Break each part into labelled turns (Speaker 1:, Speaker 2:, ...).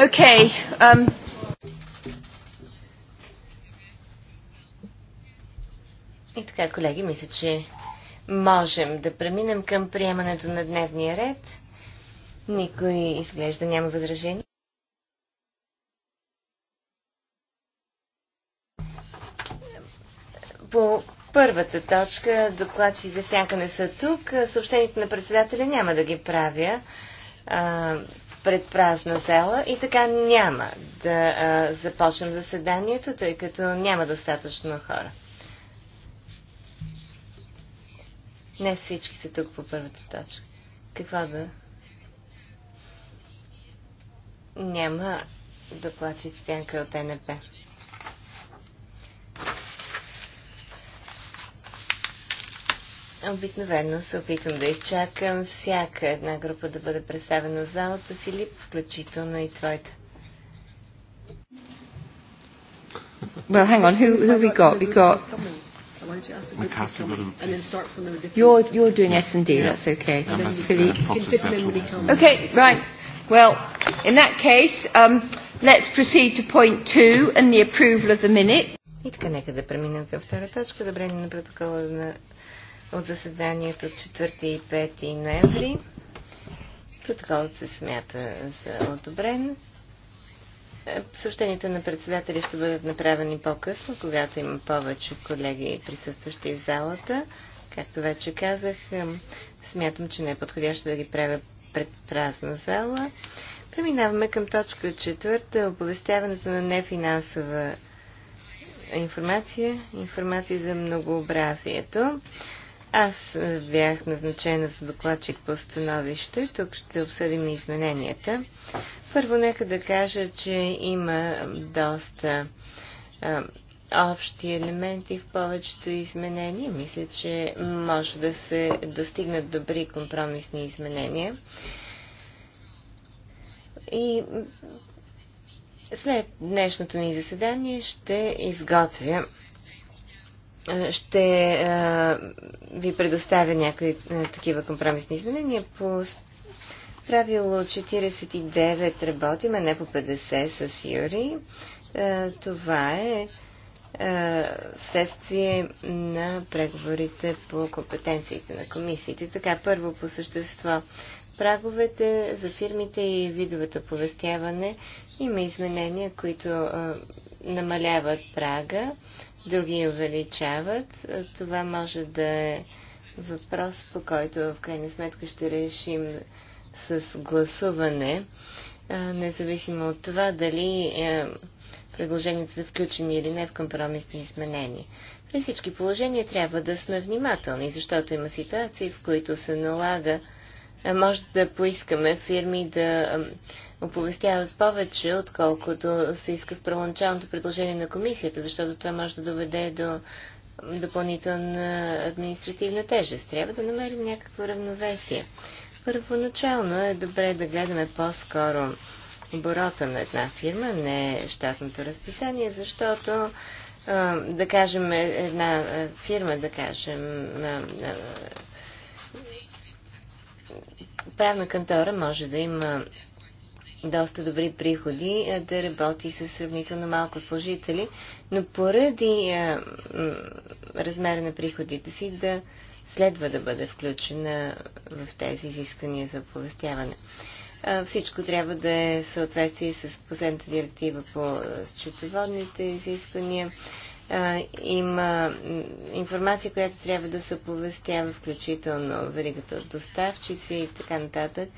Speaker 1: Okay. Um...
Speaker 2: И така, колеги, мисля, че можем да преминем към приемането на дневния ред. Никой изглежда няма възражение. По първата точка, докладчите сянка не са тук. Съобщението на председателя няма да ги правя пред празна зала и така няма да а, започнем заседанието, тъй като няма достатъчно хора. Не всички са тук по първата точка. Какво да? Няма докладчик Стянка от НП. Обикновено се опитвам да изчакам всяка една група да бъде представена в залата, Филип, включително и твоята.
Speaker 1: Well, hang on, who, who we got? We got... Why don't you ask the group who's and then start from the different... You're, you're doing S&D, yeah. that's okay. And then Philippe. Can fit them in when he comes. Okay, right. Well, in that case, um, let's proceed to point two and the approval of the minute.
Speaker 2: И така, нека да преминем към втора точка, одобрение на протокола на от заседанието 4 и 5 ноември. Протоколът се смята за одобрен. Е, съобщенията на председателя ще бъдат направени по-късно, когато има повече колеги присъстващи в залата. Както вече казах, е, смятам, че не е подходящо да ги правя пред празна зала. Преминаваме към точка четвърта. Оповестяването на нефинансова информация, информация за многообразието. Аз е, бях назначена за докладчик по становище. Тук ще обсъдим измененията. Първо нека да кажа, че има доста а, е, общи елементи в повечето изменения. Мисля, че може да се достигнат добри компромисни изменения. И след днешното ни заседание ще изготвя е, ще а, е, ви предоставя някои а, е, такива компромисни изменения. По правило 49 работим, а не по 50 с Юри. А, това е вследствие на преговорите по компетенциите на комисиите. Така, първо по същество. Праговете за фирмите и видовете оповестяване има изменения, които намаляват прага други я увеличават. Това може да е въпрос, по който в крайна сметка ще решим с гласуване, независимо от това дали е, предложенията са включени или не в компромисни изменения. При всички положения трябва да сме внимателни, защото има ситуации, в които се налага, може да поискаме фирми да оповестяват повече, отколкото се иска в първоначалното предложение на комисията, защото това може да доведе до допълнителна административна тежест. Трябва да намерим някакво равновесие. Първоначално е добре да гледаме по-скоро оборота на една фирма, не щатното разписание, защото да кажем една фирма, да кажем правна кантора може да има доста добри приходи да работи с сравнително малко служители, но поради размера на приходите си да следва да бъде включена в тези изисквания за оповестяване. Всичко трябва да е в съответствие с последната директива по счетоводните изисквания. Има информация, която трябва да се оповестява, включително веригата от доставчици и така нататък.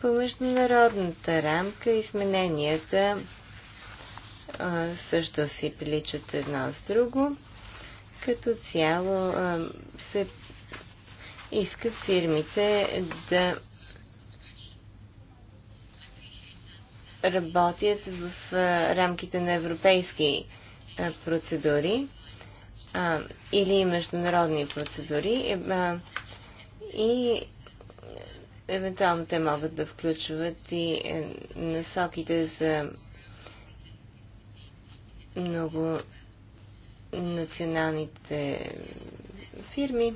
Speaker 2: По международната рамка измененията също си приличат едно с друго. Като цяло се иска фирмите да работят в рамките на европейски процедури или международни процедури и Евентуално те могат да включват и е, насоките за много националните фирми.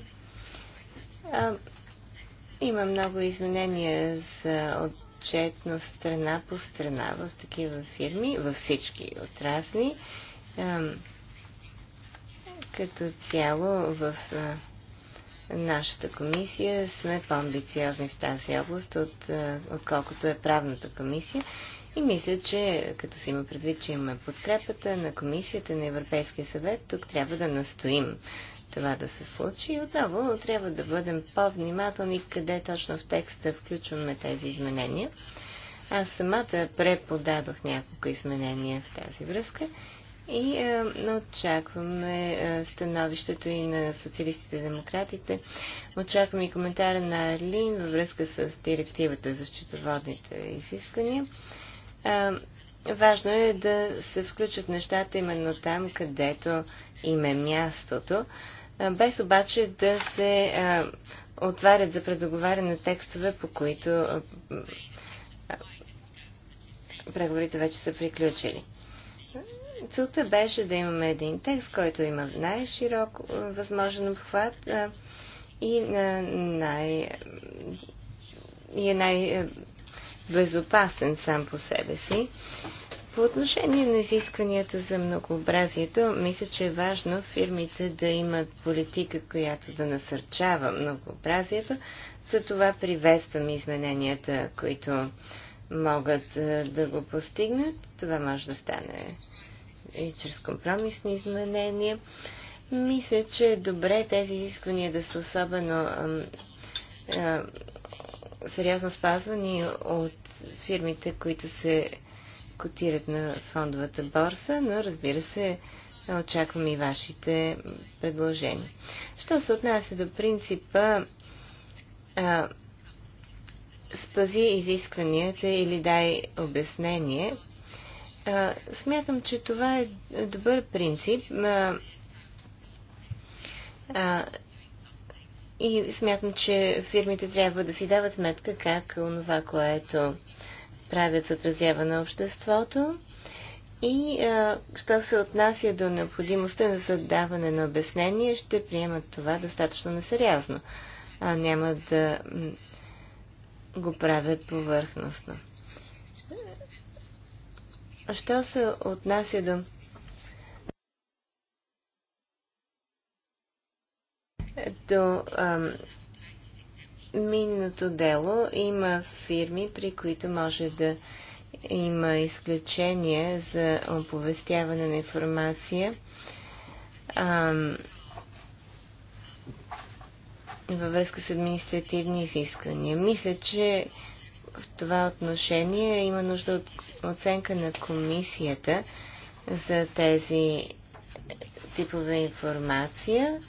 Speaker 2: А, има много изменения за отчетност страна по страна в такива фирми, във всички отрасли. А, като цяло в а, нашата комисия сме по-амбициозни в тази област, от, е, отколкото е правната комисия. И мисля, че като си има предвид, че имаме подкрепата на комисията на Европейския съвет, тук трябва да настоим това да се случи. И отново трябва да бъдем по-внимателни къде точно в текста включваме тези изменения. Аз самата преподадох няколко изменения в тази връзка и е, очакваме е, становището и на социалистите демократите. Очакваме и коментара на Арлин във връзка с директивата за счетоводните изисквания. Е, важно е да се включат нещата именно там, където им е мястото, е, без обаче да се е, отварят за предоговаряне текстове, по които е, е, преговорите вече са приключили. Целта беше да имаме един текст, който има най-широк е, възможен обхват е, и на е, най- и е най-безопасен сам по себе си. По отношение на изискванията за многообразието, мисля, че е важно фирмите да имат политика, която да насърчава многообразието. Затова приветствам измененията, които могат да го постигнат. Това може да стане и чрез компромисни изменения. Мисля, че е добре тези изисквания да са особено а, а, сериозно спазвани от фирмите, които се котират на фондовата борса, но разбира се, очаквам и вашите предложения. Що се отнася до принципа а, спази изискванията или дай обяснение, смятам, че това е добър принцип. А, а, и смятам, че фирмите трябва да си дават сметка как онова, което правят, отразява на обществото. И а, що се отнася до необходимостта за задаване на обяснение, ще приемат това достатъчно несериозно, а няма да го правят повърхностно. Що се отнася до до ам, минното дело има фирми, при които може да има изключение за оповестяване на информация. Ам, във връзка с административни изисквания. Мисля, че в това отношение има нужда от оценка на комисията за тези типове информация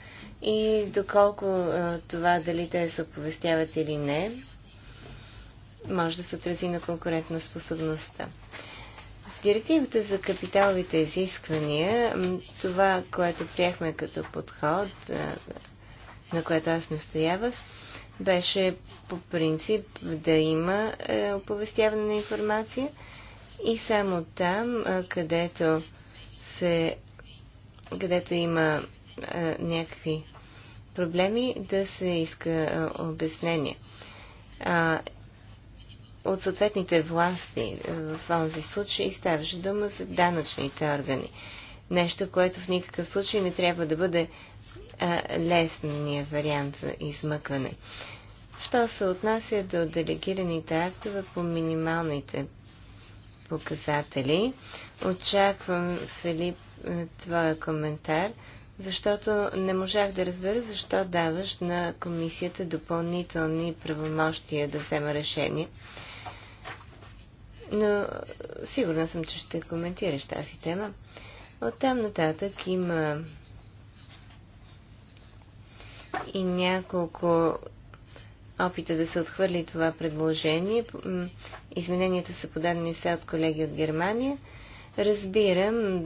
Speaker 2: и доколко това дали те се оповестяват или не, може да се отрази на конкурентна способността. В директивата за капиталовите изисквания, това, което приехме като подход, на което аз настоявах, беше по принцип да има е, оповестяване на информация – и само там, където, се, където има а, някакви проблеми, да се иска а, обяснение. А, от съответните власти в този случай ставаше дума за данъчните органи. Нещо, което в никакъв случай не трябва да бъде а, лесния вариант за измъкване. Що се отнася до делегираните актове по минималните показатели. Очаквам, Филип, твоя коментар, защото не можах да разбера защо даваш на комисията допълнителни правомощия да взема решение. Но сигурна съм, че ще коментираш тази тема. От там нататък има и няколко опита да се отхвърли това предложение. Измененията са подадени все от колеги от Германия. Разбирам,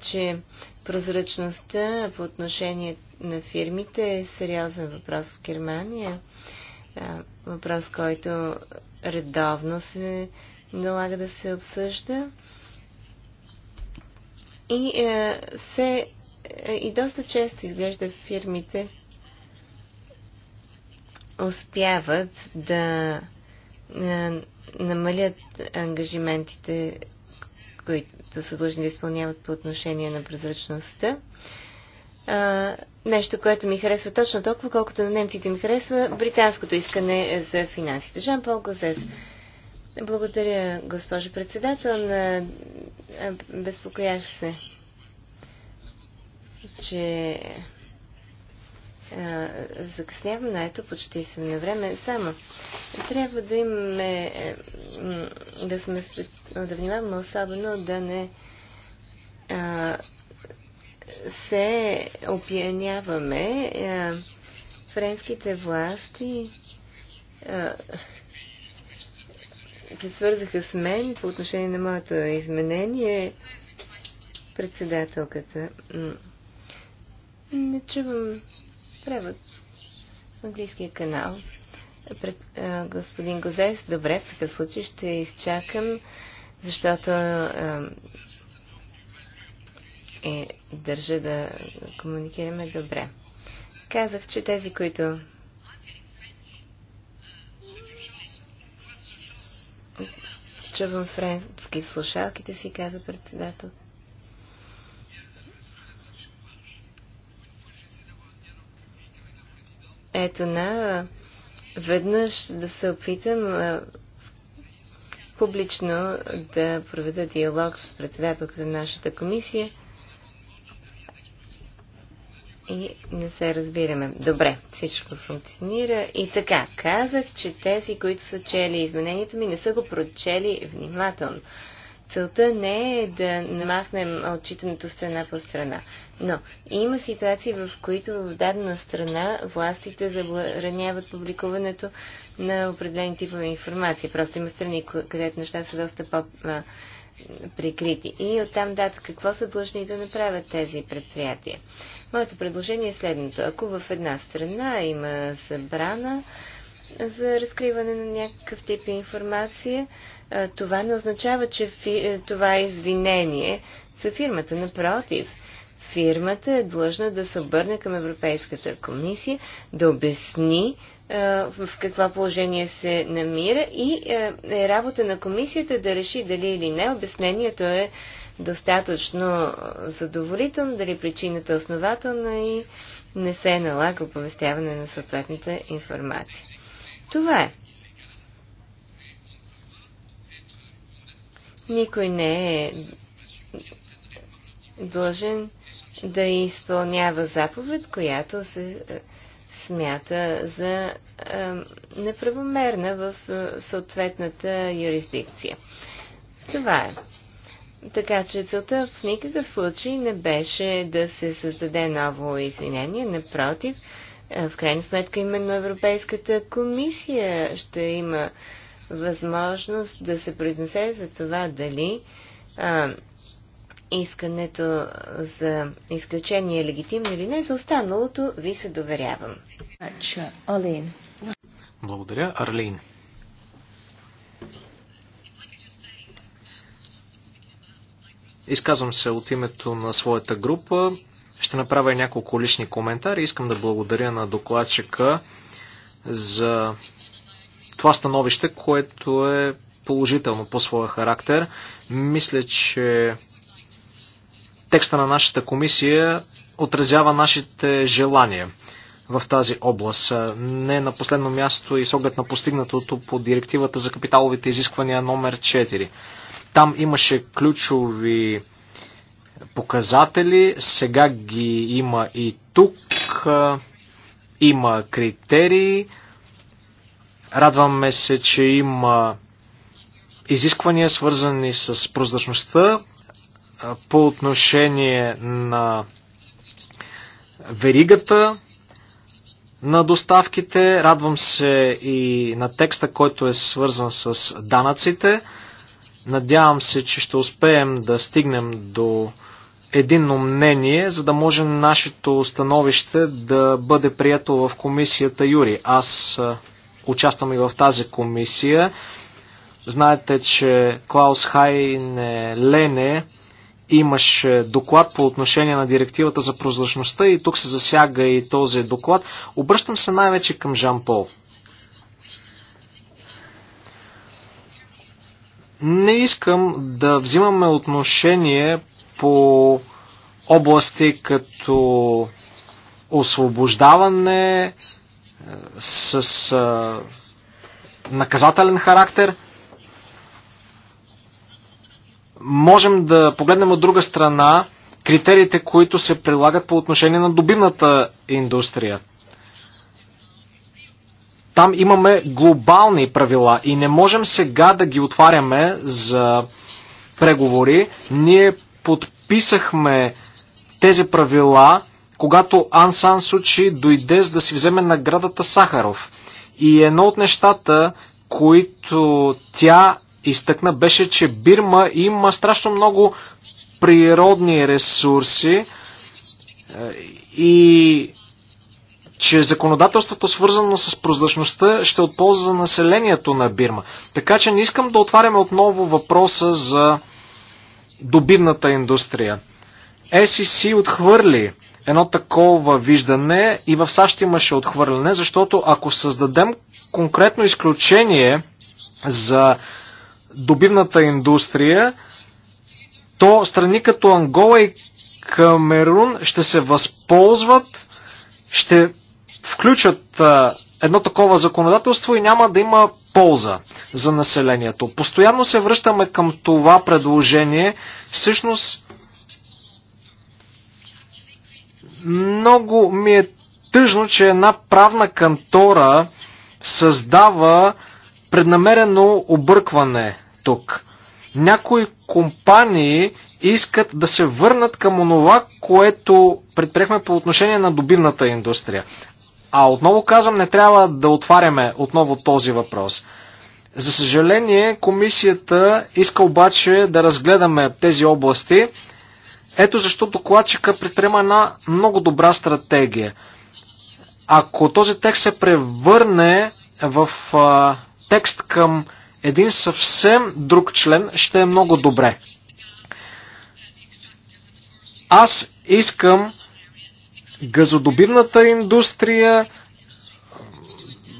Speaker 2: че прозрачността по отношение на фирмите е сериозен въпрос в Германия. Въпрос, който редовно се налага да се обсъжда. И, е, все, е, и доста често изглежда фирмите успяват да е, намалят ангажиментите, които са длъжни да изпълняват по отношение на прозрачността. А, е, нещо, което ми харесва точно толкова, колкото на немците ми харесва британското искане за финансите. Жан Пол Гозес. Благодаря, госпожо председател. На... Е, Безпокоящ се, че закъснявам, но ето почти съм на време. Само трябва да имаме, е, да, сме, да внимаваме особено да не а, се опияняваме. А, е, френските власти а, се свързаха с мен по отношение на моето изменение председателката. Не чувам Превод. Английския канал. Пред, а, господин Гозес, добре, в такъв случай ще изчакам, защото а, е, държа да комуникираме добре. Казах, че тези, които чувам френски в слушалките си, каза председател. Ето на веднъж да се опитам публично да проведа диалог с председателката на нашата комисия и не се разбираме. Добре, всичко функционира. И така, казах, че тези, които са чели изменението ми, не са го прочели внимателно. Целта не е да намахнем отчитането страна по страна. Но има ситуации, в които в дадена страна властите забраняват публикуването на определени типове информация. Просто има страни, където неща са доста по-прикрити. И оттам дата какво са длъжни да направят тези предприятия. Моето предложение е следното. Ако в една страна има забрана, за разкриване на някакъв тип информация, това не означава, че фи... Е, това е извинение за фирмата. Напротив, фирмата е длъжна да се обърне към Европейската комисия, да обясни в какво положение се намира и е работа на комисията да реши дали или не обяснението е достатъчно задоволително, дали причината е основателна и не се налага оповестяване на съответната информация. Това е. Никой не е длъжен да изпълнява заповед, която се е, смята за е, неправомерна в е, съответната юрисдикция. Това е. Така че целта в никакъв случай не беше да се създаде ново извинение, напротив, е, в крайна сметка именно Европейската комисия ще има възможност да се произнесе за това дали а, искането за изключение е легитимно или не. За останалото ви се доверявам.
Speaker 3: Благодаря, Арлин. Изказвам се от името на своята група. Ще направя няколко лични коментари. Искам да благодаря на докладчика за това становище, което е положително по своя характер. Мисля, че текста на нашата комисия отразява нашите желания в тази област. Не на последно място и с оглед на постигнатото по директивата за капиталовите изисквания номер 4. Там имаше ключови показатели. Сега ги има и тук. Има критерии. Радваме се, че има изисквания, свързани с прозрачността по отношение на веригата на доставките. Радвам се и на текста, който е свързан с данъците. Надявам се, че ще успеем да стигнем до единно мнение, за да може нашето становище да бъде прието в комисията Юри. Аз участвам и в тази комисия. Знаете, че Клаус Хайне Лене имаше доклад по отношение на директивата за прозрачността и тук се засяга и този доклад. Обръщам се най-вече към Жан Пол. Не искам да взимаме отношение по области като освобождаване е, с а, е, наказателен характер. Можем да погледнем от друга страна критериите, които се прилагат по отношение на добивната индустрия. Там имаме глобални правила и не можем сега да ги отваряме за преговори. Ние подписахме тези правила, когато Сан Сучи дойде за да си вземе наградата Сахаров. И едно от нещата, които тя изтъкна, беше, че Бирма има страшно много природни ресурси е, и че законодателството, свързано с прозрачността, ще отползва за населението на Бирма. Така че не искам да отваряме отново въпроса за добивната индустрия. SEC отхвърли едно такова виждане и в САЩ имаше отхвърляне, защото ако създадем конкретно изключение за добивната индустрия, то страни като Ангола и Камерун ще се възползват, ще включат а, едно такова законодателство и няма да има полза за населението. Постоянно се връщаме към това предложение. Всъщност, много ми е тъжно, че една правна кантора създава преднамерено объркване тук. Някои компании искат да се върнат към онова, което предприехме по отношение на добивната индустрия. А отново казвам, не трябва да отваряме отново този въпрос. За съжаление, комисията иска обаче да разгледаме тези области. Ето защо докладчика предприема една много добра стратегия. Ако този текст се превърне в а, текст към един съвсем друг член, ще е много добре. Аз искам газодобивната индустрия,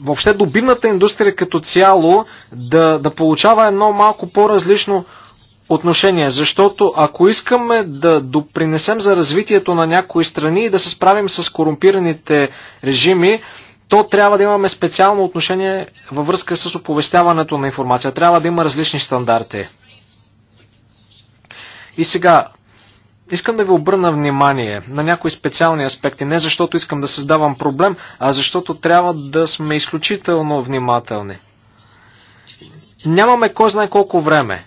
Speaker 3: въобще добивната индустрия като цяло да, да получава едно малко по-различно отношение, защото ако искаме да допринесем за развитието на някои страни и да се справим с корумпираните режими, то трябва да имаме специално отношение във връзка с оповестяването на информация. Трябва да има различни стандарти. И сега, Искам да ви обърна внимание на някои специални аспекти, не защото искам да създавам проблем, а защото трябва да сме изключително внимателни. Нямаме кой знае колко време.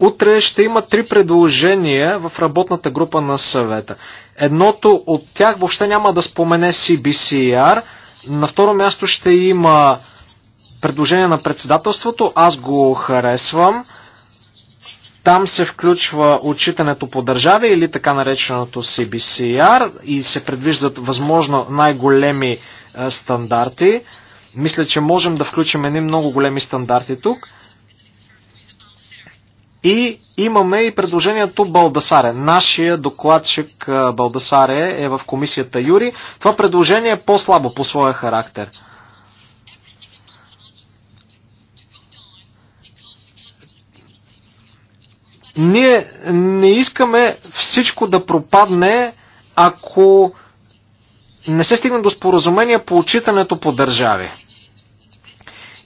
Speaker 3: Утре ще има три предложения в работната група на съвета. Едното от тях въобще няма да спомене CBCR. На второ място ще има предложение на председателството. Аз го харесвам. Там се включва отчитането по държави или така нареченото CBCR и се предвиждат възможно най-големи е, стандарти. Мисля, че можем да включим едни много големи стандарти тук. И имаме и предложението Балдасаре. Нашия докладчик е, Балдасаре е в комисията Юри. Това предложение е по-слабо по своя характер. Ние не искаме всичко да пропадне, ако не се стигне до споразумение по отчитането по държави.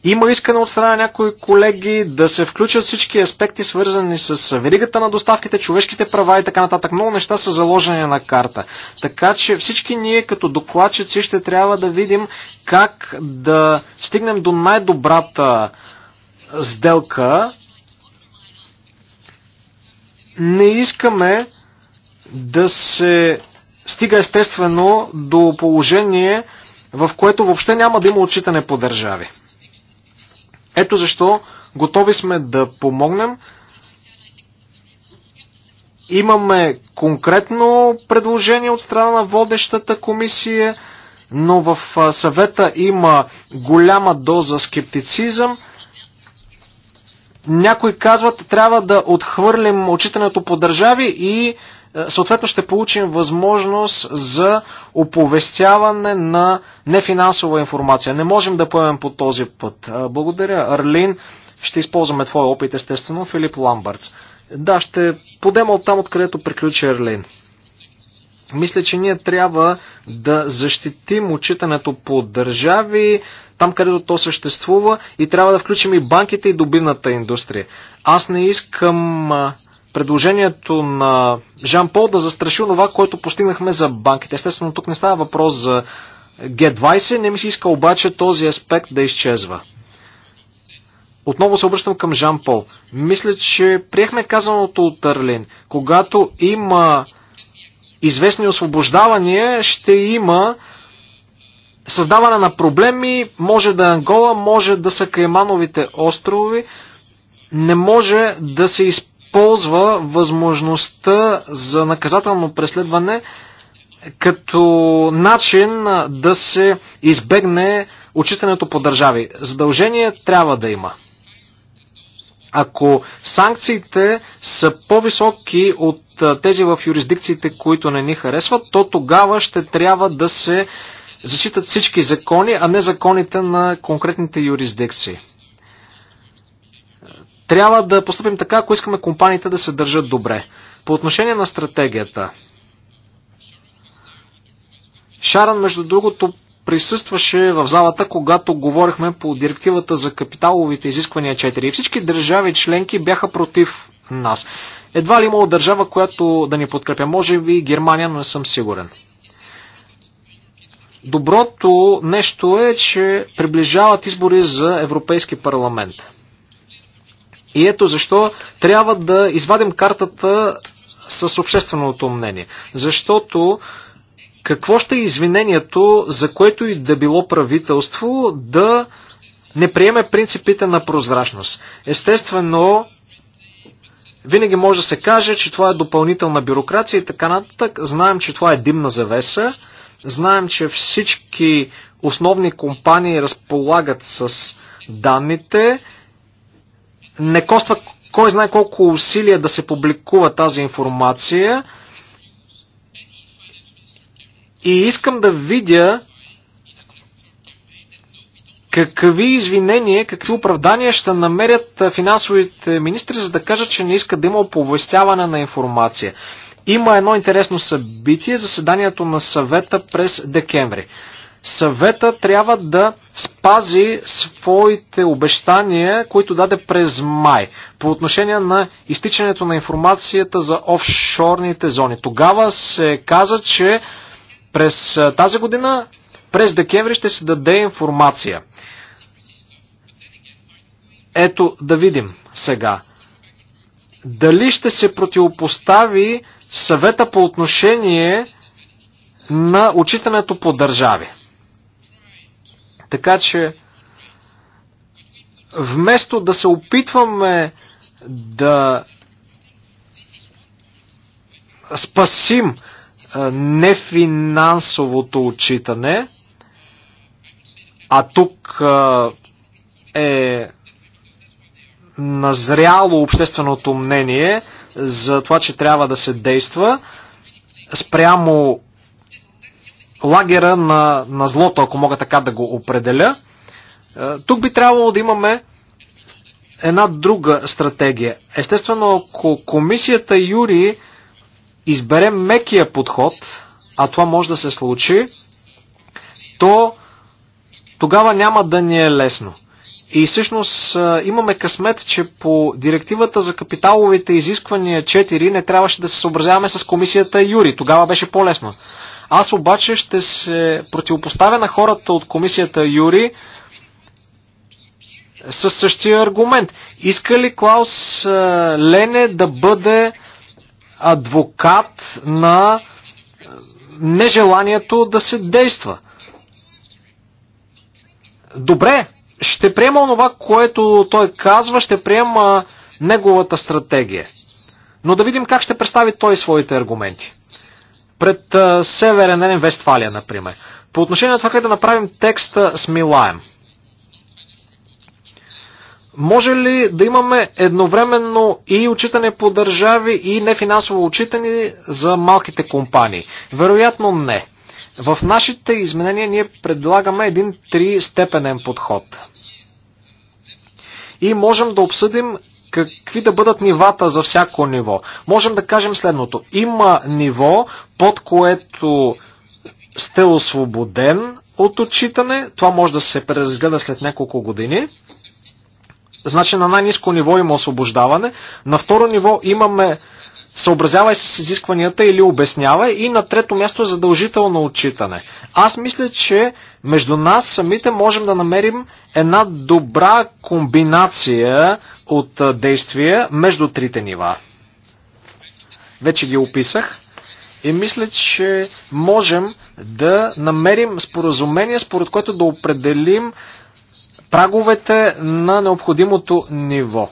Speaker 3: Има искане от страна някои колеги да се включат всички аспекти, свързани с веригата на доставките, човешките права и така нататък. Много неща са заложени на карта. Така че всички ние като докладчици ще трябва да видим как да стигнем до най-добрата сделка, не искаме да се стига естествено до положение, в което въобще няма да има отчитане по държави. Ето защо готови сме да помогнем. Имаме конкретно предложение от страна на водещата комисия, но в съвета има голяма доза скептицизъм – някои казват, трябва да отхвърлим отчитането по държави и е, съответно ще получим възможност за оповестяване на нефинансова информация. Не можем да поемем по този път. Е, благодаря, Арлин. Ще използваме твоя опит, естествено, Филип Ламбъртс. Да, ще подем от там, откъдето приключи Арлин. Мисля, че ние трябва да защитим отчитането по държави, там където то съществува и трябва да включим и банките и добивната индустрия. Аз не искам предложението на Жан Пол да застраши това, което постигнахме за банките. Естествено, тук не става въпрос за G20, не ми се иска обаче този аспект да изчезва. Отново се обръщам към Жан Пол. Мисля, че приехме казаното от Търлин. Когато има известни освобождавания, ще има създаване на проблеми може да е Ангола, може да са Каймановите острови, не може да се използва възможността за наказателно преследване като начин да се избегне отчитането по държави. Задължение трябва да има. Ако санкциите са по-високи от тези в юрисдикциите, които не ни харесват, то тогава ще трябва да се зачитат всички закони, а не законите на конкретните юрисдикции. Трябва да поступим така, ако искаме компаниите да се държат добре. По отношение на стратегията. Шаран, между другото, присъстваше в залата, когато говорихме по директивата за капиталовите изисквания 4. И всички държави членки бяха против нас. Едва ли имало държава, която да ни подкрепя. Може би Германия, но не съм сигурен. Доброто нещо е, че приближават избори за Европейски парламент. И ето защо трябва да извадим картата с общественото мнение. Защото какво ще е извинението, за което и да било правителство, да не приеме принципите на прозрачност. Естествено, винаги може да се каже, че това е допълнителна бюрокрация и така нататък. Знаем, че това е димна завеса. Знаем, че всички основни компании разполагат с данните. Не коства кой знае колко усилия да се публикува тази информация. И искам да видя какви извинения, какви оправдания ще намерят финансовите министри, за да кажат, че не искат да има оповестяване на информация. Има едно интересно събитие, заседанието на съвета през декември. Съвета трябва да спази своите обещания, които даде през май по отношение на изтичането на информацията за офшорните зони. Тогава се каза, че през тази година, през декември ще се даде информация. Ето да видим сега. Дали ще се противопостави съвета по отношение на отчитането по държави. Така че, вместо да се опитваме да спасим нефинансовото отчитане, а тук е назряло общественото мнение, за това, че трябва да се действа спрямо лагера на, на злото, ако мога така да го определя. Е, тук би трябвало да имаме една друга стратегия. Естествено, ако комисията Юри избере мекия подход, а това може да се случи, то тогава няма да ни е лесно. И всъщност имаме късмет, че по директивата за капиталовите изисквания 4 не трябваше да се съобразяваме с комисията Юри. Тогава беше по-лесно. Аз обаче ще се противопоставя на хората от комисията Юри със същия аргумент. Иска ли Клаус Лене да бъде адвокат на нежеланието да се действа? Добре, ще приема онова, което той казва, ще приема неговата стратегия. Но да видим как ще представи той своите аргументи. Пред а, Северен Елен Вестфалия, например. По отношение на това как да направим текста смилаем. Може ли да имаме едновременно и отчитане по държави и нефинансово отчитане за малките компании? Вероятно не. В нашите изменения ние предлагаме един тристепенен подход. И можем да обсъдим какви да бъдат нивата за всяко ниво. Можем да кажем следното. Има ниво, под което сте освободен от отчитане. Това може да се преразгледа след няколко години. Значи на най-низко ниво има освобождаване. На второ ниво имаме съобразявай с изискванията или обяснявай. И на трето място задължително отчитане. Аз мисля, че между нас самите можем да намерим една добра комбинация от действия между трите нива. Вече ги описах. И мисля, че можем да намерим споразумение, според което да определим праговете на необходимото ниво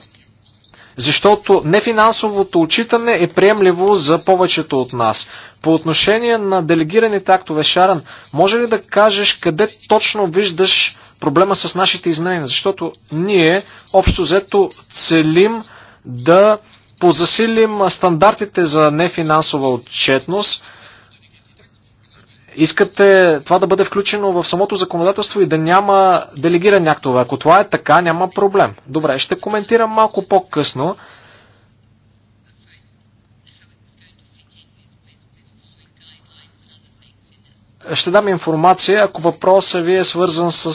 Speaker 3: защото нефинансовото отчитане е приемливо за повечето от нас. По отношение на делегираните актове, Шаран, може ли да кажеш къде точно виждаш проблема с нашите изменения? Защото ние, общо взето, целим да позасилим стандартите за нефинансова отчетност – Искате това да бъде включено в самото законодателство и да няма делегиран актове. Ако това е така, няма проблем. Добре, ще коментирам малко по-късно. Ще дам информация, ако въпросът ви е свързан с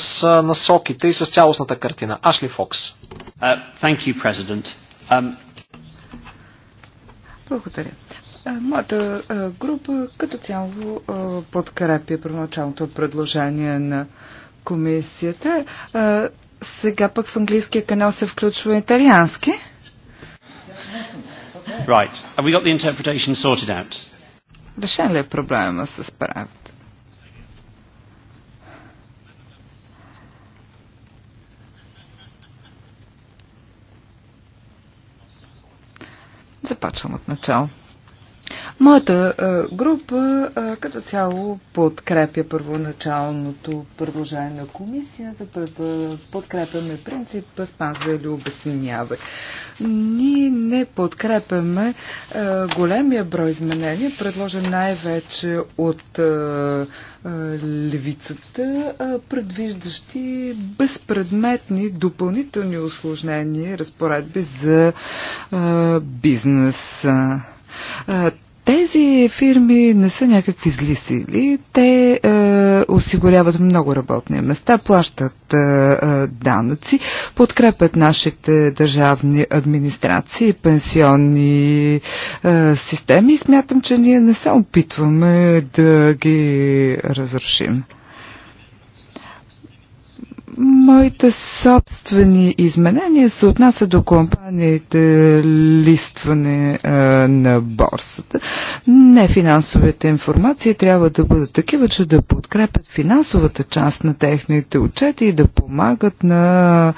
Speaker 3: насоките и с цялостната картина. Ашли Фокс. Uh, you, um...
Speaker 4: Благодаря. Моята група като цяло подкрепя първоначалното предложение на комисията. Сега пък в английския канал се включва италиански.
Speaker 2: Right. Have we got the interpretation sorted out?
Speaker 4: Решен ли е проблема с правата? Започвам от начало. Моята е, група е, като цяло подкрепя първоначалното предложение на комисията, е, подкрепяме принцип спазва или обяснявай. Ние не подкрепяме големия брой изменения, предложен най-вече от левицата, предвиждащи безпредметни допълнителни осложнения разпоредби за бизнес. Тези фирми не са някакви зли сили. Те е, осигуряват много работни места, плащат е, е, данъци, подкрепят нашите държавни администрации, пенсионни е, системи и смятам, че ние не се опитваме да ги разрушим. Моите собствени изменения се отнасят до компаниите листване а, на борсата. Не финансовите информации трябва да бъдат такива, че да подкрепят финансовата част на техните отчети и да помагат на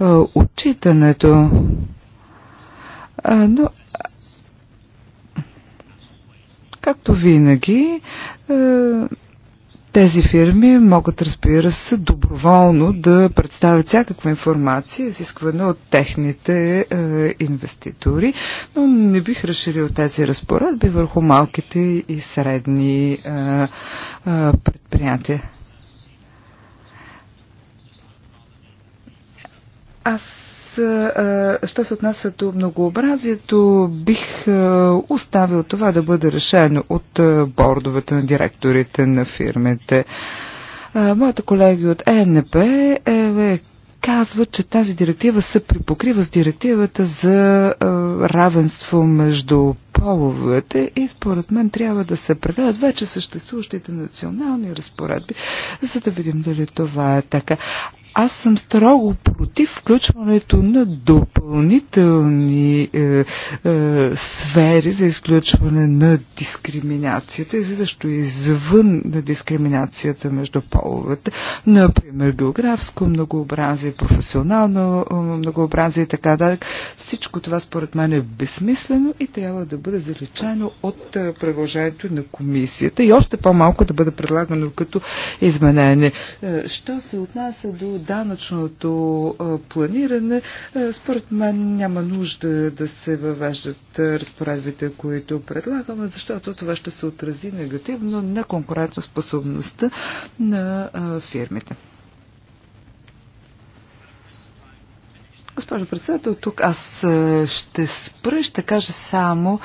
Speaker 4: а, отчитането. А, но, както винаги, а, тези фирми могат, разбира се, доброволно да представят всякаква информация, изисквана от техните е, инвеститори, но не бих разширил тези разпоредби върху малките и средни е, е, предприятия. Аз що се отнася до многообразието, бих оставил това да бъде решено от бордовете на директорите на фирмите. Моята колеги от ЕНП е, е, е казва, че тази директива се припокрива с директивата за а, равенство между половете и според мен трябва да се прегледат вече съществуващите национални разпоредби, за да видим дали това е така. Аз съм строго против включването на допълнителни е, е, сфери за изключване на дискриминацията и защо извън на дискриминацията между половете. Например, географско многообразие, професионално е, многообразие и така далек. Всичко това според мен е безсмислено и трябва да бъде заличено от е, предложението на комисията и още по-малко да бъде предлагано като изменение. Е, що се отнася до данъчното планиране, според мен няма нужда да се въвеждат разпоредбите, които предлагаме, защото това ще се отрази негативно на конкурентоспособността на фирмите. Госпожо председател, тук аз ще спра, ще кажа само,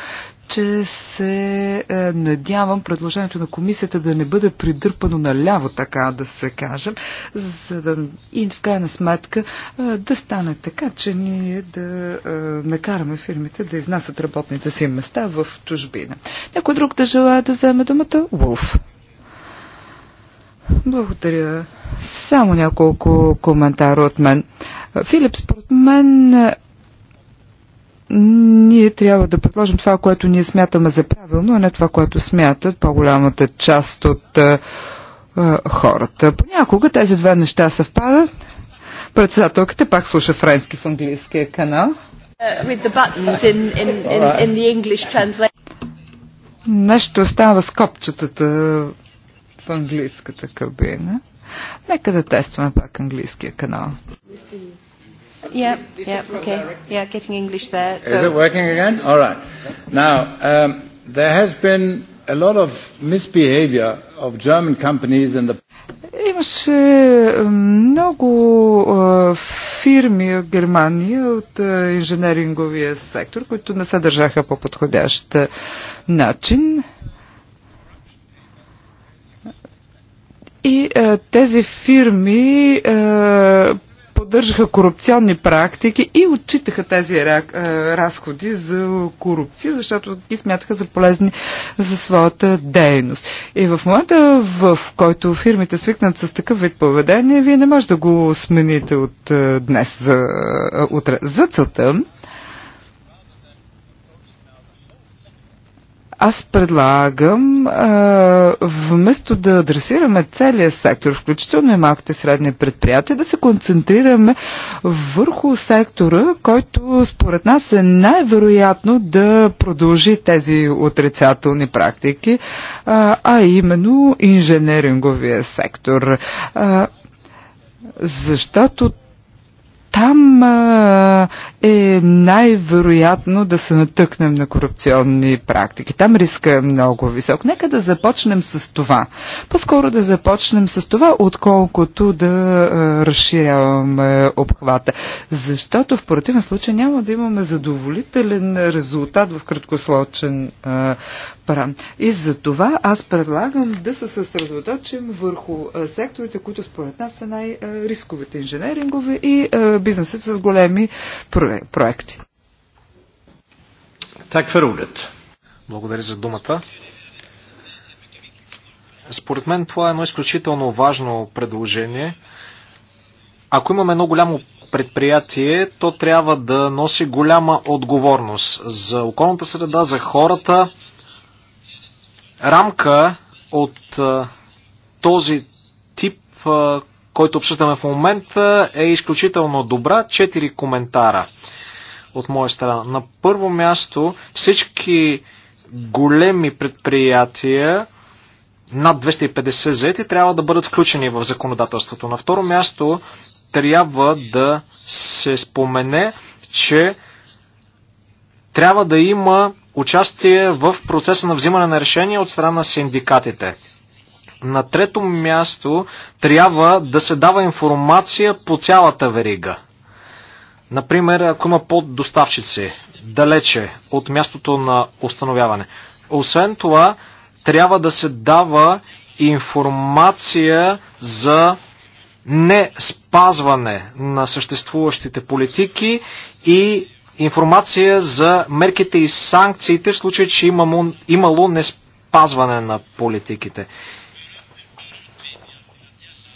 Speaker 4: че се е, надявам предложението на комисията да не бъде придърпано наляво, така да се кажем, за да, и в крайна сметка е, да стане така, че ние да е, накараме фирмите да изнасят работните си места в чужбина. Някой друг да желая да вземе думата? Улф. Благодаря. Само няколко коментара от мен. Филип, според мен ние трябва да предложим това, което ние смятаме за правилно, а не това, което смятат по-голямата част от а, е, е, хората. Понякога тези две неща съвпадат. Председателката пак слуша френски в английския канал.
Speaker 1: Uh,
Speaker 4: Нещо остава с копчетата в английската кабина. Нека да тестваме пак английския канал.
Speaker 1: Yeah, yeah, okay. Directly? Yeah, getting
Speaker 2: English
Speaker 4: there. So. Is it
Speaker 1: working again? All right. Now, um, there has been a lot of misbehavior of German companies in the
Speaker 4: Имаше много фирми от Германия, от инженеринговия сектор, които не се държаха по подходящ начин. И тези фирми поддържаха корупционни практики и отчитаха тези разходи за корупция, защото ги смятаха за полезни за своята дейност. И в момента, в който фирмите свикнат с такъв вид поведение, вие не може да го смените от днес за, утре. За целта Аз предлагам, а, вместо да адресираме целия сектор, включително и малките средни предприятия, да се концентрираме върху сектора, който според нас е най-вероятно да продължи тези отрицателни практики, а, а именно инженеринговия сектор. А, защото там а, е най-вероятно да се натъкнем на корупционни практики. Там риска е много висок. Нека да започнем с това. По-скоро да започнем с това, отколкото да а, разширяваме обхвата. Защото в противен случай няма да имаме задоволителен резултат в краткосрочен пара. И за това аз предлагам да се съсредоточим върху а, секторите, които според нас са най-рисковите инженерингови и а, бизнесът с големи проекти.
Speaker 3: Так ordet. Благодаря за думата. Според мен това е едно изключително важно предложение. Ако имаме едно голямо предприятие, то трябва да носи голяма отговорност за околната среда, за хората. Рамка от този тип, който обсъждаме в момента, е изключително добра. Четири коментара от моя страна. На първо място всички големи предприятия над 250 зети трябва да бъдат включени в законодателството. На второ място трябва да се спомене, че трябва да има участие в процеса на взимане на решения от страна на синдикатите. На трето място трябва да се дава информация по цялата верига. Например, ако има поддоставчици далече от мястото на установяване. Освен това, трябва да се дава информация за не спазване на съществуващите политики и информация за мерките и санкциите в случай, че имало, не неспазване на политиките.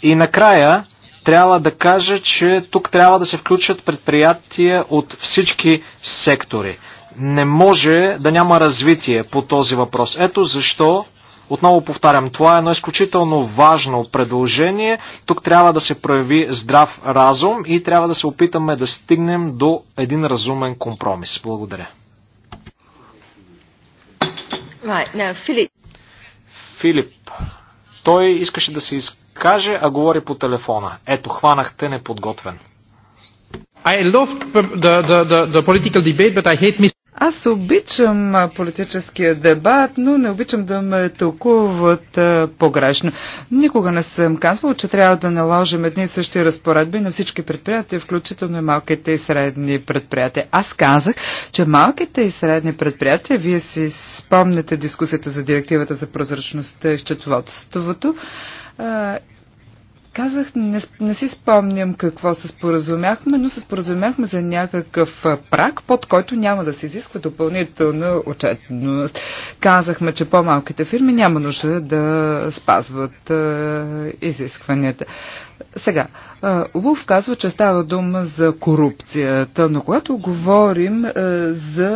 Speaker 3: И накрая трябва да кажа, че тук трябва да се включат предприятия от всички сектори. Не може да няма развитие по този въпрос. Ето защо отново повтарям, това е едно изключително важно предложение. Тук трябва да се прояви здрав разум и трябва да се опитаме да стигнем до един разумен компромис. Благодаря.
Speaker 1: Right, now, Филип.
Speaker 3: Филип. Той искаше да се изкаже каже, а говори по телефона. Ето, хванахте неподготвен.
Speaker 4: Аз обичам политическия дебат, но не обичам да ме тълкуват погрешно. Никога не съм казвал, че трябва да наложим едни и същи разпоредби на всички предприятия, включително и малките и средни предприятия. Аз казах, че малките и средни предприятия, вие си спомнете дискусията за директивата за прозрачността и счетоводството, Uh, Казах, не, не си спомням какво се споразумяхме, но се споразумяхме за някакъв прак, под който няма да се изисква допълнителна отчетност. Казахме, че по-малките фирми няма нужда да спазват а, изискванията. Сега, Лув казва, че става дума за корупцията, но когато говорим за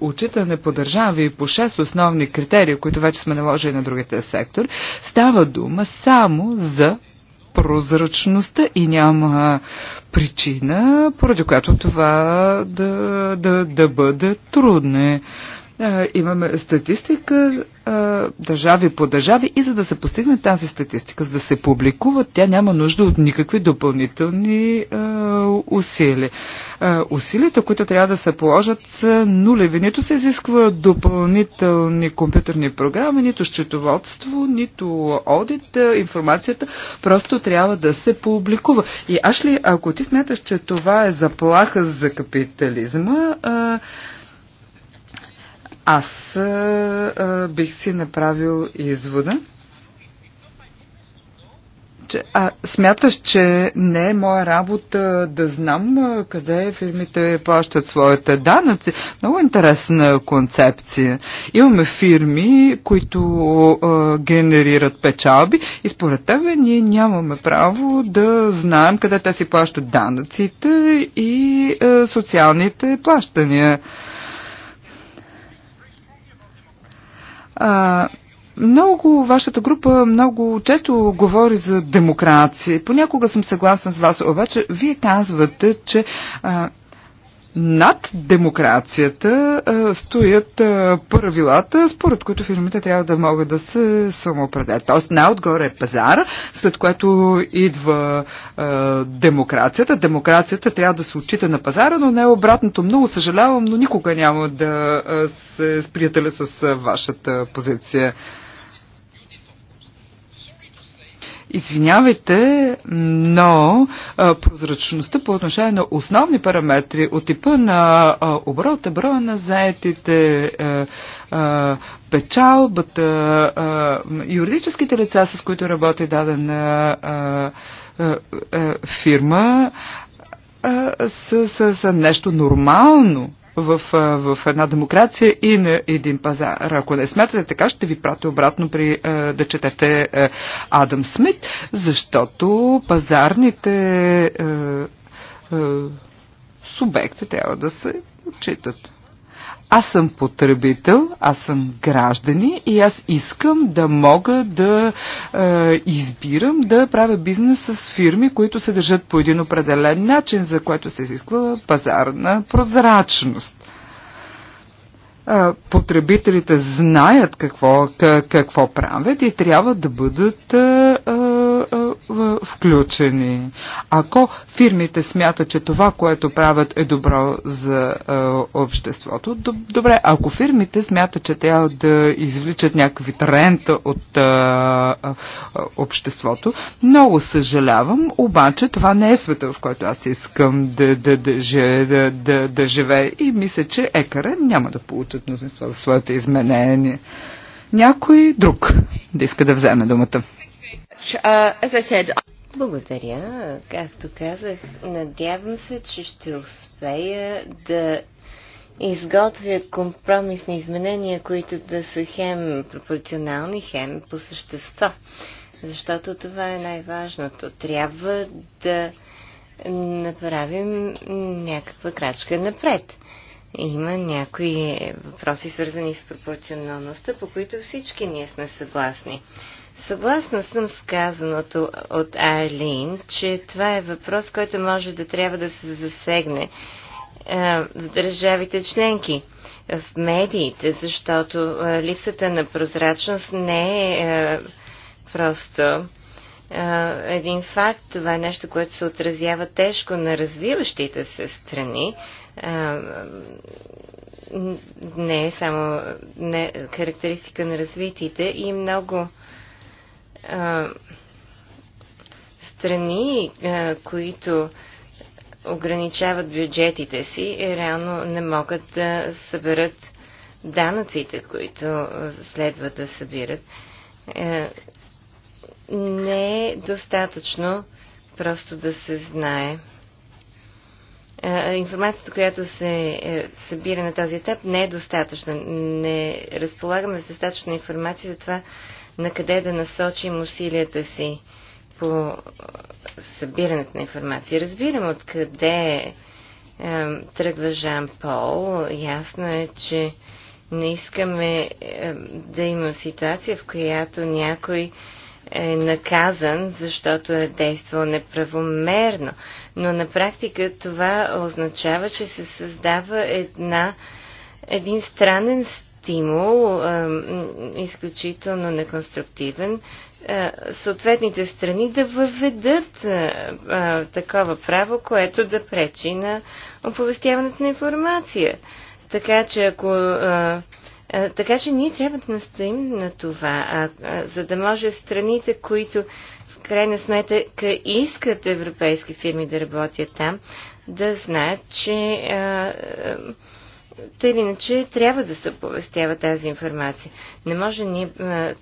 Speaker 4: отчитане по държави по 6 основни критерии, които вече сме наложили на другите сектори, става дума само за прозрачността и няма причина, поради която това да, да, да бъде трудно. Е, имаме статистика е, държави по държави и за да се постигне тази статистика, за да се публикува, тя няма нужда от никакви допълнителни е, усилия. Усилията, които трябва да се положат, са нулеви. Нито се изисква допълнителни компютърни програми, нито счетоводство, нито аудит, Информацията просто трябва да се публикува. И ли, ако ти смяташ, че това е заплаха за капитализма, аз а, е, е, бих си направил извода, че, а, смяташ, че не е моя работа да знам а, е, къде фирмите плащат своите данъци. Много интересна концепция. Имаме фирми, които а, генерират печалби и според тебе ние нямаме право да знаем къде те си плащат данъците и а, социалните плащания. А, много, вашата група много често говори за демокрация. Понякога съм съгласен с вас, обаче вие казвате, че а, над демокрацията стоят правилата, според които фирмите трябва да могат да се самоопределят. Тоест най-отгоре е пазар, след което идва демокрацията. Демокрацията трябва да се отчита на пазара, но не обратното. Много съжалявам, но никога няма да се сприятеля с вашата позиция. Извинявайте, но а, прозрачността по отношение на основни параметри от типа на а, оборота, броя на заетите, а, а, печалбата, а, юридическите лица, с които работи дадена а, а, а, фирма, а, са, са, са нещо нормално в, в една демокрация и на един пазар. Ако не смятате така, ще ви прати обратно при, да четете Адам Смит, защото пазарните субекти трябва да се отчитат. Аз съм потребител, аз съм граждани и аз искам да мога да е, избирам да правя бизнес с фирми, които се държат по един определен начин, за което се изисква пазарна прозрачност е, потребителите знаят какво, какво правят и трябва да бъдат е, е, включени. Ако фирмите смятат, че това, което правят е добро за е, обществото, добре, ако фирмите смятат, че трябва да извличат някакви рента от е, е, обществото, много съжалявам, обаче това не е света, в който аз искам да, да, да, да, да живея и мисля, че екара няма да получат мнозинство за своите изменения. Някой друг да иска да вземе думата.
Speaker 2: Uh, благодаря. Както казах, надявам се, че ще успея да изготвя компромисни изменения, които да са хем пропорционални, хем по същество. Защото това е най-важното. Трябва да направим някаква крачка напред. Има някои въпроси, свързани с пропорционалността, по които всички ние сме съгласни. Съгласна съм с казаното от Айлин, че това е въпрос, който може да трябва да се засегне в държавите членки, в медиите, защото липсата на прозрачност не е, е просто един факт. Това е нещо, което се отразява тежко на развиващите се страни. Не е само не, характеристика на развитите и много а, страни, а, които ограничават бюджетите си, е, реално не могат да съберат данъците, които следва да събират. А, е, не е достатъчно просто да се знае. Е, информацията, която се е, събира на този етап, не е достатъчна. Не разполагаме с достатъчна информация за това на къде да насочим усилията си по събирането на информация. Разбирам откъде е, тръгва Жан Пол. Ясно е, че не искаме е, да има ситуация, в която някой е наказан, защото е действал неправомерно. Но на практика това означава, че се създава една, един странен стимул, изключително неконструктивен, съответните страни да въведат такова право, което да пречи на оповестяването на информация. Така че ако така че ние трябва да настоим на това, а, а, за да може страните, които в крайна сметка искат европейски фирми да работят там, да знаят, че а, тъй или иначе трябва да се оповестява тази информация. Не може ние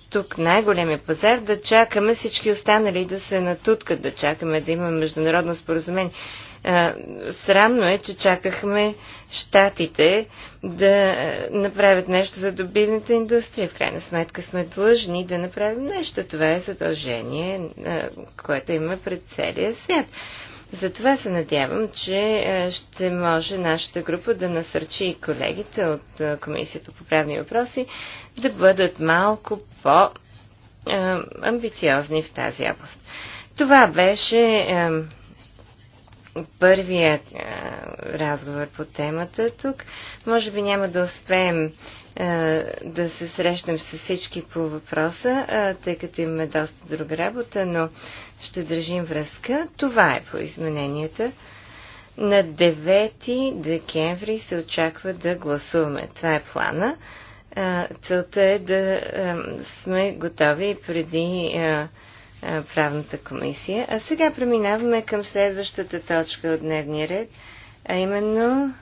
Speaker 2: тук, най-големия пазар, да чакаме всички останали да се натуткат, да чакаме да има международно споразумение. Срамно е, че чакахме щатите да направят нещо за добивната индустрия. В крайна сметка сме длъжни да направим нещо. Това е задължение, което има пред целия свят. Затова се надявам, че е, ще може нашата група да насърчи и колегите от е, Комисията по правни въпроси да бъдат малко по-амбициозни е, в тази област. Това беше първия разговор по темата тук. Може би няма да успеем да се срещнем с всички по въпроса, тъй като имаме доста друга работа, но ще държим връзка. Това е по измененията. На 9 декември се очаква да гласуваме. Това е плана. Целта е да сме готови преди правната комисия. А сега преминаваме към следващата точка от дневния ред, а именно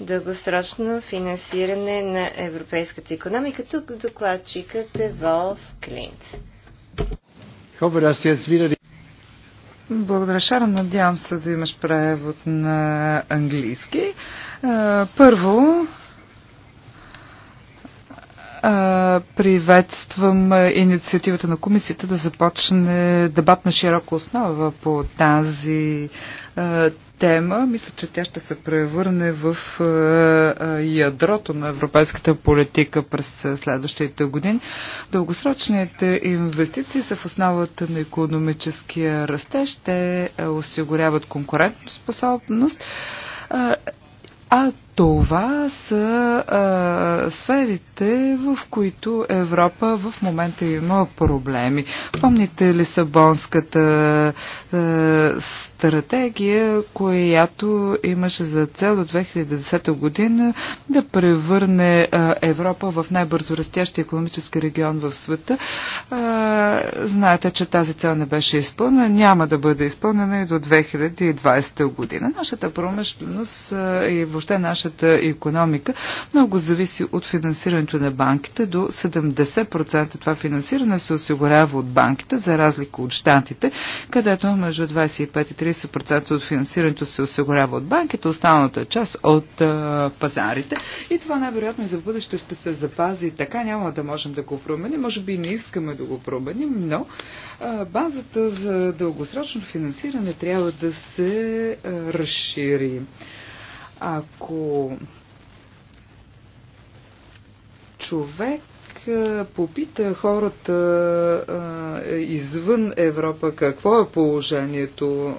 Speaker 2: дългосрочно финансиране на европейската економика. Тук докладчикът е Волф
Speaker 3: ти благодаря,
Speaker 4: Шара. Надявам се да имаш превод на английски. Първо, приветствам инициативата на комисията да започне дебат на широка основа по тази тема. Мисля, че тя ще се превърне в е, е, ядрото на европейската политика през следващите години. Дългосрочните инвестиции са в основата на економическия растеж. Те е, осигуряват конкурентоспособност. А това са а, сферите, в които Европа в момента има проблеми. Помните Лисабонската а, стратегия, която имаше за цел до 2010 година да превърне а, Европа в най-бързо растящия економически регион в света. А, знаете, че тази цел не беше изпълнена, няма да бъде изпълнена и до 2020 година. Нашата промишленост и въобще нашата нашата економика много зависи от финансирането на банките. До 70% това финансиране се осигурява от банките, за разлика от щатите, където между 25 и 30% от финансирането се осигурява от банките, останалата част от а, пазарите. И това най-вероятно и за бъдеще ще се запази. Така няма да можем да го променим. Може би не искаме да го променим, но а, базата за дългосрочно финансиране трябва да се а, разшири. Ако човек е, попита хората е, е, извън Европа какво е положението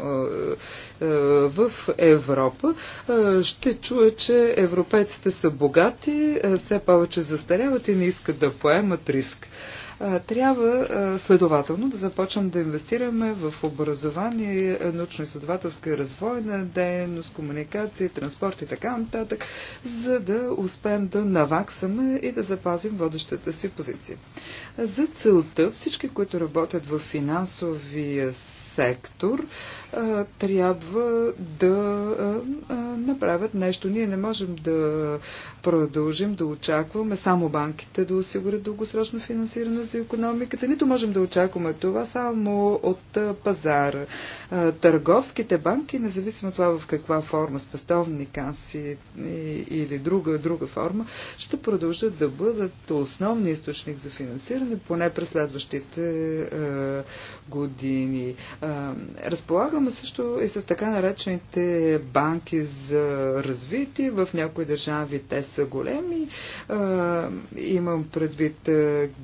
Speaker 4: в Европа, ще чуе, че европейците са богати, все повече застаряват и не искат да поемат риск. Трябва следователно да започнем да инвестираме в образование, научно-изследователска и развойна дейност, комуникация, транспорт и така нататък, за да успеем да наваксаме и да запазим водещата си позиция. За целта всички, които работят в финансовия сектор трябва да направят нещо. Ние не можем да продължим да очакваме само банките да осигурят дългосрочно финансиране за економиката, нито можем да очакваме това само от пазара. Търговските банки, независимо от това в каква форма, спестовни каси или друга, друга форма, ще продължат да бъдат основни източник за финансиране, поне през следващите години. Разполагаме също и с така наречените банки за развитие. В някои държави те са големи. Имам предвид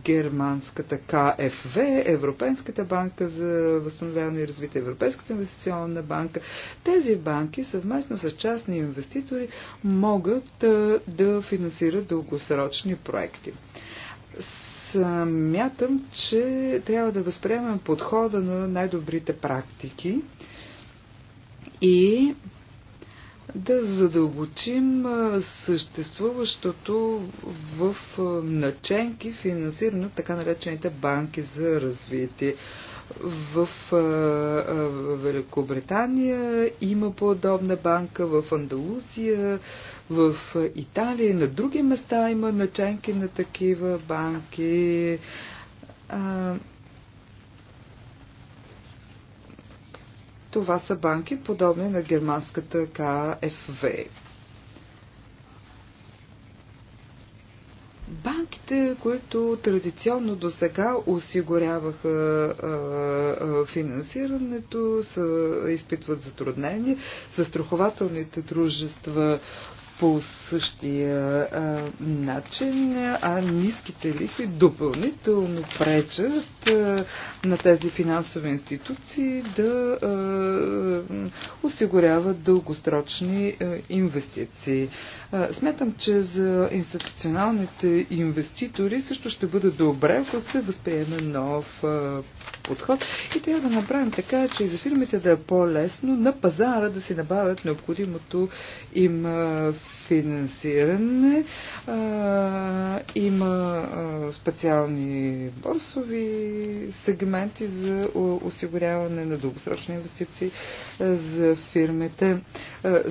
Speaker 4: германската КФВ, Европейската банка за възстановяване и развитие, Европейската инвестиционна банка. Тези банки съвместно с частни инвеститори могат да финансират дългосрочни проекти Смятам, че трябва да възприемем подхода на най-добрите практики и да задълбочим съществуващото в наченки финансиране на така наречените банки за развитие. В Великобритания има подобна банка, в Андалусия, в Италия и на други места има наченки на такива банки. А, това са банки, подобни на германската КФВ. банките, които традиционно до сега осигуряваха а, а, финансирането, са, изпитват затруднения. Застрахователните дружества по същия а, начин, а ниските лихви допълнително пречат а, на тези финансови институции да а, осигуряват дългосрочни а, инвестиции. А, смятам, че за институционалните инвеститори също ще бъде добре, ако се възприеме нов а, подход и трябва да направим така, че и за фирмите да е по-лесно на пазара да си набавят необходимото им финансиране. А, има а, специални борсови сегменти за осигуряване на дългосрочни инвестиции а, за фирмите. А,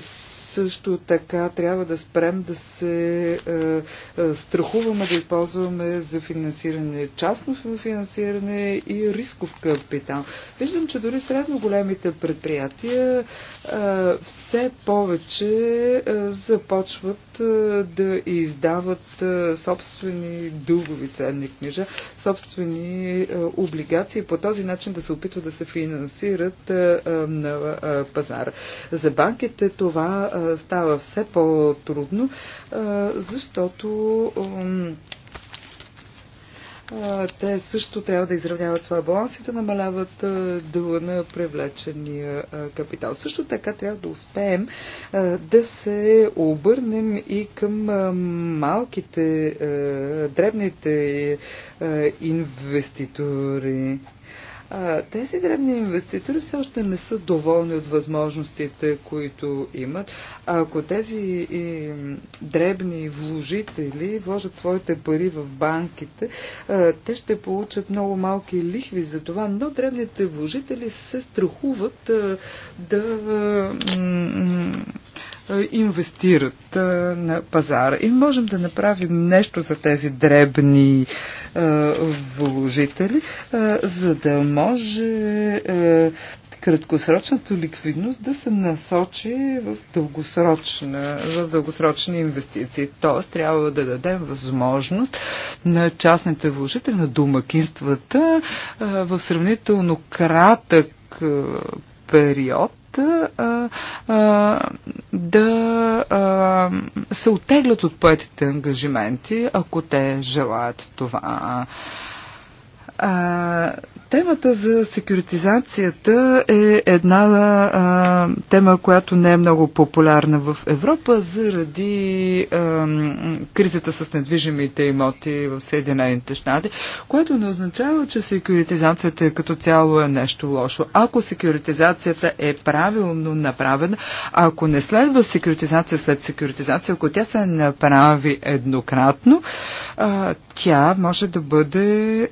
Speaker 4: също така трябва да спрем да се е, е, страхуваме да използваме за финансиране частно финансиране и рисков капитал. Виждам, че дори средно големите предприятия е, все повече е, започват е, да издават е, собствени дългови ценни книжа, собствени е, облигации, по този начин да се опитват да се финансират е, е, на е, пазара. За банките това е, става все по-трудно, защото те също трябва да изравняват своя баланс и да намаляват дълга на привлечения капитал. Също така трябва да успеем да се обърнем и към малките, дребните инвеститори. Тези древни инвеститори все още не са доволни от възможностите, които имат. Ако тези дребни вложители вложат своите пари в банките, те ще получат много малки лихви за това, но древните вложители се страхуват да е, инвестират е, на пазара. И можем да направим нещо за тези дребни е, вложители, за да може краткосрочната ликвидност да се насочи в, дългосрочна, в дългосрочни инвестиции. Тоест, трябва да дадем възможност на частните вложители, на домакинствата в сравнително кратък период хората а, а, да а, се отеглят от поетите ангажименти, ако те желаят това. А, Темата за секюритизацията е една а, тема, която не е много популярна в Европа заради а, кризата с недвижимите имоти в Съединените щати, което не означава, че секюритизацията като цяло е нещо лошо. Ако секюритизацията е правилно направена, ако не следва секюритизация след секюритизация, ако тя се направи еднократно, а, тя може да бъде е,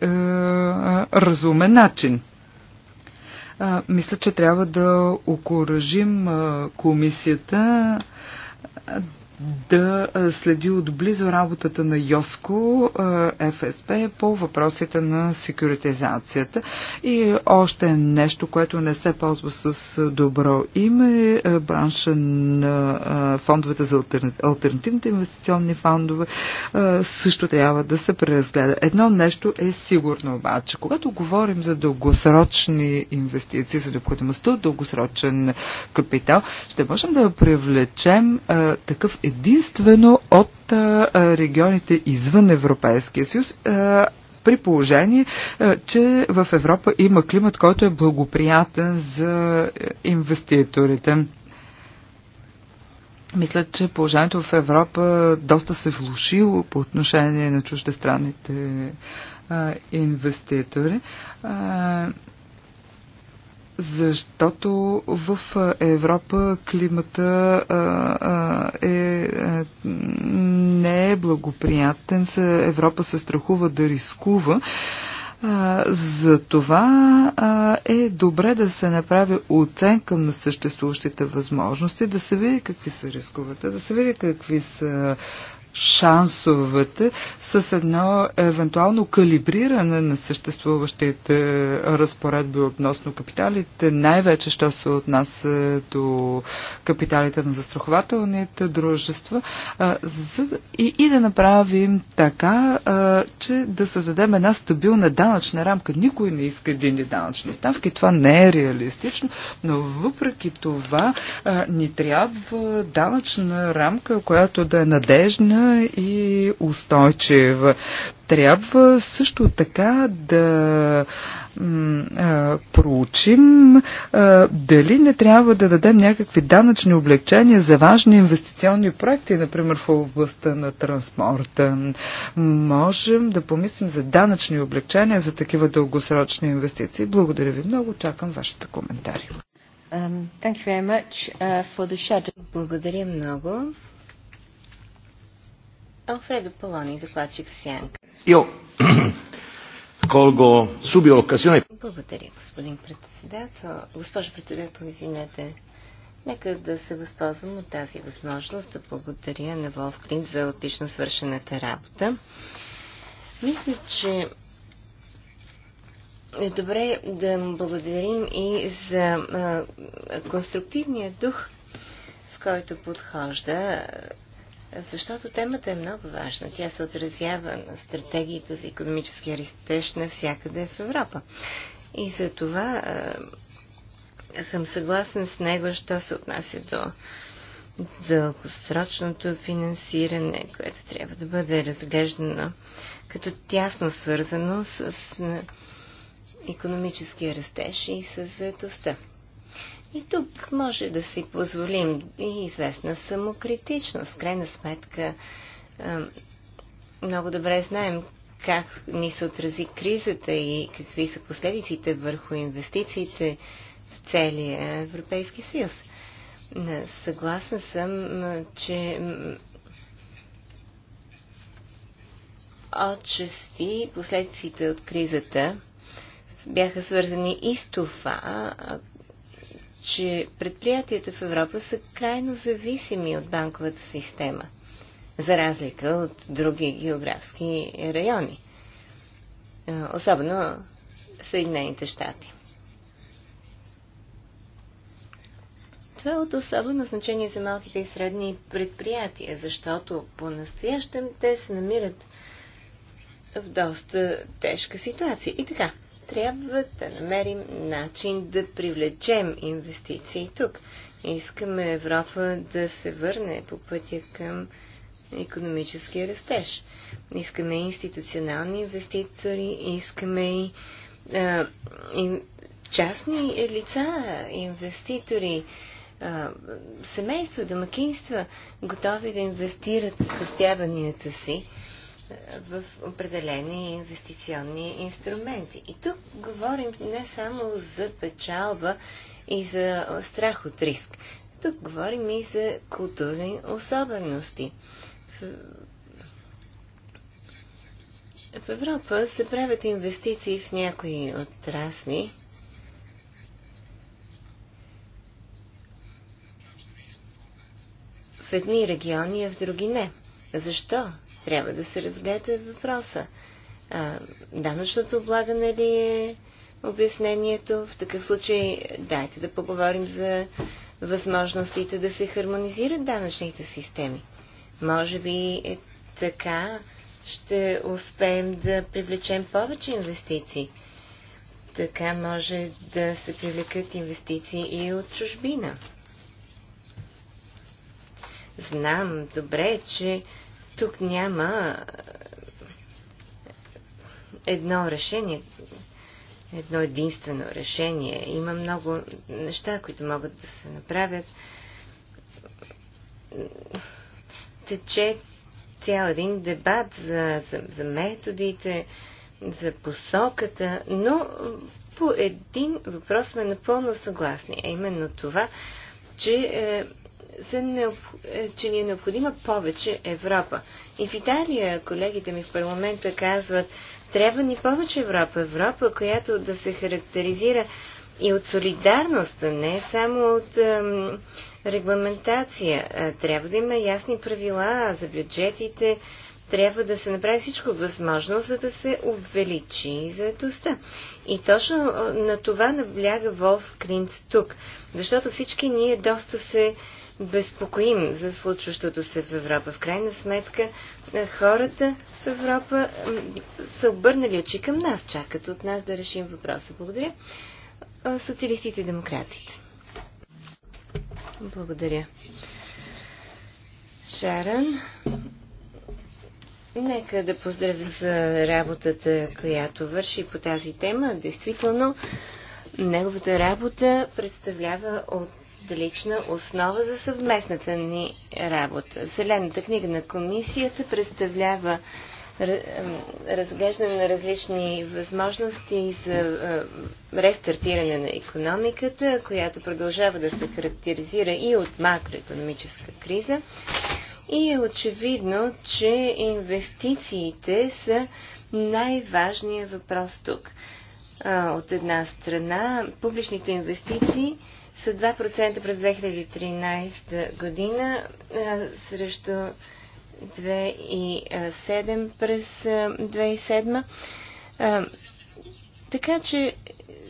Speaker 4: разумен начин. А, мисля, че трябва да окоръжим комисията да следи отблизо работата на ЙОСКО, ФСБ по въпросите на секюритизацията. И още нещо, което не се ползва с добро име, бранша на фондовете за альтернативните инвестиционни фондове също трябва да се преразгледа. Едно нещо е сигурно обаче. Когато говорим за дългосрочни инвестиции, за необходимостта от дългосрочен капитал, ще можем да привлечем такъв единствено от регионите извън Европейския съюз, при положение, че в Европа има климат, който е благоприятен за е, инвеститорите. Мисля, че положението в Европа доста се влушило по отношение на чуждестранните инвеститори. А, защото в Европа климата е, не е благоприятен. Европа се страхува да рискува. За това е добре да се направи оценка на съществуващите възможности, да се види какви са рисковете, да се види какви са шансовете с едно евентуално калибриране на съществуващите разпоредби относно капиталите, най-вече, що се отнася до капиталите на застрахователните дружества, за, и, и да направим така, че да създадем една стабилна данъчна рамка. Никой не иска единни данъчни ставки, това не е реалистично, но въпреки това ни трябва данъчна рамка, която да е надежна и устойчива. Трябва също така да проучим дали не трябва да дадем някакви данъчни облегчения за важни инвестиционни проекти, например в областта на транспорта. Можем да помислим за данъчни облегчения за такива дългосрочни инвестиции. Благодаря ви много, чакам вашите коментари.
Speaker 1: Um,
Speaker 2: thank you very much, uh, for the Благодаря много. Alfredo Палони, докладчик Сянка.
Speaker 1: Йо, колко субил оказионе.
Speaker 2: Благодаря, господин председател. Госпожо председател, извинете. Нека да се възползвам от тази възможност да благодаря на Волфклин за отлично свършената работа. Мисля, че е добре да му благодарим и за а, конструктивния дух, с който подхожда защото темата е много важна. Тя се отразява на стратегията за економически растеж навсякъде в Европа. И за това е, съм съгласен с него, що се отнася до дългосрочното финансиране, което трябва да бъде разглеждано като тясно свързано с економическия растеж и с заедостта. И тук може да си позволим и известна самокритичност. Крайна сметка, много добре знаем как ни се отрази кризата и какви са последиците върху инвестициите в целия Европейски съюз. Съгласна съм, че отчасти последиците от кризата бяха свързани и с това, че предприятията в Европа са крайно зависими от банковата система, за разлика от други географски райони, особено Съединените щати. Това е от особено значение за малките и средни предприятия, защото по-настоящем те се намират в доста тежка ситуация. И така, трябва да намерим начин да привлечем инвестиции тук. Искаме Европа да се върне по пътя към економическия растеж. Искаме институционални инвеститори, искаме и, а, и частни лица, инвеститори, а, семейства, домакинства, готови да инвестират в си в определени инвестиционни инструменти. И тук говорим не само за печалба и за страх от риск. Тук говорим и за културни особености. В, Европа се правят инвестиции в някои отрасли, в едни региони, а в други не. Защо? трябва да се разгледа въпроса. А, данъчното облагане ли е обяснението? В такъв случай дайте да поговорим за възможностите да се хармонизират данъчните системи. Може би е така ще успеем да привлечем повече инвестиции. Така може да се привлекат инвестиции и от чужбина. Знам добре, че тук няма е, едно решение, едно единствено решение. Има много неща, които могат да се направят. Тече цял един дебат за, за, за методите, за посоката, но по един въпрос сме напълно съгласни, а именно това, че е, са необ... Е, че ни е необходима повече Европа. И в Италия колегите ми в парламента казват, трябва ни повече Европа. Европа, която да се характеризира и от солидарност, а не само от ем, регламентация. Трябва да има ясни правила за бюджетите. Трябва да се направи всичко възможно, за да се увеличи заедостта. И точно на това набляга Волф Клинт тук. Защото всички ние доста се безпокоим за случващото се в Европа. В крайна сметка, е, хората в Европа са обърнали очи към нас, чакат от нас да решим въпроса. Благодаря. Социалистите и демократите. Благодаря. Шаран, нека да поздравим за работата, която върши по тази тема. Действително, неговата работа представлява от отлична основа за съвместната ни работа. Зелената книга на комисията представлява разглеждане на различни възможности за е, рестартиране на економиката, която продължава да се характеризира и от макроекономическа криза. И е очевидно, че инвестициите са най-важният въпрос тук. Е, от една страна, публичните инвестиции – с 2% през 2013 година срещу 2,7 през 2007. Така че,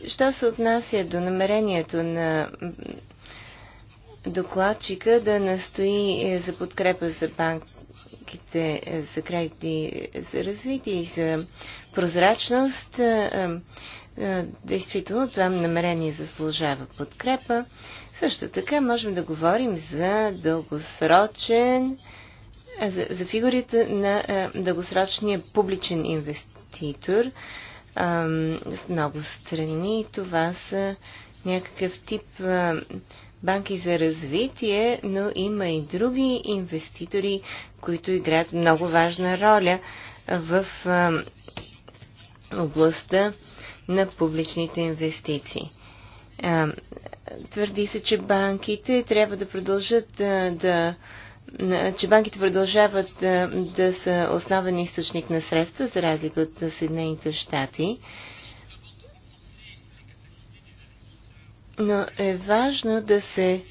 Speaker 2: що се отнася до намерението на докладчика да настои е, за подкрепа за банките е, за кредити за развитие и за прозрачност, е, е, действително това намерение заслужава подкрепа. Също така можем да говорим за дългосрочен, за, за фигурите на а, е, дългосрочния публичен инвеститор. А, в много страни това са някакъв тип а, е, банки за развитие, но има и други инвеститори, които играят много важна роля в областта на публичните инвестиции. Твърди се, че банките трябва да продължат да че банките продължават да, да са основен източник на средства, за разлика от Съединените щати. Но е важно да се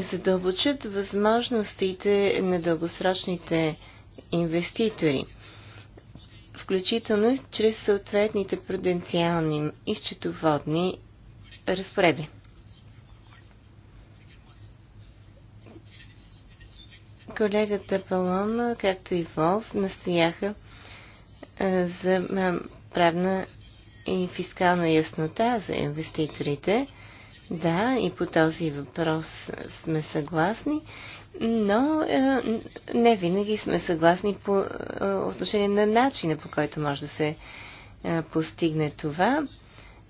Speaker 2: задълбочат възможностите на дългосрочните инвеститори включително чрез съответните пруденциални и счетоводни разпореди. Колегата Палом, както и Волф, настояха за правна и фискална яснота за инвеститорите. Да, и по този въпрос сме съгласни, но е, не винаги сме съгласни по е, отношение на начина, по който може да се е, постигне това.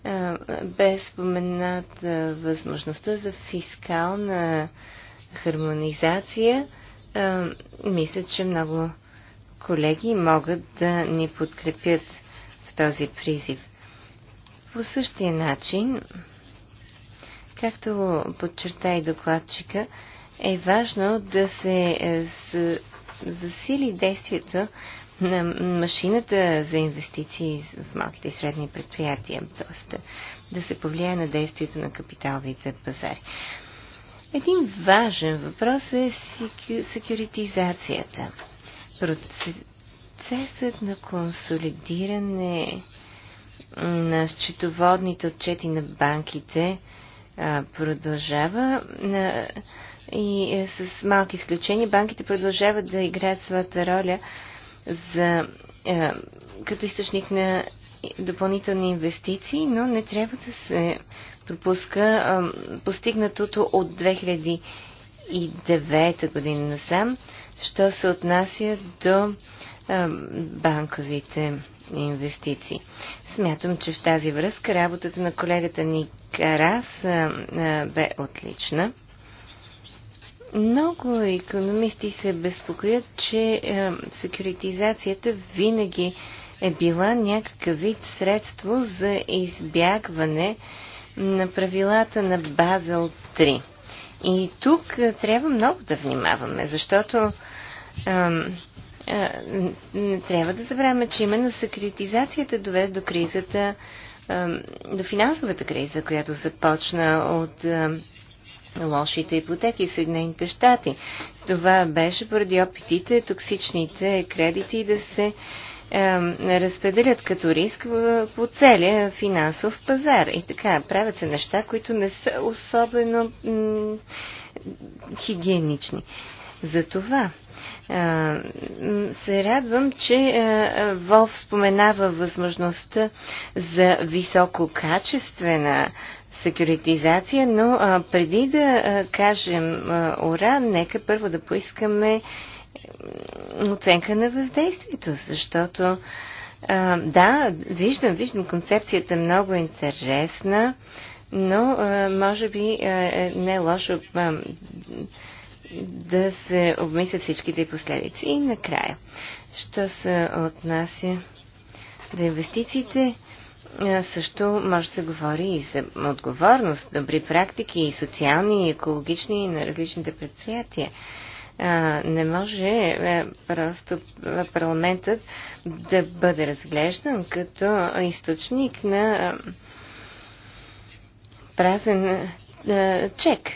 Speaker 2: Е, без споменат възможността за фискална хармонизация, е, мисля, че много колеги могат да ни подкрепят в този призив. По същия начин, както подчерта и докладчика, е важно да се е, засили действието на машината за инвестиции в малките и средни предприятия, т.е. да се повлияе на действието на капиталовите пазари. Един важен въпрос е секюритизацията. Процесът на консолидиране на счетоводните отчети на банките продължава. На и е, с малки изключения банките продължават да играят своята роля за, е, като източник на допълнителни инвестиции, но не трябва да се пропуска е, постигнатото от 2009 година насам, що се отнася до е, банковите инвестиции. Смятам, че в тази връзка работата на колегата ни Карас е, е, бе отлична. Много економисти се безпокоят, че е, секюритизацията винаги е била някакъв вид средство за избягване на правилата на Базел 3. И тук е, трябва много да внимаваме, защото не е, трябва да забравяме, че именно секретизацията доведе до кризата, е, до финансовата криза, която започна от лошите ипотеки в Съединените щати. Това беше поради опитите токсичните кредити да се е, разпределят като риск по целия финансов пазар. И така, правят се неща, които не са особено хигиенични. Затова се радвам, че Волф споменава възможността за висококачествена секюритизация, но а, преди да а, кажем а, ура, нека първо да поискаме оценка на въздействието, защото а, да, виждам, виждам, концепцията е много интересна, но а, може би а, е, не е лошо а, да се обмисля всичките последици. И накрая, що се отнася до инвестициите, е, също може да се говори и за отговорност, добри практики, и социални, и екологични на различните предприятия. Е, не може е, просто парламентът да бъде разглеждан като източник на празен чек,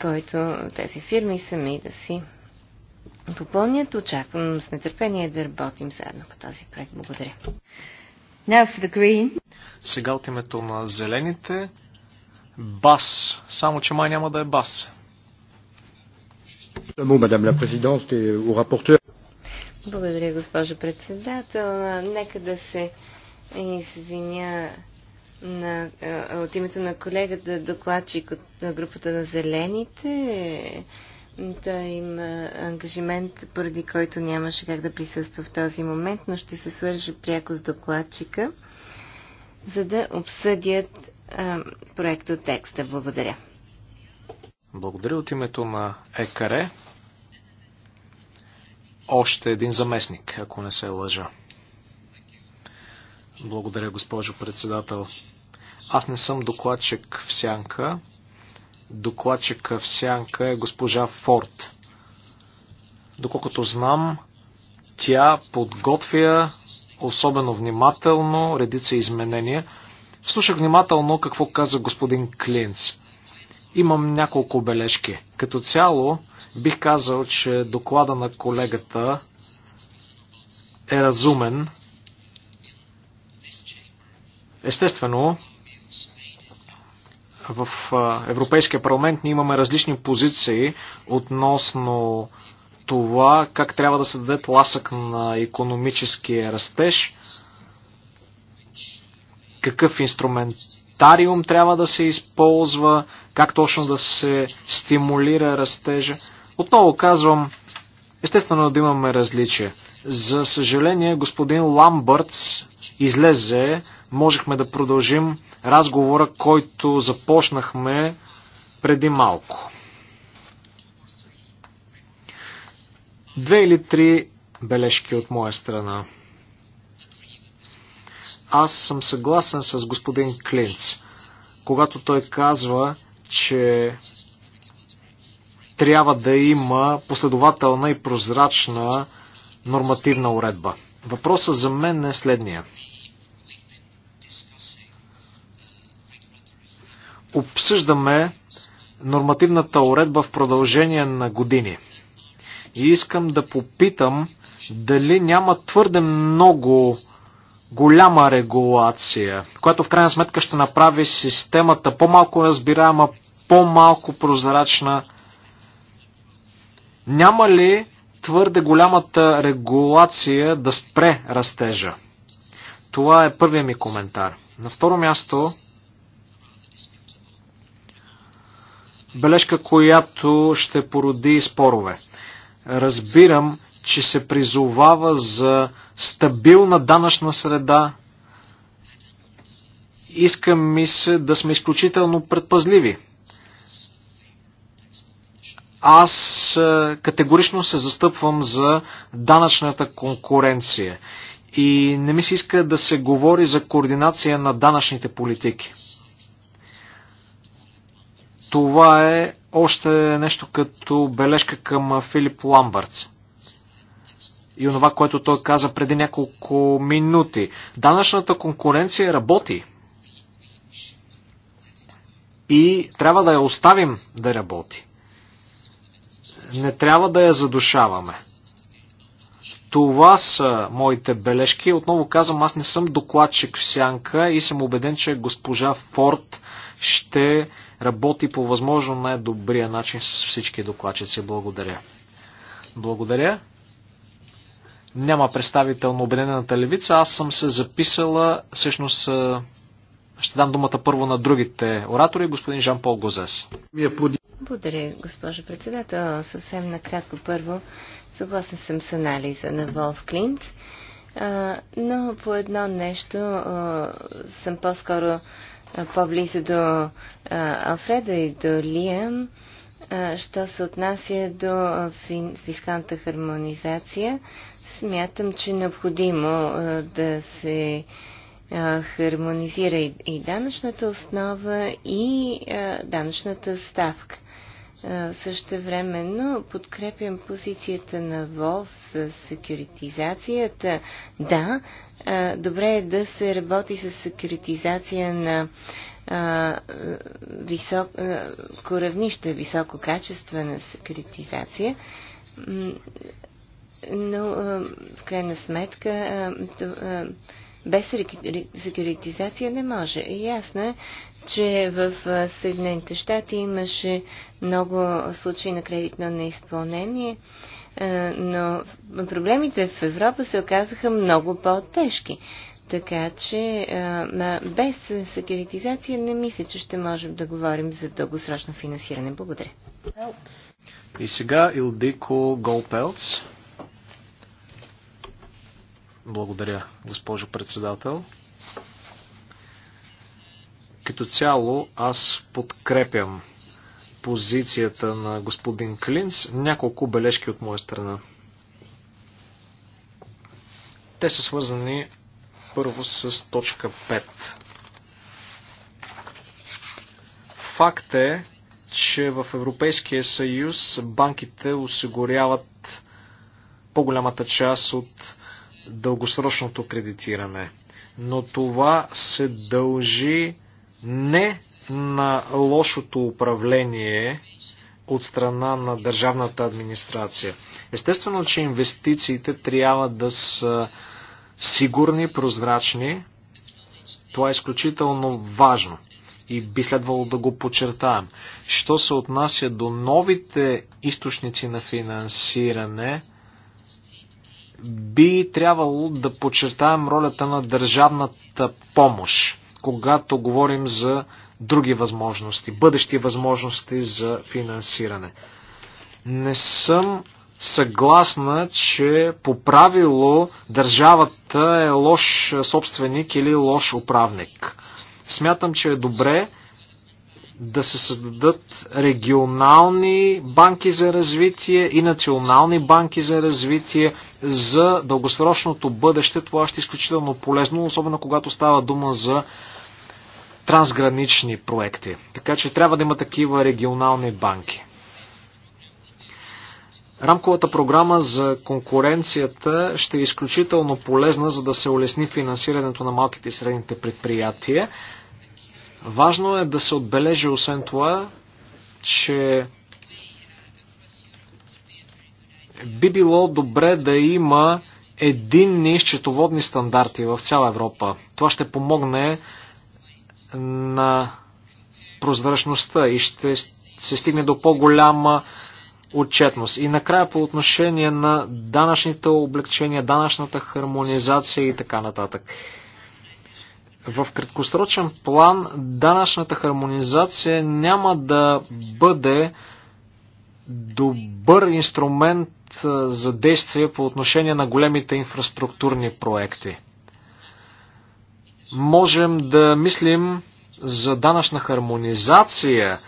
Speaker 2: който тези фирми сами да си попълнят. Очаквам с нетърпение да работим заедно по този проект. Благодаря.
Speaker 3: Сега от името на зелените. Бас. Само, че май няма да е бас.
Speaker 2: Благодаря, госпожо председател. Нека да се извиня на, е, от името на колегата докладчик от групата на зелените. Той има ангажимент, поради който нямаше как да присъства в този момент, но ще се свържа пряко с докладчика, за да обсъдят проекта от текста. Благодаря.
Speaker 3: Благодаря от името на ЕКАРЕ. Още един заместник, ако не се лъжа. Благодаря, госпожо председател. Аз не съм докладчик в сянка, докладчика в сянка е госпожа Форд. Доколкото знам, тя подготвя особено внимателно редица изменения. Слушах внимателно какво каза господин Клинц. Имам няколко бележки. Като цяло бих казал, че доклада на колегата е разумен. Естествено, в Европейския парламент ние имаме различни позиции относно това как трябва да се даде тласък на економическия растеж, какъв инструментариум трябва да се използва, как точно да се стимулира растежа. Отново казвам, естествено да имаме различия. За съжаление, господин Ламбъртс излезе, можехме да продължим разговора, който започнахме преди малко. Две или три бележки от моя страна. Аз съм съгласен с господин Клинц, когато той казва, че трябва да има последователна и прозрачна нормативна уредба. Въпросът за мен е следния. обсъждаме нормативната уредба в продължение на години. И искам да попитам дали няма твърде много голяма регулация, която в крайна сметка ще направи системата по-малко разбираема, по-малко прозрачна. Няма ли твърде голямата регулация да спре растежа? Това е първият ми коментар. На второ място, Бележка, която ще породи спорове. Разбирам, че се призовава за стабилна данъчна среда. Искам ми се да сме изключително предпазливи. Аз е, категорично се застъпвам за данъчната конкуренция и не ми се иска да се говори за координация на данъчните политики. Това е още нещо като бележка към Филип Ламбъртс. И онова, което той каза преди няколко минути. Данъчната конкуренция работи. И трябва да я оставим да работи. Не трябва да я задушаваме. Това са моите бележки. Отново казвам, аз не съм докладчик в сянка и съм убеден, че госпожа Форд ще работи по възможно най-добрия начин с всички докладчици. Благодаря. Благодаря. Няма представител на Обединената левица. Аз съм се записала, всъщност ще дам думата първо на другите оратори, господин Жан-Пол Гозес.
Speaker 2: Благодаря, госпожо председател. Съвсем накратко първо. Съгласен съм с анализа на Волф Клинт, но по едно нещо съм по-скоро по-близо до Алфредо и до Лиам, що се отнася до фискалната хармонизация, смятам, че е необходимо да се хармонизира и данъчната основа, и данъчната ставка. Е, Също времено подкрепям позицията на ВОВ с секюритизацията. Да, е, добре е да се работи с секюритизация на високо равнище, високо на секюритизация. Но е, в крайна сметка без секюритизация не може. И ясно е, че в Съединените щати имаше много случаи на кредитно неизпълнение, но проблемите в Европа се оказаха много по-тежки. Така че без секюритизация не мисля, че ще можем да говорим за дългосрочно финансиране. Благодаря.
Speaker 3: И сега Илдико Голпелц. Благодаря, госпожо председател. Като цяло аз подкрепям позицията на господин Клинц. Няколко бележки от моя страна. Те са свързани първо с точка 5. Факт е, че в Европейския съюз банките осигуряват по-голямата част от дългосрочното кредитиране. Но това се дължи не на лошото управление от страна на държавната администрация. Естествено, че инвестициите трябва да са сигурни, прозрачни. Това е изключително важно и би следвало да го подчертаем. Що се отнася до новите източници на финансиране, би трябвало да подчертаем ролята на държавната помощ, когато говорим за други възможности, бъдещи възможности за финансиране. Не съм съгласна, че по правило държавата е лош собственик или лош управник. Смятам, че е добре да се създадат регионални банки за развитие и национални банки за развитие за дългосрочното бъдеще. Това ще е изключително полезно, особено когато става дума за трансгранични проекти. Така че трябва да има такива регионални банки. Рамковата програма за конкуренцията ще е изключително полезна, за да се улесни финансирането на малките и средните предприятия. Важно е да се отбележи освен това, че би било добре да има единни счетоводни стандарти в цяла Европа. Това ще помогне на прозрачността и ще се стигне до по-голяма отчетност. И накрая по отношение на данъчните облегчения, данъчната хармонизация и така нататък в краткосрочен план данъчната хармонизация няма да бъде добър инструмент за действие по отношение на големите инфраструктурни проекти. Можем да мислим за данъчна хармонизация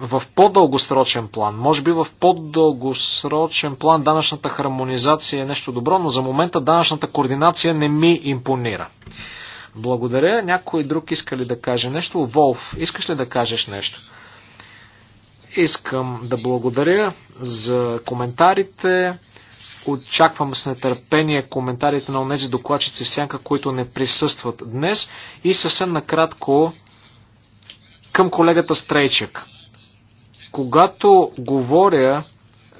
Speaker 3: в по-дългосрочен план. Може би в по-дългосрочен план данъчната хармонизация е нещо добро, но за момента данъчната координация не ми импонира. Благодаря. Някой друг иска ли да каже нещо? Волф, искаш ли да кажеш нещо? Искам да благодаря за коментарите. Очаквам с нетърпение коментарите на онези докладчици в сянка, които не присъстват днес. И съвсем накратко към колегата Стрейчек. Когато говоря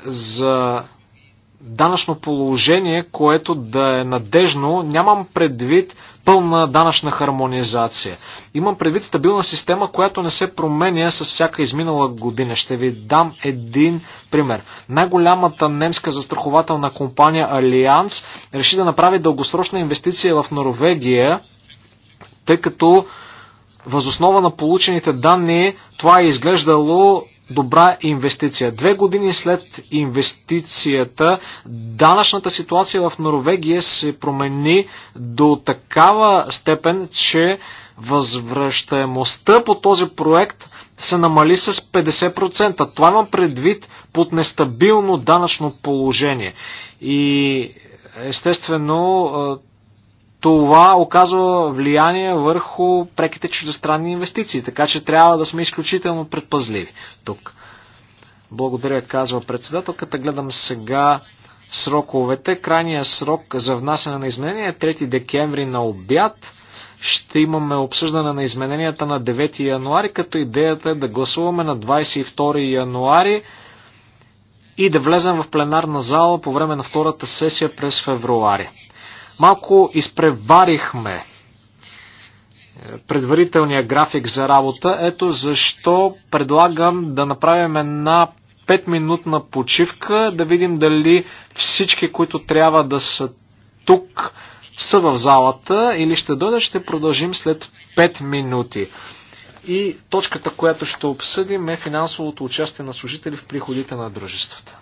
Speaker 3: за данъчно положение, което да е надежно, нямам предвид пълна данъчна хармонизация. Имам предвид стабилна система, която не се променя с всяка изминала година. Ще ви дам един пример. Най-голямата немска застрахователна компания Алианс реши да направи дългосрочна инвестиция в Норвегия, тъй като възоснова на получените данни това е изглеждало добра инвестиция. Две години след инвестицията, данъчната ситуация в Норвегия се промени до такава степен, че възвръщаемостта по този проект се намали с 50%. Това има предвид под нестабилно данъчно положение. И естествено това оказва влияние върху преките чуждестранни инвестиции, така че трябва да сме изключително предпазливи тук. Благодаря, казва председателката. Гледам сега сроковете. Крайният срок за внасяне на изменения е 3 декември на обяд. Ще имаме обсъждане на измененията на 9 януари, като идеята е да гласуваме на 22 януари и да влезем в пленарна зала по време на втората сесия през февруари. Малко изпреварихме е, предварителния график за работа. Ето защо предлагам да направим една 5-минутна почивка, да видим дали всички, които трябва да са тук, са в залата или ще дойдат, ще продължим след 5 минути. И точката, която ще обсъдим е финансовото участие на служители в приходите на дружествата.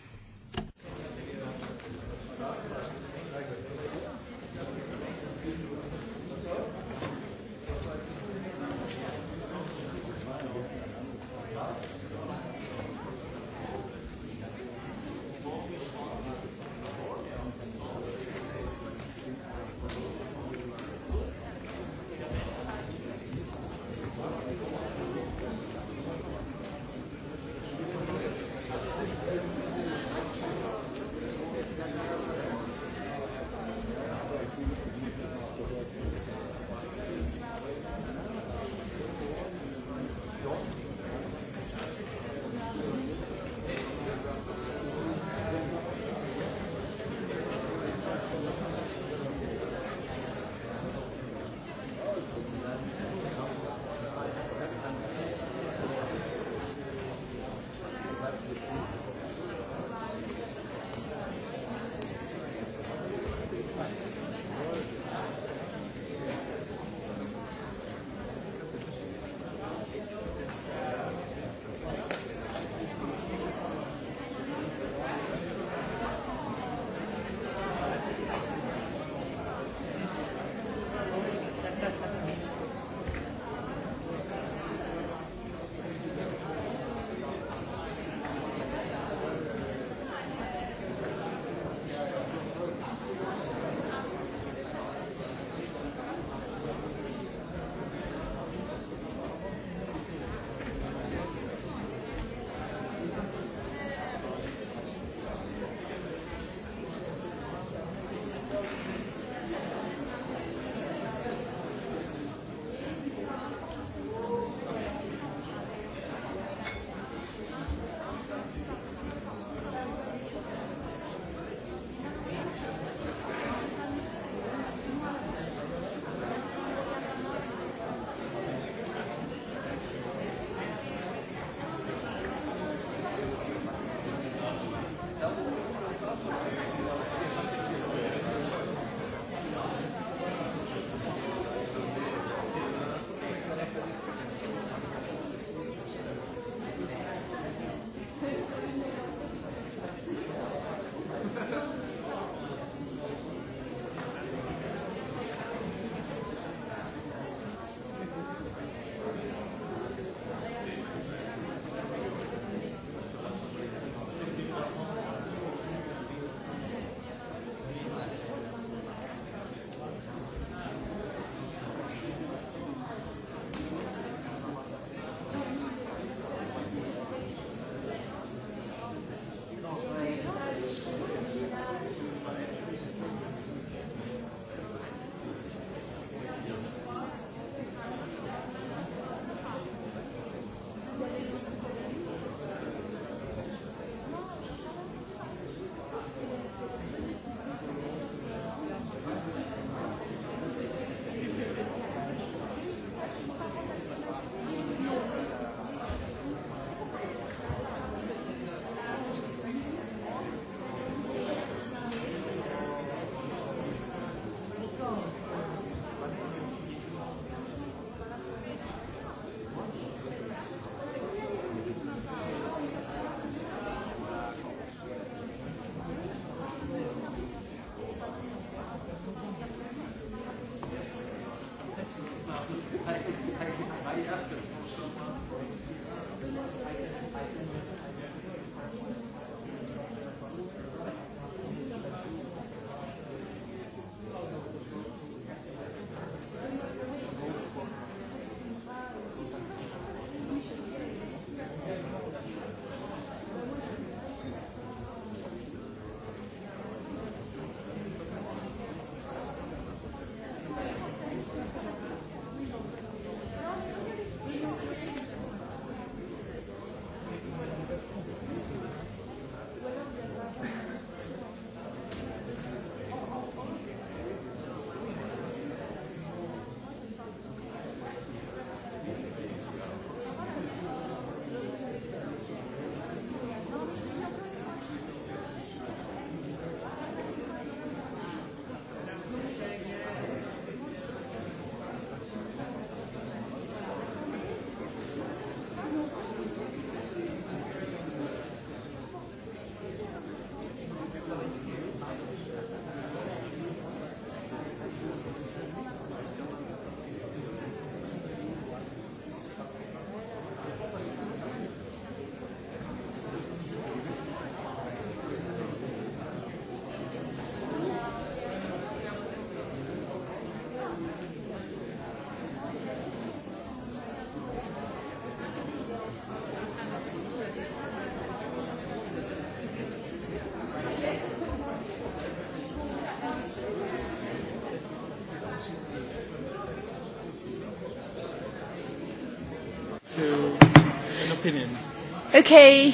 Speaker 2: Okay.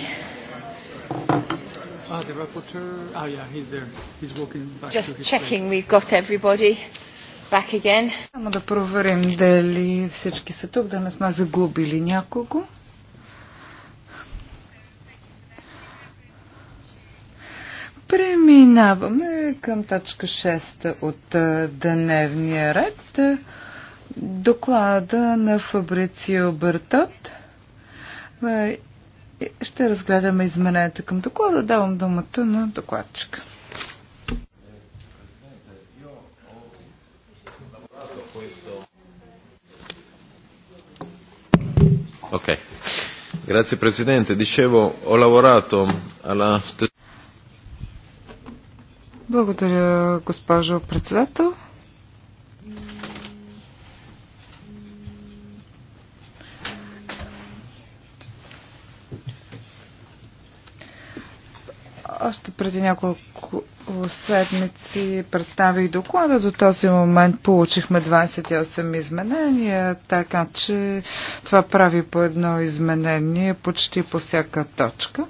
Speaker 1: Ah, the rapporteur. oh yeah, he's there. He's walking back Just to his checking
Speaker 2: place. we've got everybody back
Speaker 4: again. Само да проверим дали всички са тук, да не сме загубили някого. Преминаваме към точка 6 от дневния ред. Доклада на Фабрицио Бъртот ще разгледаме измененията към доклада. Давам думата на докладчика.
Speaker 1: Ok, grazie Presidente. Dicevo, ho lavorato alla...
Speaker 4: Благодаря, госпожо председател. преди няколко седмици представих доклада. До този момент получихме 28 изменения, така че това прави по едно изменение почти по всяка точка.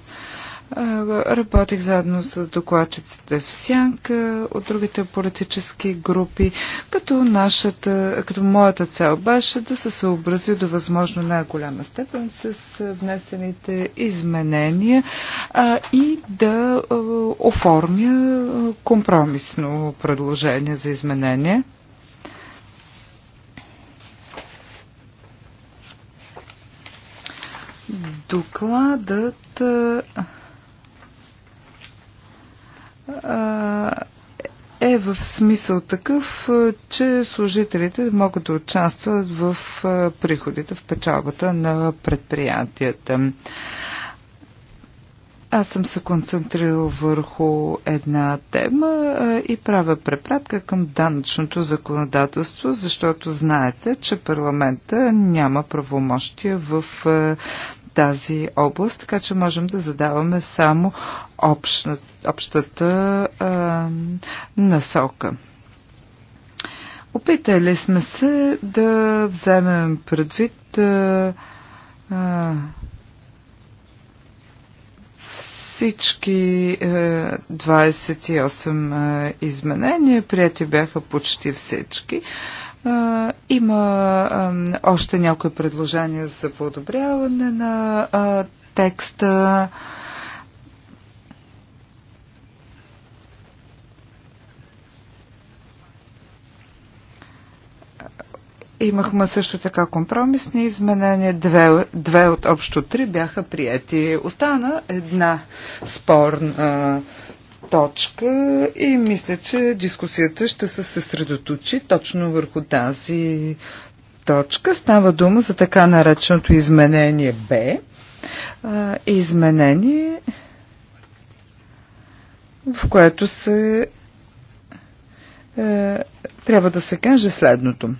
Speaker 4: Работих заедно с докладчиците в Сянка от другите политически групи, като, нашата, като моята цел беше да се съобрази до възможно най-голяма степен с внесените изменения а, и да а, оформя компромисно предложение за изменение. Докладът а, е в смисъл такъв, че служителите могат да участват в приходите, в печалбата на предприятията. Аз съм се концентрирал върху една тема и правя препратка към данъчното законодателство, защото знаете, че парламента няма правомощия в тази област, така че можем да задаваме само общна, общата а, насока. Опитали сме се да вземем предвид а, всички 28 е, е, изменения, прияти бяха почти всички има още някои предложения за подобряване на текста. Имахме също така компромисни изменения. Две, две от общо три бяха прияти. Остана една спорна точка и мисля, че дискусията ще се съсредоточи точно върху тази точка. Става дума за така нареченото изменение Б. Изменение, в което се е, трябва да се каже следното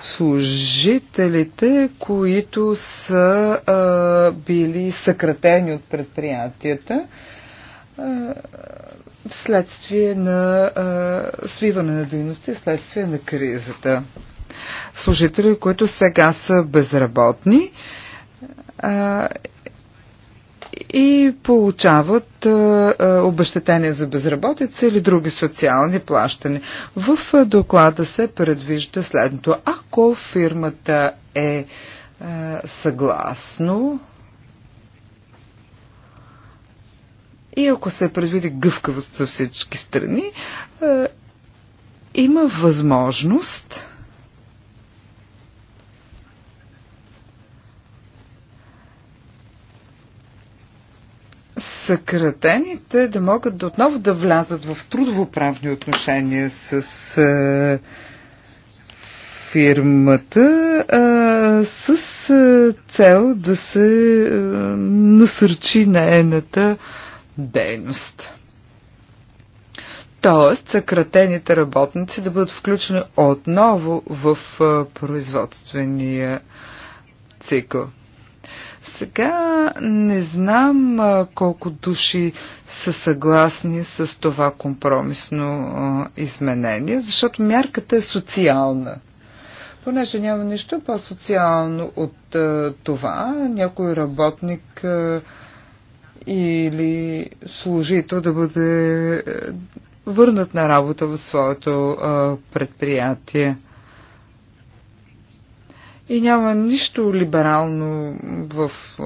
Speaker 4: служителите, които са а, били съкратени от предприятията, вследствие е, на е, свиване на дейността и следствие на кризата. Служители, които сега са безработни е, и получават обещетения за безработица или други социални плащани. В доклада се предвижда следното. Ако фирмата е съгласно И ако се предвиди гъвкавост за всички страни, е, има възможност съкратените да могат да отново да влязат в трудовоправни отношения с е, фирмата е, с е, цел да се е, насърчи наената дейност. Тоест, съкратените работници да бъдат включени отново в производствения цикъл. Сега не знам а, колко души са съгласни с това компромисно а, изменение, защото мярката е социална. Понеже няма нищо по-социално от а, това, някой работник а, или служител да бъде е, върнат на работа в своето е, предприятие. И няма нищо либерално в е,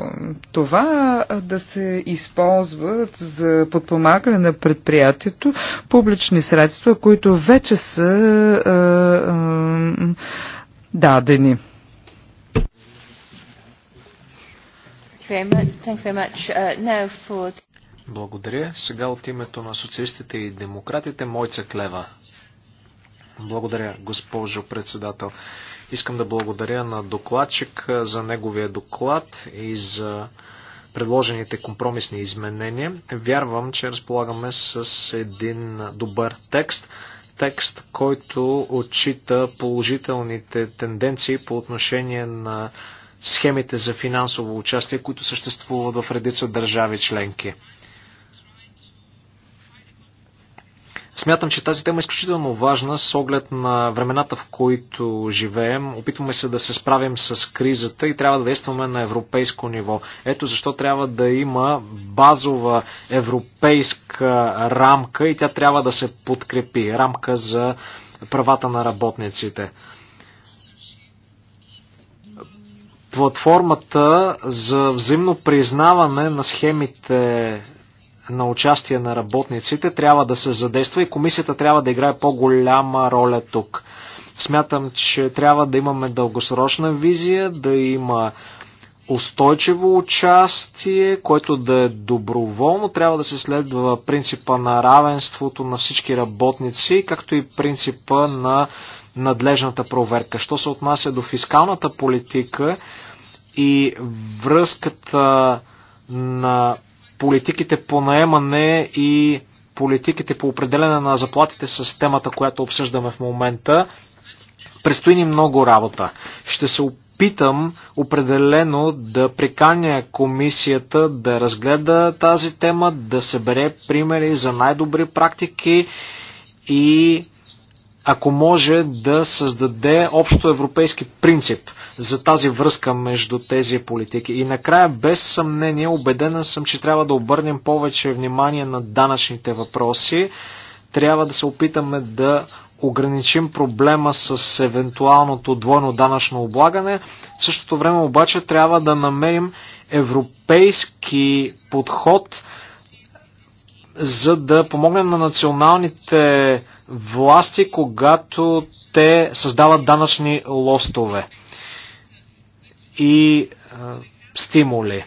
Speaker 4: това да се използват за подпомагане на предприятието публични средства, които вече са а, а, дадени.
Speaker 2: Uh,
Speaker 3: благодаря. Сега от името на социалистите и демократите Мойца Клева. Благодаря, госпожо председател. Искам да благодаря на докладчик за неговия доклад и за предложените компромисни изменения. Вярвам, че разполагаме с един добър текст. Текст, който отчита положителните тенденции по отношение на схемите за финансово участие, които съществуват в редица държави членки. Смятам, че тази тема е изключително важна с оглед на времената, в които живеем. Опитваме се да се справим с кризата и трябва да действаме на европейско ниво. Ето защо трябва да има базова европейска рамка и тя трябва да се подкрепи. Рамка за правата на работниците. платформата за взаимно признаване на схемите на участие на работниците трябва да се задейства и комисията трябва да играе по-голяма роля тук. Смятам, че трябва да имаме дългосрочна визия, да има устойчиво участие, което да е доброволно, трябва да се следва принципа на равенството на всички работници, както и принципа на надлежната проверка. Що се отнася до фискалната политика и връзката на политиките по наемане и политиките по определене на заплатите с темата, която обсъждаме в момента, предстои ни много работа. Ще се опитам определено да приканя комисията да разгледа тази тема, да събере примери за най-добри практики и ако може да създаде общо европейски принцип за тази връзка между тези политики. И накрая, без съмнение, убедена съм, че трябва да обърнем повече внимание на данъчните въпроси. Трябва да се опитаме да ограничим проблема с евентуалното двойно данъчно облагане. В същото време обаче трябва да намерим европейски подход, за да помогнем на националните власти, когато те създават данъчни лостове и а, стимули.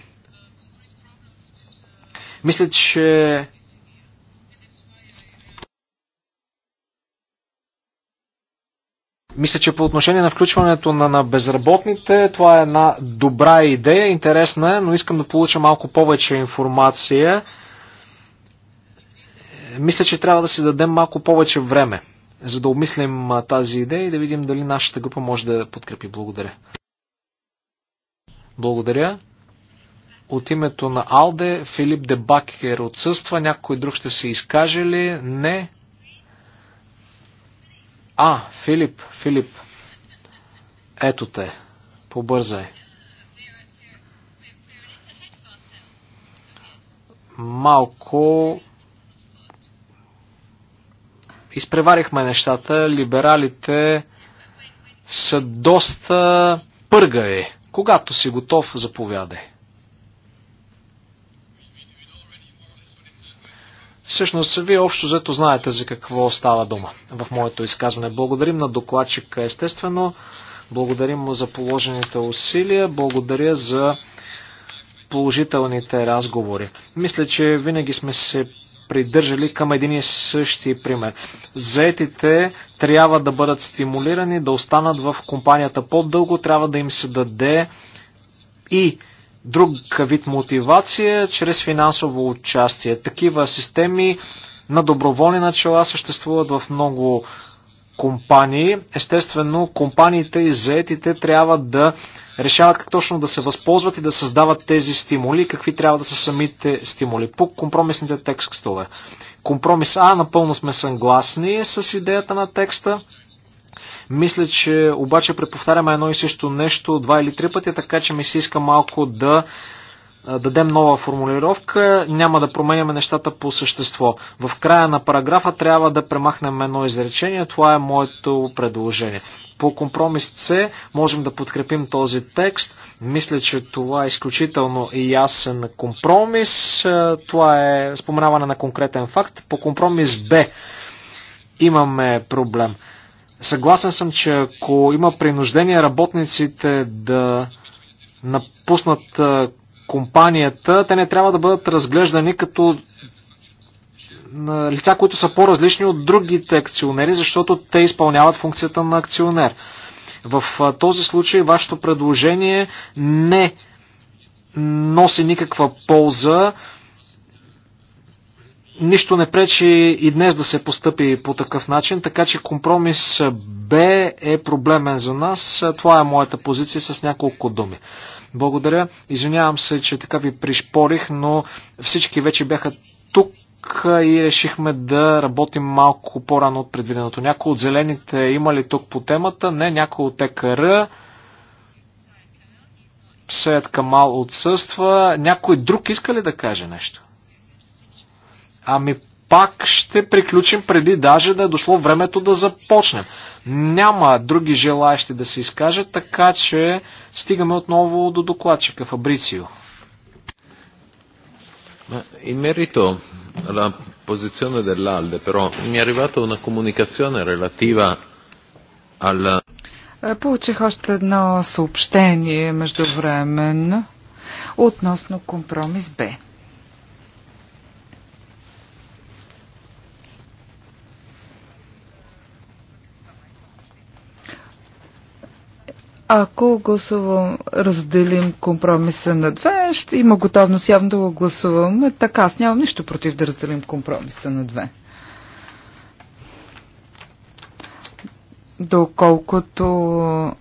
Speaker 3: Мисля, че Мисля, че по отношение на включването на, на безработните, това е една добра идея, интересна е, но искам да получа малко повече информация. Мисля, че трябва да си дадем малко повече време, за да обмислим тази идея и да видим дали нашата група може да подкрепи. Благодаря. Благодаря. От името на Алде, Филип Дебакер отсъства. Някой друг ще се изкаже ли? Не. А, Филип, Филип. Ето те. Побързай. Малко изпреварихме нещата. Либералите са доста пъргави. Когато си готов, заповядай. Всъщност, вие общо взето знаете за какво става дума в моето изказване. Благодарим на докладчика, естествено. Благодарим му за положените усилия. Благодаря за положителните разговори. Мисля, че винаги сме се придържали към един и същи пример. Заетите трябва да бъдат стимулирани, да останат в компанията по-дълго, трябва да им се даде и друг вид мотивация чрез финансово участие. Такива системи на доброволни начала съществуват в много компании. Естествено, компаниите и заетите трябва да решават как точно да се възползват и да създават тези стимули, какви трябва да са самите стимули по компромисните текстове. Компромис А напълно сме съгласни с идеята на текста. Мисля, че обаче преповтаряме едно и също нещо два или три пъти, така че ми се иска малко да дадем нова формулировка, няма да променяме нещата по същество. В края на параграфа трябва да премахнем едно изречение, това е моето предложение. По компромис С можем да подкрепим този текст. Мисля, че това е изключително ясен компромис. Е, това е споменаване на конкретен факт. По компромис Б имаме проблем. Съгласен съм, че ако има принуждение работниците да напуснат е, компанията, те не трябва да бъдат разглеждани като на лица, които са по-различни от другите акционери, защото те изпълняват функцията на акционер. В този случай вашето предложение не носи никаква полза. Нищо не пречи и днес да се постъпи по такъв начин, така че компромис Б е проблемен за нас. Това е моята позиция с няколко думи. Благодаря. Извинявам се, че така ви пришпорих, но всички вече бяха тук и решихме да работим малко по-рано от предвиденото. Някои от зелените има ли тук по темата? Не, някои от ЕКР. Сеят Камал отсъства. Някой друг иска ли да каже нещо? Ами пак ще приключим преди даже да е дошло времето да започнем. Няма други желаящи да се изкажат, така че стигаме отново до докладчика Фабрицио.
Speaker 1: Имерито alla posizione dell'Alde, però mi è arrivata una comunicazione relativa al.
Speaker 4: Получих още едно съобщение междувременно относно компромис Б. Ако гласувам, разделим компромиса на две, ще има готовност явно да го гласувам. Така, аз нямам нищо против да разделим компромиса на две. Доколкото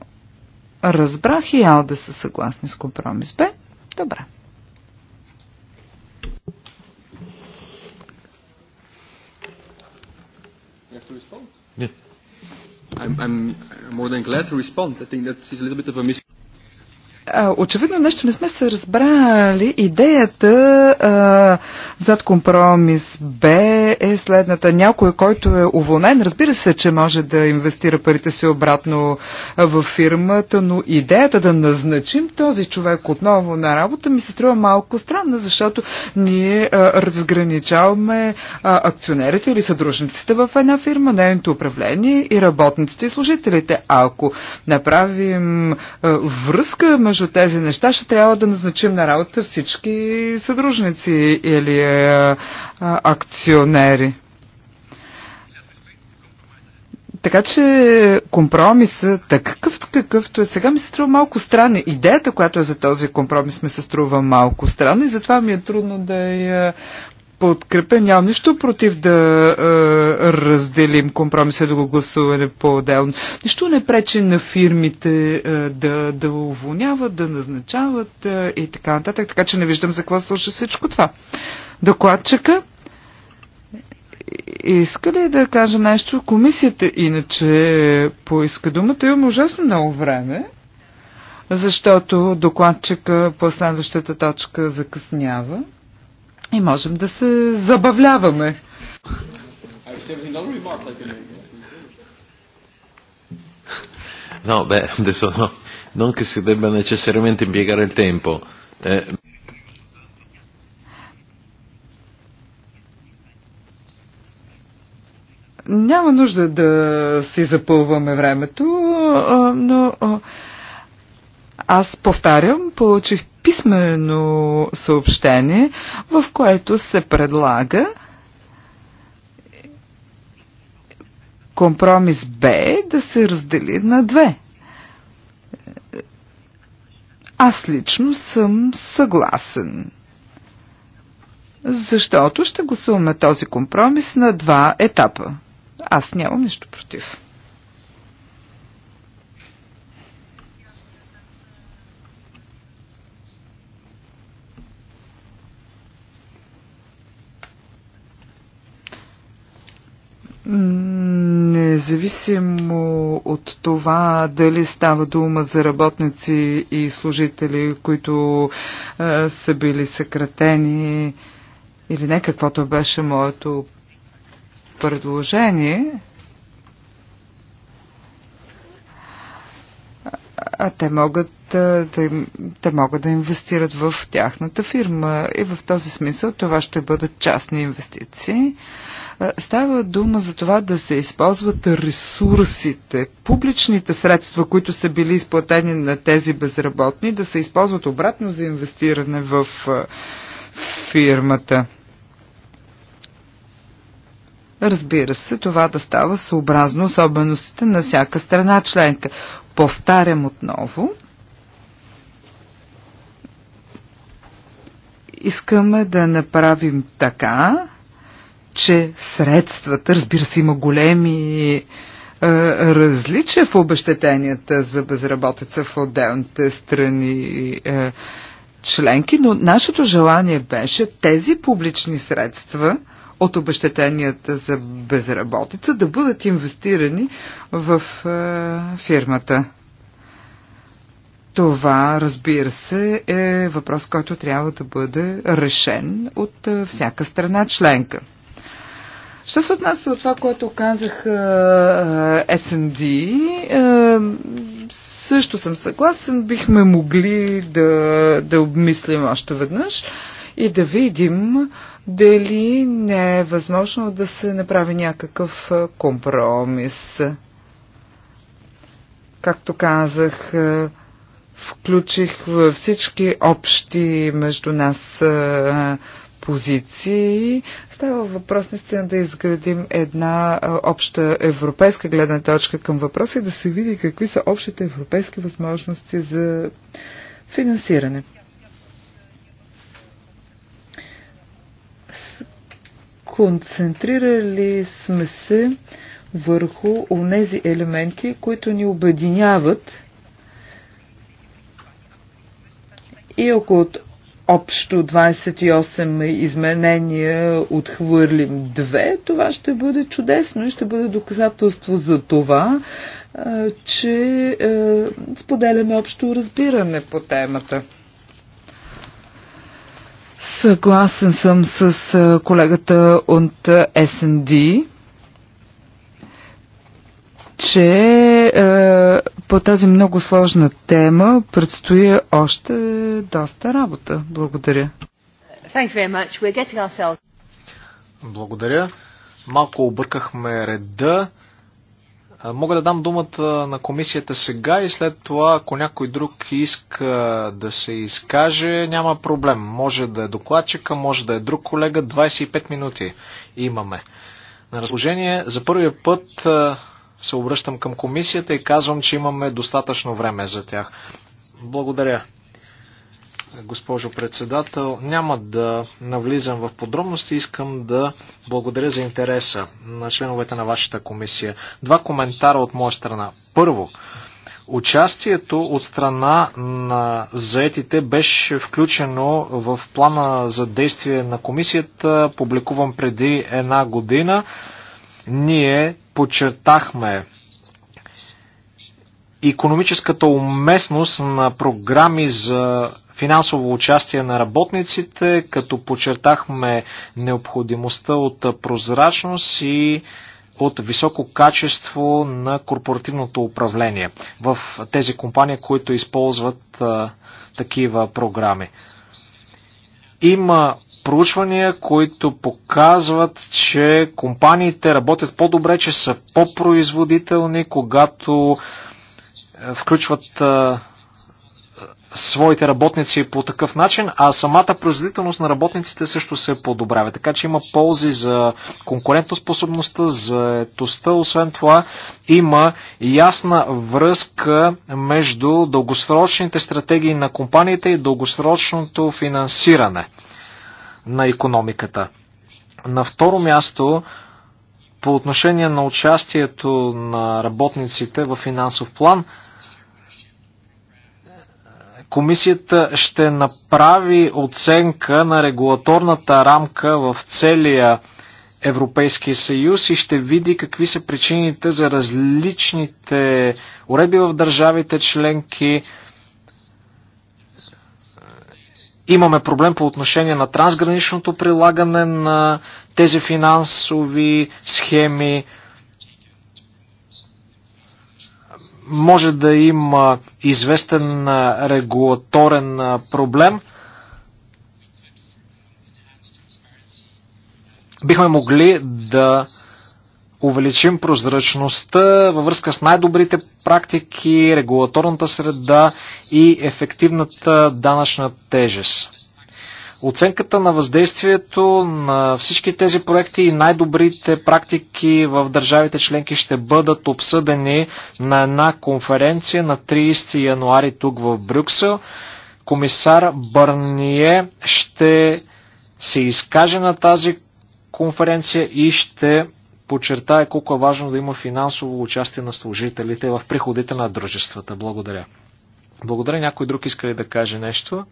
Speaker 4: разбрах и Алда са съгласни с компромис Б. Добре.
Speaker 1: I'm, I'm more than glad to respond. I think that is a little bit of a mis-
Speaker 4: Очевидно нещо не сме се разбрали. Идеята а, зад компромис Б е следната. Някой, който е уволнен, разбира се, че може да инвестира парите си обратно в фирмата, но идеята да назначим този човек отново на работа ми се струва малко странна, защото ние а, разграничаваме а, акционерите или съдружниците в една фирма, нейното управление и работниците и служителите. А ако направим а, връзка между тези неща, ще трябва да назначим на работа всички съдружници или а, акционери. Така че компромисът, такъв какъвто е сега, ми се струва малко странна. Идеята, която е за този компромис, ми се струва малко странна и затова ми е трудно да я подкрепя. Нямам нищо против да е, разделим компромиса да го гласуваме по-отделно. Нищо не пречи на фирмите е, да, да уволняват, да назначават е, и така нататък. Така че не виждам за какво служи всичко това. Докладчика иска ли да кажа нещо? Комисията иначе поиска думата. има ужасно много време, защото докладчика по следващата точка закъснява и можем да се забавляваме.
Speaker 1: No, beh, adesso no. Non che si debba necessariamente impiegare il tempo.
Speaker 4: Eh... Няма нужда да си запълваме времето, но аз повтарям, получих писмено съобщение, в което се предлага компромис Б да се раздели на две. Аз лично съм съгласен. Защото ще гласуваме този компромис на два етапа. Аз нямам нищо против. Независимо от това дали става дума за работници и служители, които е, са били съкратени или не, каквото беше моето предложение, а те могат да, да, да могат да инвестират в тяхната фирма. И в този смисъл това ще бъдат частни инвестиции. Става дума за това да се използват ресурсите, публичните средства, които са били изплатени на тези безработни, да се използват обратно за инвестиране в фирмата. Разбира се, това да става съобразно особеностите на всяка страна членка. Повтарям отново. Искаме да направим така, че средствата, разбира се, има големи е, различия в обещетенията за безработица в отделните страни е, членки, но нашето желание беше тези публични средства – от обещетенията за безработица да бъдат инвестирани в е, фирмата. Това, разбира се, е въпрос, който трябва да бъде решен от е, всяка страна членка. Що се отнася от това, което казах е, СНД, е, е, също съм съгласен, бихме могли да, да обмислим още веднъж и да видим дали не е възможно да се направи някакъв компромис. Както казах, включих във всички общи между нас позиции. Става въпрос наистина да изградим една обща европейска гледна точка към въпроса и да се види какви са общите европейски възможности за финансиране. Концентрирали сме се върху онези елементи, които ни обединяват и ако от общо 28 изменения отхвърлим две, това ще бъде чудесно и ще бъде доказателство за това, че споделяме общо разбиране по темата. Съгласен съм с колегата от SND. че е, по тази много сложна тема предстои още доста работа. Благодаря.
Speaker 1: Ourselves...
Speaker 3: Благодаря. Малко объркахме реда. Мога да дам думата на комисията сега и след това, ако някой друг иска да се изкаже, няма проблем. Може да е докладчика, може да е друг колега. 25 минути имаме. На разложение. за първия път се обръщам към комисията и казвам, че имаме достатъчно време за тях. Благодаря госпожо председател. Няма да навлизам в подробности. Искам да благодаря за интереса на членовете на вашата комисия. Два коментара от моя страна. Първо, Участието от страна на заетите беше включено в плана за действие на комисията, публикуван преди една година. Ние подчертахме економическата уместност на програми за финансово участие на работниците, като подчертахме необходимостта от прозрачност и от високо качество на корпоративното управление в тези компании, които използват а, такива програми. Има проучвания, които показват, че компаниите работят по-добре, че са по-производителни, когато включват а, своите работници по такъв начин, а самата производителност на работниците също се подобрява. Така че има ползи за конкурентоспособността, за етостта. Освен това има ясна връзка между дългосрочните стратегии на компаниите и дългосрочното финансиране на економиката. На второ място, по отношение на участието на работниците в финансов план – Комисията ще направи оценка на регулаторната рамка в целия Европейския съюз и ще види какви са причините за различните уредби в държавите членки. Имаме проблем по отношение на трансграничното прилагане на тези финансови схеми. може да има известен регулаторен проблем. Бихме могли да увеличим прозрачността във връзка с най-добрите практики, регулаторната среда и ефективната данъчна тежест оценката на въздействието на всички тези проекти и най-добрите практики в държавите членки ще бъдат обсъдени на една конференция на 30 януари тук в Брюксел. Комисар Бърние ще се изкаже на тази конференция и ще подчертая колко е важно да има финансово участие на служителите в приходите на дружествата. Благодаря. Благодаря. Някой друг иска ли да каже нещо?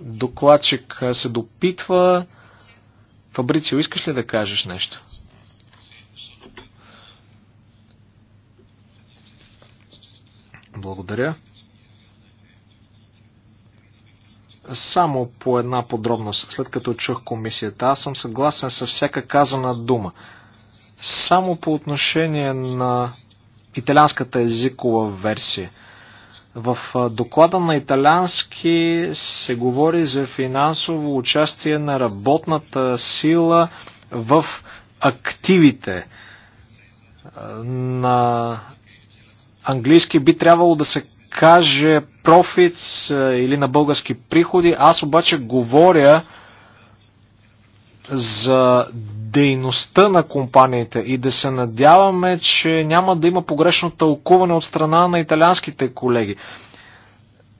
Speaker 3: Докладчик се допитва. Фабрицио, искаш ли да кажеш нещо? Благодаря. Само по една подробност, след като чух комисията, аз съм съгласен с всяка казана дума. Само по отношение на италианската езикова версия – в доклада на италиански се говори за финансово участие на работната сила в активите. На английски би трябвало да се каже профиц или на български приходи. Аз обаче говоря за дейността на компаниите и да се надяваме, че няма да има погрешно тълкуване от страна на италианските колеги.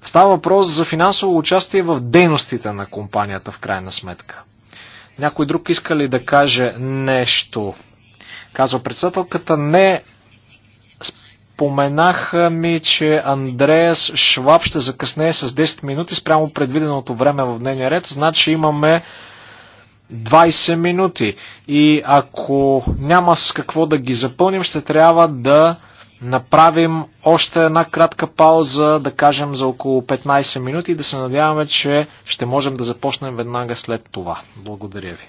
Speaker 3: Става въпрос за финансово участие в дейностите на компанията, в крайна сметка. Някой друг иска ли да каже нещо? Казва председателката, не споменаха ми, че Андреас Шваб ще закъснее с 10 минути спрямо предвиденото време в дневния ред, значи имаме 20 минути и ако няма с какво да ги запълним, ще трябва да направим още една кратка пауза, да кажем за около 15 минути и да се надяваме, че ще можем да започнем веднага след това. Благодаря ви.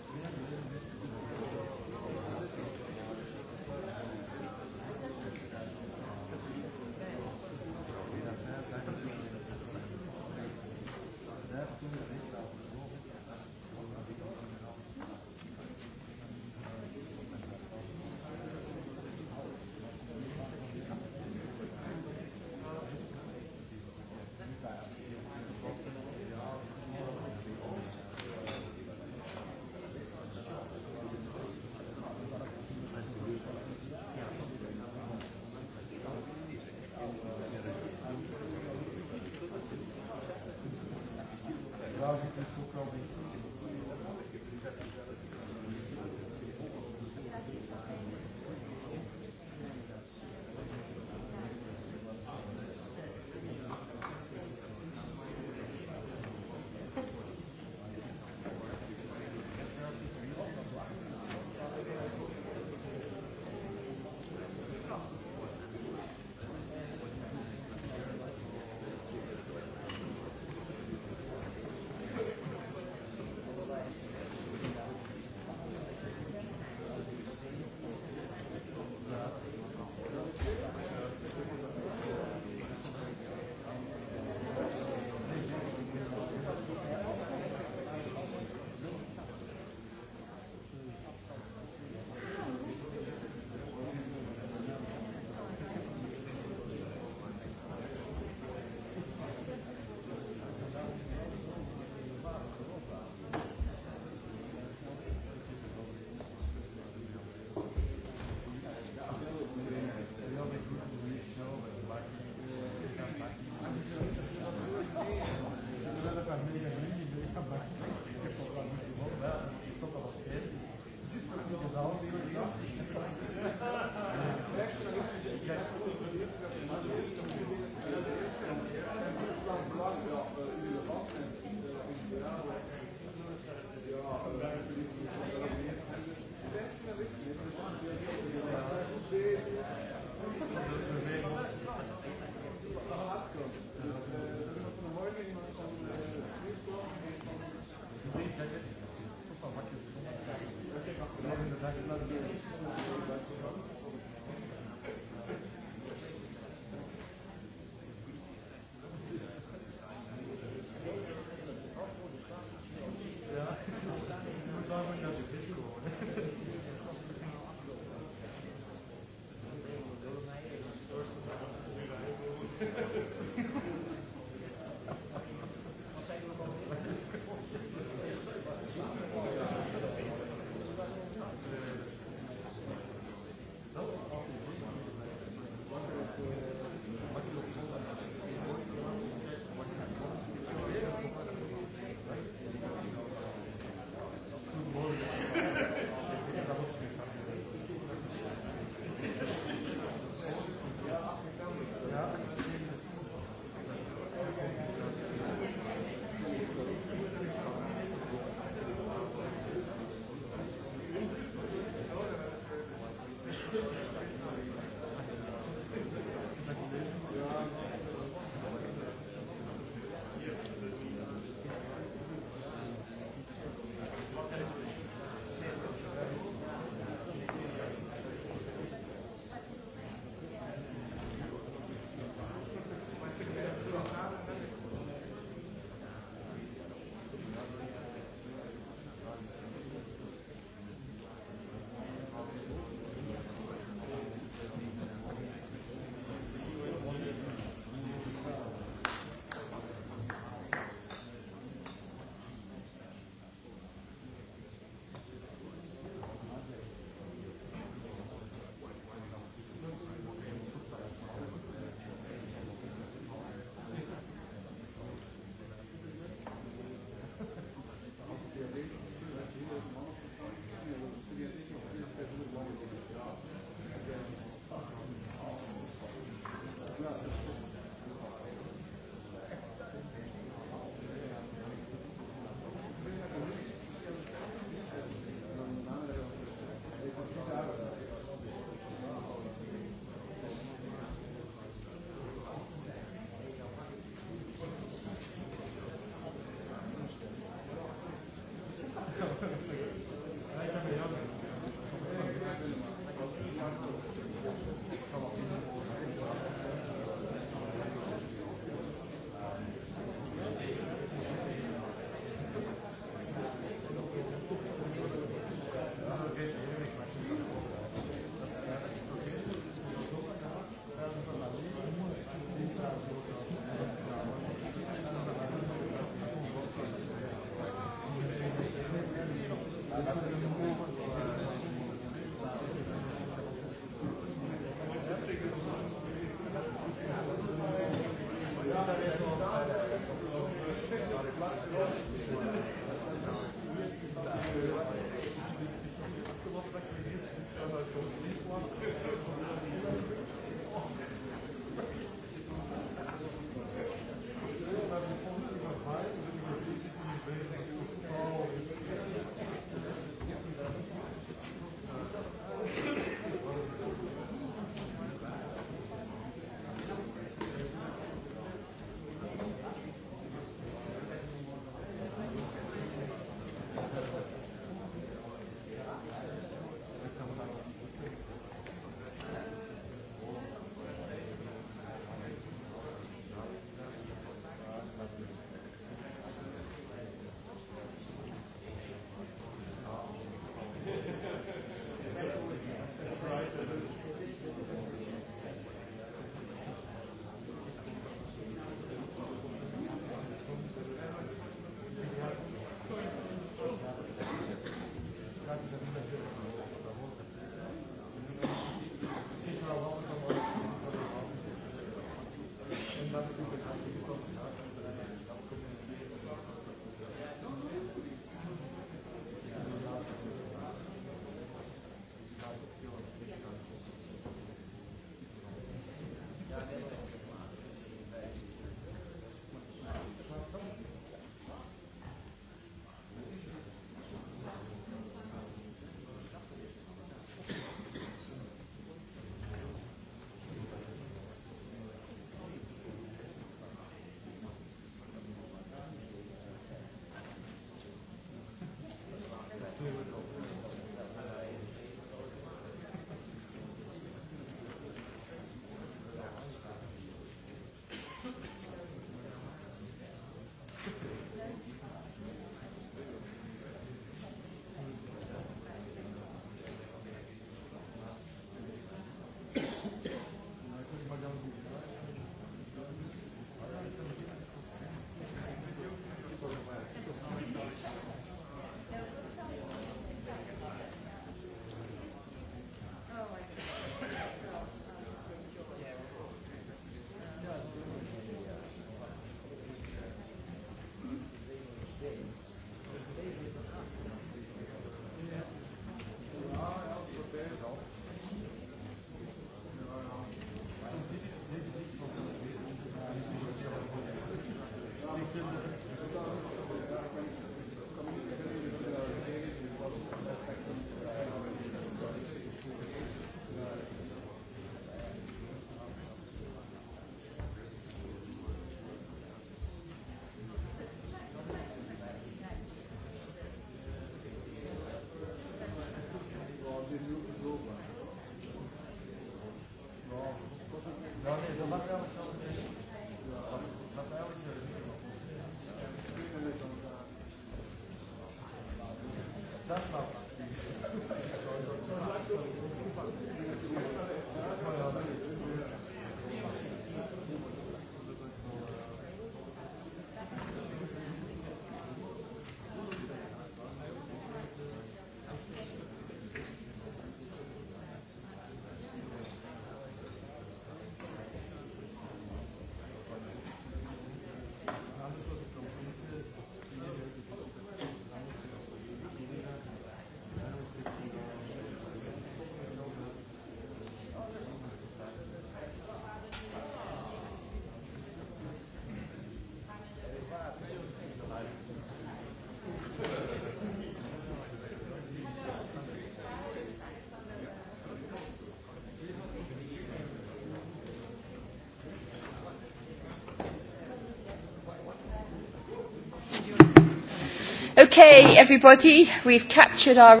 Speaker 2: Okay, everybody, we've captured our...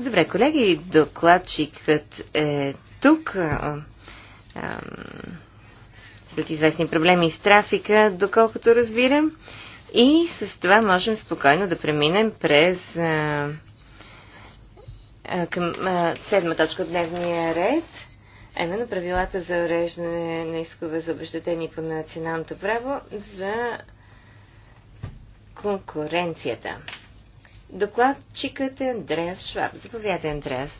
Speaker 2: Добре, колеги, докладчикът е тук. След известни проблеми с трафика, доколкото разбирам. И с това можем спокойно да преминем през към седма точка от дневния ред именно правилата за уреждане на искове за обещетени по националното право за конкуренцията. Докладчикът е Андреас Шваб. Заповядай, Андреас.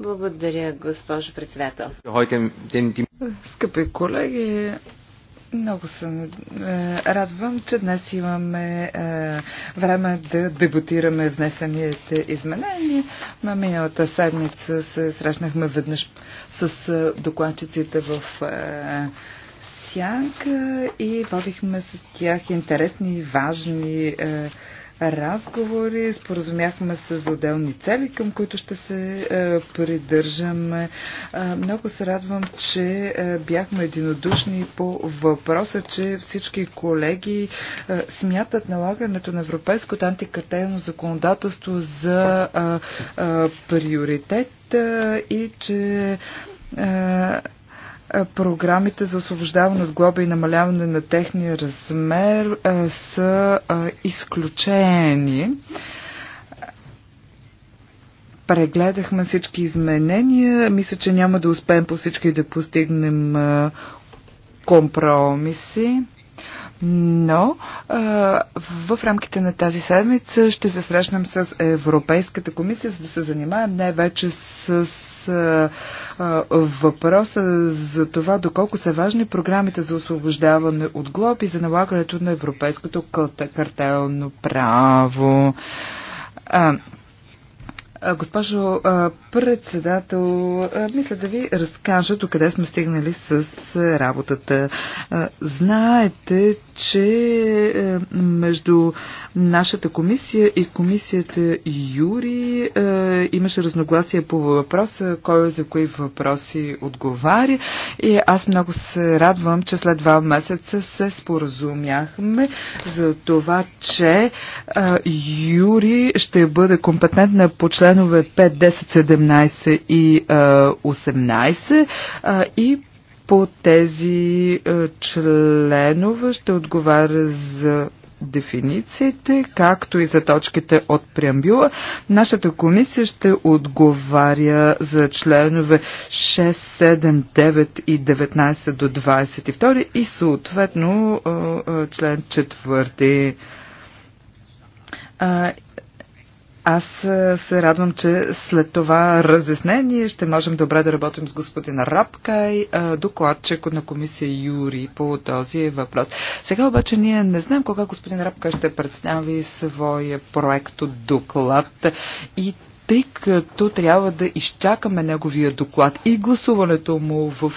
Speaker 2: Благодаря, госпожо председател.
Speaker 3: Скъпи колеги,
Speaker 4: много се е, радвам, че днес имаме е, време да дебатираме внесените изменения. На миналата седмица се срещнахме веднъж с е, докладчиците в сянка и водихме с тях интересни и важни е, разговори, споразумяхме се за отделни цели, към които ще се е, придържаме. Е, много се радвам, че е, бяхме единодушни по въпроса, че всички колеги е, смятат налагането на европейското антикартелно законодателство за е, е, приоритет е, и че е, е, програмите за освобождаване от глоба и намаляване на техния размер е, са е, изключени. Прегледахме всички изменения. Мисля, че няма да успеем по всички да постигнем компромиси. Но а, в рамките на тази седмица ще се срещнем с Европейската комисия, за да се занимаем най-вече с а, а, въпроса за това доколко са важни програмите за освобождаване от глоб и за налагането на европейското картелно право. А, Госпожо председател, мисля да ви разкажа до къде сме стигнали с работата. Знаете, че е, между нашата комисия и комисията Юри е, имаше разногласие по въпроса, кой за кои въпроси отговаря. И аз много се радвам, че след два месеца се споразумяхме за това, че е, Юри ще бъде компетентна по член членове 5, 10, 17 и 18 и по тези членове ще отговаря за дефинициите, както и за точките от преамбюла. Нашата комисия ще отговаря за членове 6, 7, 9 и 19 до 22 и съответно член 4. Аз е, се радвам, че след това разяснение ще можем добре да работим с господина Рапкай, е, докладчик на комисия Юри по този въпрос. Сега обаче ние не знаем кога господин Рапкай ще представи своя проект от доклад и тъй като трябва да изчакаме неговия доклад и гласуването му в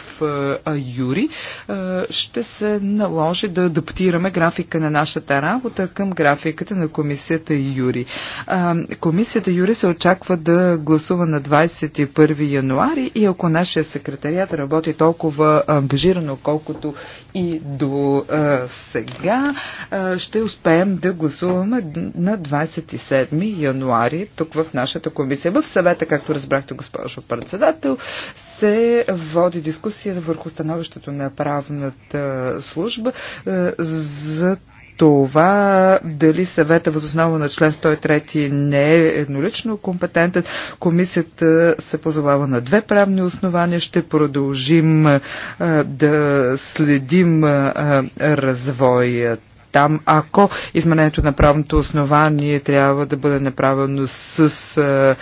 Speaker 4: а, Юри, а, ще се наложи да адаптираме графика на нашата работа към графиката на комисията Юри. А, комисията Юри се очаква да гласува на 21 януари и ако нашия секретарият работи толкова ангажирано, колкото и до а, сега, а, ще успеем да гласуваме на 27 януари тук в нашата комисия комисия. В съвета, както разбрахте, госпожо председател, се води дискусия върху становището на правната служба е, за това дали съвета възоснова на член 103 не е еднолично компетентен. Комисията се позовава на две правни основания. Ще продължим а, е, да следим а, е, развоят там, ако изменението на правното основание трябва да бъде направено с е,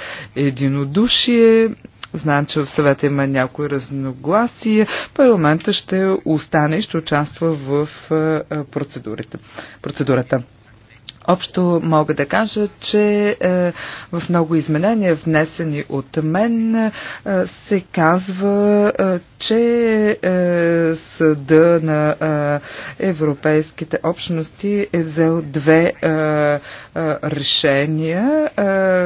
Speaker 4: единодушие, Знаем, че в съвета има някои разногласия. Парламента ще остане и ще участва в е, е, процедурата. Общо мога да кажа, че е, в много изменения, внесени от мен, е, се казва, е, че е, съда на е, европейските общности е взел две е, решения,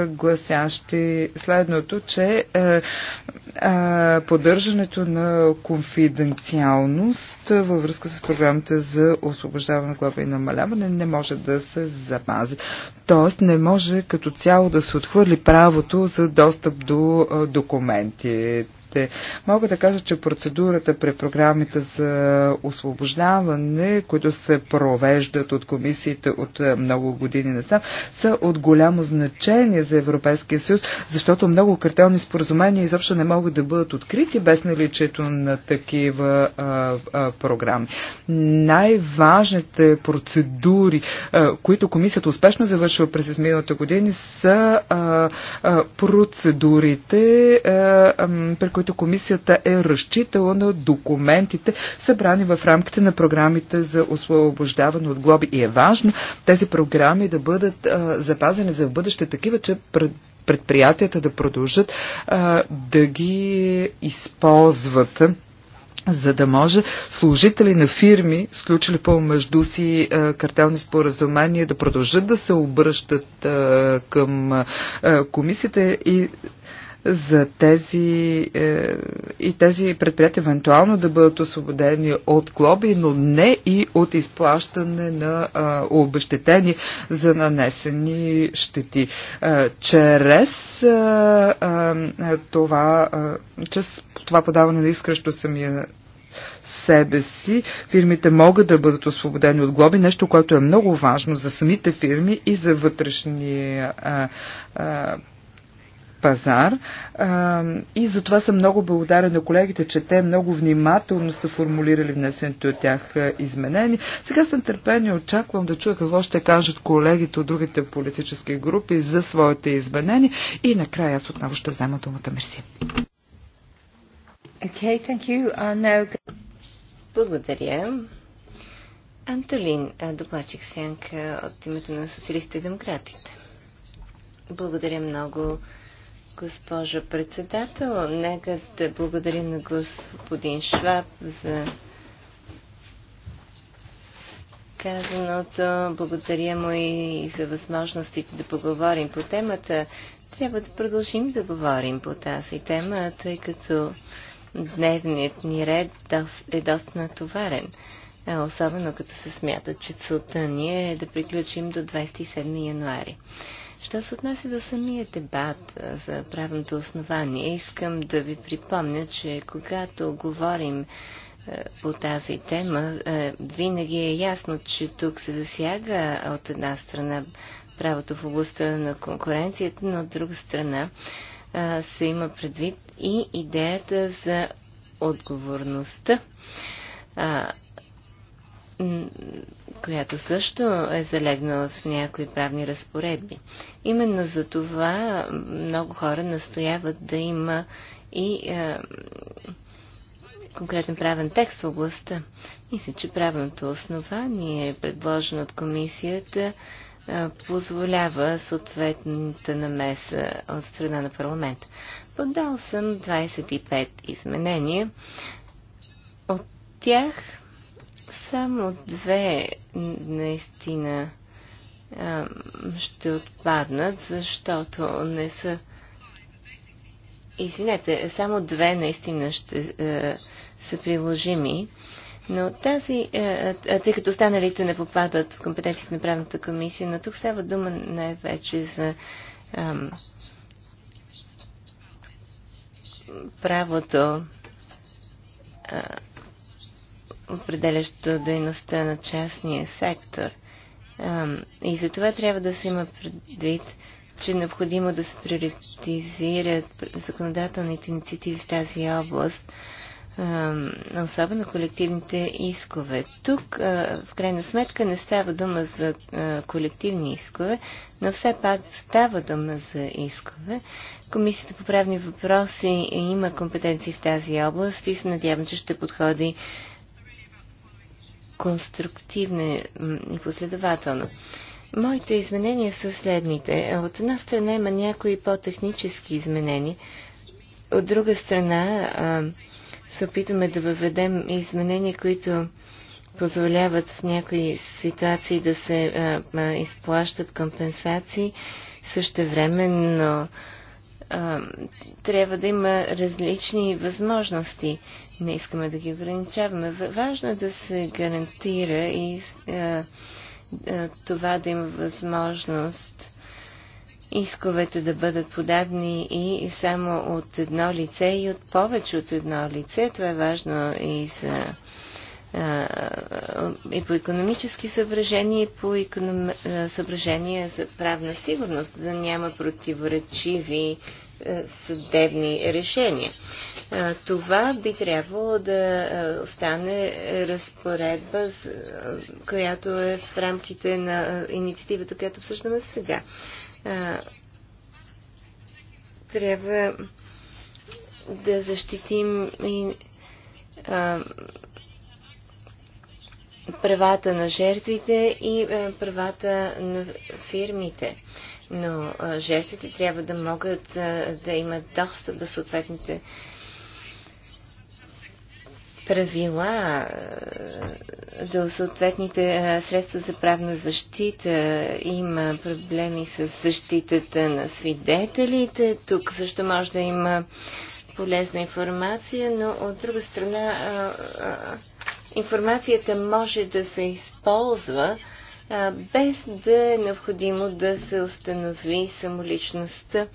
Speaker 4: гласящи следното, че поддържането на конфиденциалност във връзка с програмата за освобождаване на глава и намаляване не може да се запази. Тоест не може като цяло да се отхвърли правото за достъп до документи бъдеще. Мога да кажа, че процедурата при програмите за освобождаване, които се провеждат от комисиите от е, много години насам, са от голямо значение за Европейския съюз, защото много картелни споразумения изобщо не могат да бъдат открити без наличието на такива а, а, програми. Най-важните процедури, а, които комисията успешно завършва през изминалата години, са а, а, процедурите, а, а, при които които комисията е разчитала на документите, събрани в рамките на програмите за освобождаване от глоби. И е важно тези програми да бъдат а, запазени за бъдеще такива, че предприятията да продължат а, да ги използват за да може служители на фирми, сключили между си а, картелни споразумения, да продължат да се обръщат а, към а, комисията и за тези е, и тези предприятия евентуално да бъдат освободени от глоби, но не и от изплащане на обещетени за нанесени щети. Е, чрез е, това, чрез това подаване на искрещо самия себе си, фирмите могат да бъдат освободени от глоби, нещо, което е много важно за самите фирми и за вътрешния а, а, пазар. И за това съм много благодарен на колегите, че те много внимателно са формулирали внесените от тях изменения. Сега с нетърпение очаквам да чуя какво ще кажат колегите от другите политически групи за своите изменения. И накрая аз отново ще взема думата. Мерси.
Speaker 2: Okay, thank you. Uh, now... Благодаря. Антолин, uh, докладчик Сянка от името на социалистите и демократите. Благодаря много госпожо председател. Нека да благодаря на господин Шваб за казаното. Благодаря му и за възможностите да поговорим по темата. Трябва да продължим да говорим по тази тема, тъй като дневният ни ред е доста натоварен. Особено като се смята, че целта ни е да приключим до 27 януари. Що се отнася до самия дебат за правното основание, искам да ви припомня, че когато говорим по тази тема, винаги е ясно, че тук се засяга от една страна правото в областта на конкуренцията, но от друга страна се има предвид и идеята за отговорността която също е залегнала в някои правни разпоредби. Именно за това много хора настояват да има и е, конкретен правен текст в областта. Мисля, че правното основание, предложено от комисията, е, позволява съответната намеса от страна на парламента. Поддал съм 25 изменения. От тях само две наистина ще отпаднат, защото не са. Извинете, само две наистина ще са приложими, но тази, тъй като останалите не попадат в компетенциите на правната комисия, но тук става дума най-вече за правото определящо дейността на частния сектор. И за това трябва да се има предвид, че е необходимо да се приоритизират законодателните инициативи в тази област, особено колективните искове. Тук, в крайна сметка, не става дума за колективни искове, но все пак става дума за искове. Комисията по правни въпроси има компетенции в тази област и се надявам, че ще подходи конструктивна и последователна. Моите изменения са следните. От една страна има някои по-технически изменения, от друга страна а, се опитваме да въведем изменения, които позволяват в някои ситуации да се а, а, изплащат компенсации, същевременно трябва да има различни възможности. Не искаме да ги ограничаваме. Важно е да се гарантира и това да има възможност исковете да бъдат подадени и само от едно лице и от повече от едно лице. Това е важно и за и по економически съображения, и по економ... съображения за правна сигурност, да няма противоречиви съдебни решения. Това би трябвало да стане разпоредба, която е в рамките на инициативата, която обсъждаме сега. Трябва да защитим и правата на жертвите и е, правата на фирмите. Но е, жертвите трябва да могат е, да имат достъп до съответните правила, до съответните средства за правна защита. Има проблеми с защитата на свидетелите. Тук също може да има полезна информация, но от друга страна информацията може да се използва а, без да е необходимо да се установи самоличността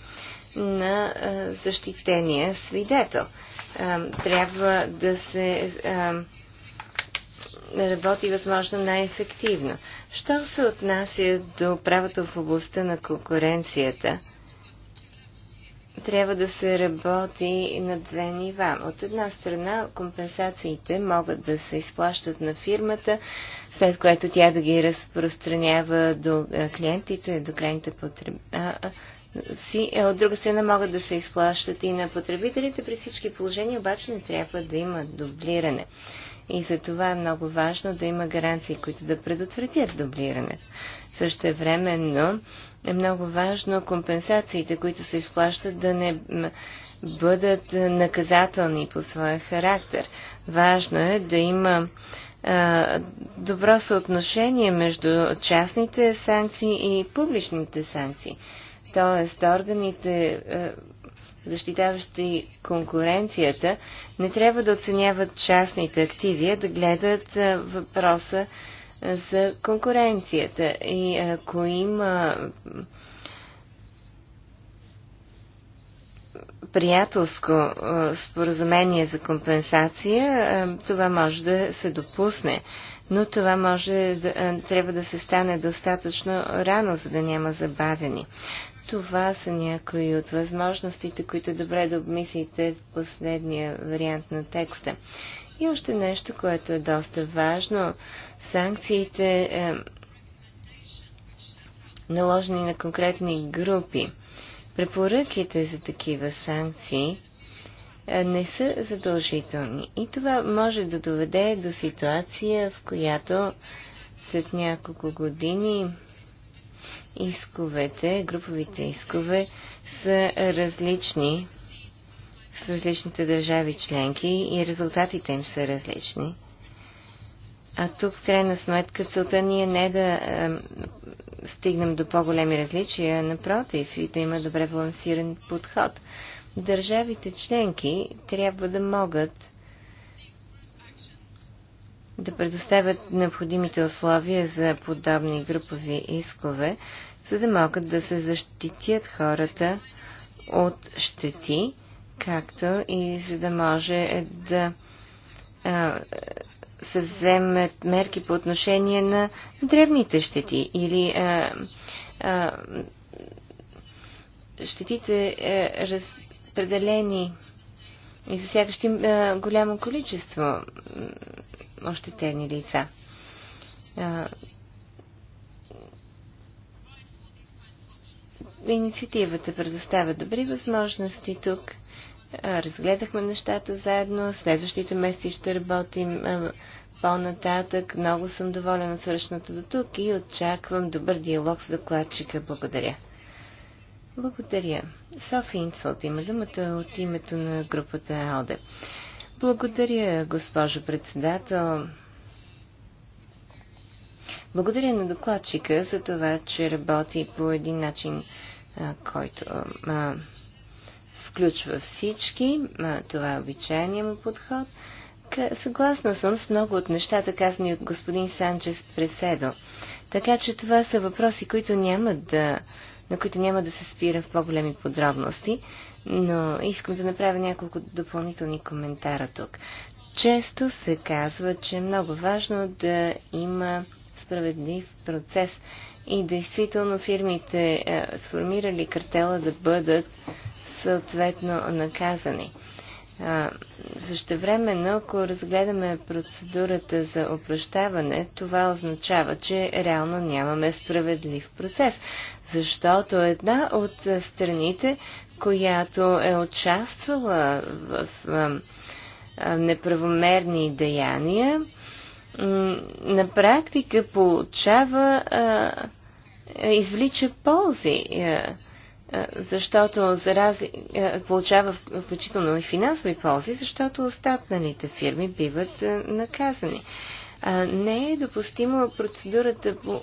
Speaker 2: на а, защитения свидетел. А, трябва да се работи възможно най-ефективно. Що се отнася до правото в областта на конкуренцията, трябва да се работи на две нива. От една страна, компенсациите могат да се изплащат на фирмата, след което тя да ги разпространява до е, клиентите, до крайните потребители си, е, от друга страна могат да се изплащат и на потребителите. При всички положения обаче не трябва да има дублиране. И за това е много важно да има гаранции, които да предотвратят дублирането. Същевременно е много важно компенсациите, които се изплащат, да не бъдат наказателни по своя характер. Важно е да има а, добро съотношение между частните санкции и публичните санкции. Тоест, органите, а, защитаващи конкуренцията, не трябва да оценяват частните активи, а да гледат а, въпроса за конкуренцията. И ако има приятелско споразумение за компенсация, това може да се допусне. Но това може да, трябва да се стане достатъчно рано, за да няма забавени. Това са някои от възможностите, които добре да обмислите в последния вариант на текста. И още нещо, което е доста важно санкциите, е, наложени на конкретни групи. Препоръките за такива санкции е, не са задължителни. И това може да доведе до ситуация, в която след няколко години исковете, груповите искове са различни в различните държави членки и резултатите им са различни. А тук, в крайна сметка, целта ни е не да е, стигнем до по-големи различия, напротив, и да има добре балансиран подход. Държавите членки трябва да могат да предоставят необходимите условия за подобни групови искове, за да могат да се защитят хората от щети, както и за да може да се вземат мерки по отношение на древните щети или а, а, щетите а, разпределени и засягащи а, голямо количество ощетени лица. А, инициативата предоставя добри възможности тук. Разгледахме нещата заедно. Следващите месеци ще работим по-нататък. Много съм доволен от срещната до тук и очаквам добър диалог с докладчика. Благодаря. Благодаря. Софи Инфилд има думата от името на групата АЛДЕ. Благодаря, госпожо председател. Благодаря на докладчика за това, че работи по един начин, който включва всички. Това е обичайният му подход. Съгласна съм с много от нещата, казани от господин Санчес Преседо. Така че това са въпроси, които няма да, на които няма да се спира в по-големи подробности, но искам да направя няколко допълнителни коментара тук. Често се казва, че е много важно да има справедлив процес и действително фирмите, е, сформирали картела, да бъдат съответно наказани но ако разгледаме процедурата за опрощаване, това означава, че реално нямаме справедлив процес, защото една от страните, която е участвала в неправомерни деяния, на практика получава, извлича ползи е, защото зарази, е, получава включително и финансови ползи, защото остатналите фирми биват е, наказани. Не е допустимо процедурата по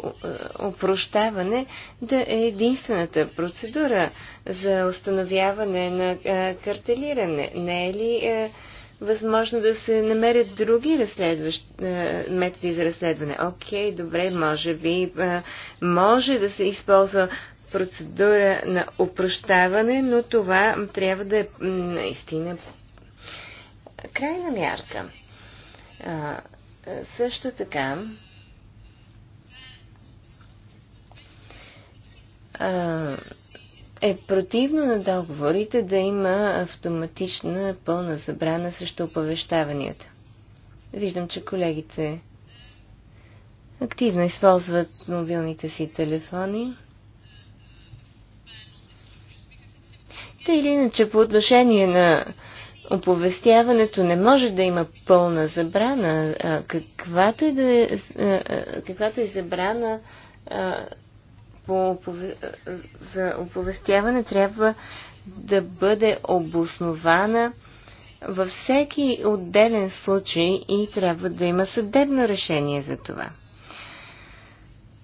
Speaker 2: опрощаване да е единствената процедура за установяване на картелиране. Не е ли възможно да се намерят други разследващ, е, методи за разследване. Окей, добре, може би е, може да се използва процедура на упрощаване, но това трябва да е наистина крайна мярка. Е, също така, е противно на договорите да има автоматична пълна забрана срещу оповещаванията. Виждам, че колегите активно използват мобилните си телефони. Та или иначе по отношение на оповестяването не може да има пълна забрана,
Speaker 1: каквато
Speaker 2: и, е да е, каквато и е забрана по, за оповестяване трябва да бъде обоснована във всеки отделен случай и трябва да има съдебно решение за това.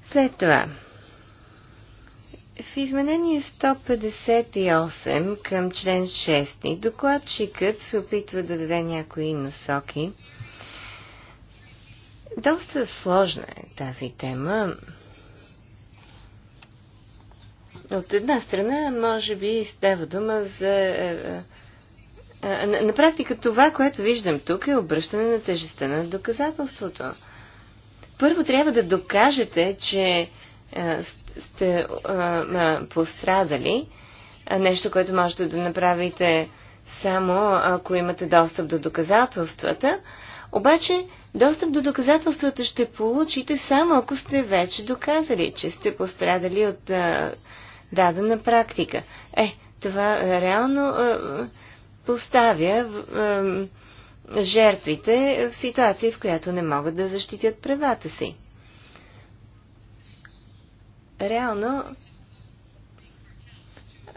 Speaker 2: След това, в изменение 158 към член 6 докладчикът се опитва да даде някои насоки. Доста сложна е тази тема. От една страна, може би става дума за. Е, е, е, на практика това, което виждам тук е обръщане на тежестта на доказателството. Първо трябва да докажете, че сте пострадали, нещо, което можете да направите само ако имате достъп до доказателствата. Обаче, достъп до доказателствата ще получите само ако сте вече доказали, че сте пострадали от а, дадена практика. Е, това реално е, поставя е, жертвите в ситуация, в която не могат да защитят правата си. Реално,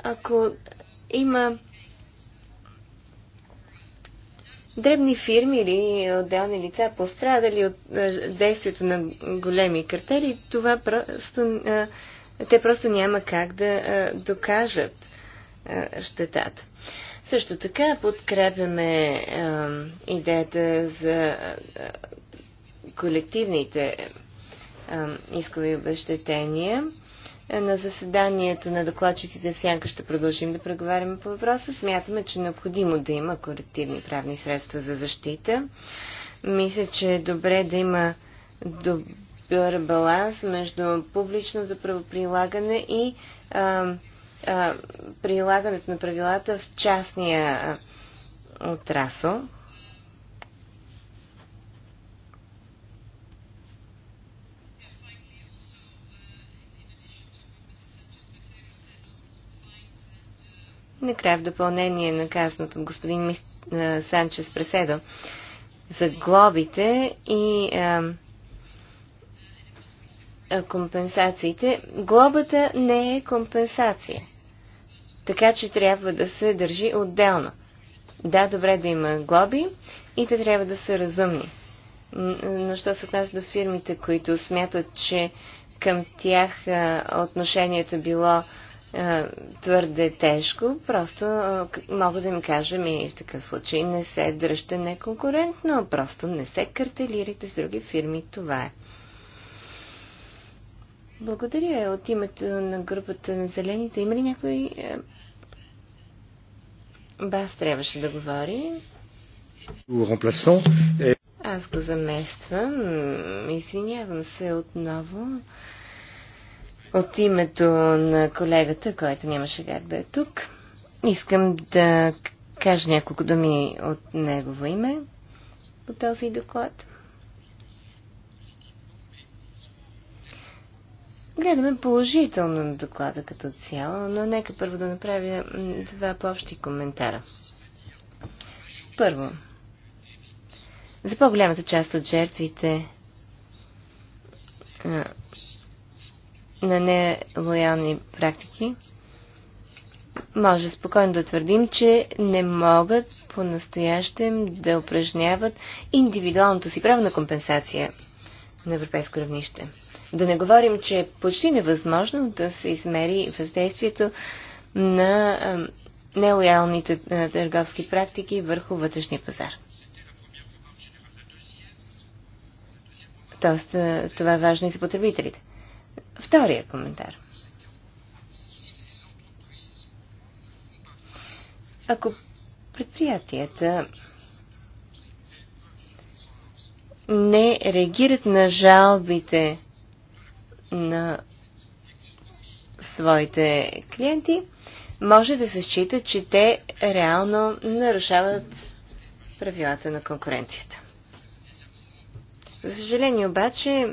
Speaker 2: ако има дребни фирми или отделни лица пострадали от е, действието на големи картели, това просто е, те просто няма как да докажат щетата. Също така подкрепяме идеята за колективните искови обещетения. На заседанието на докладчиците в Сянка ще продължим да преговаряме по въпроса. Смятаме, че е необходимо да има колективни правни средства за защита. Мисля, че е добре да има добър баланс между публичното правоприлагане и а, а, прилагането на правилата в частния отрасъл. Накрая в допълнение на казаното от господин Санчес Преседо за глобите и а, компенсациите, глобата не е компенсация. Така че трябва да се държи отделно. Да, добре да има глоби и те трябва да са разумни. Но що се отнася до фирмите, които смятат, че към тях отношението е било твърде тежко, просто мога да им кажа, ми в такъв случай не се дръжте неконкурентно, просто не се картелирайте с други фирми, това е. Благодаря от името на групата на зелените. Има ли някой... Е, Бас трябваше да говори. Аз го замествам. Извинявам се отново. От името на колегата, който нямаше как да е тук, искам да кажа няколко думи от негово име по този доклад. гледаме положително на доклада като цяло, но нека първо да направя два по-общи коментара. Първо, за по-голямата част от жертвите а, на нелоялни практики, може спокойно да твърдим, че не могат по-настоящем да упражняват индивидуалното си право на компенсация на европейско равнище. Да не говорим, че е почти невъзможно да се измери въздействието на нелоялните търговски практики върху вътрешния пазар. Тоест, това е важно и за потребителите. Втория коментар. Ако предприятията не реагират на жалбите на своите клиенти, може да се счита, че те реално нарушават правилата на конкуренцията. За съжаление обаче,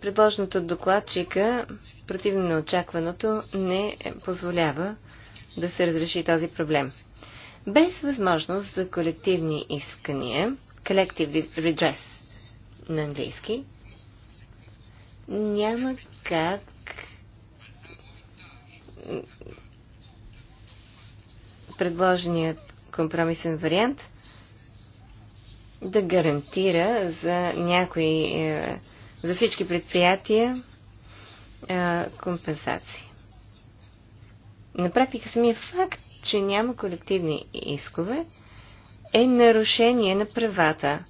Speaker 2: предложеното докладчика, противно на очакваното, не позволява да се разреши този проблем. Без възможност за колективни искания, Collective Redress на английски, няма как предложеният компромисен вариант да гарантира за някои, е, за всички предприятия е, компенсации. На практика самия факт, че няма колективни искове, е нарушение на правата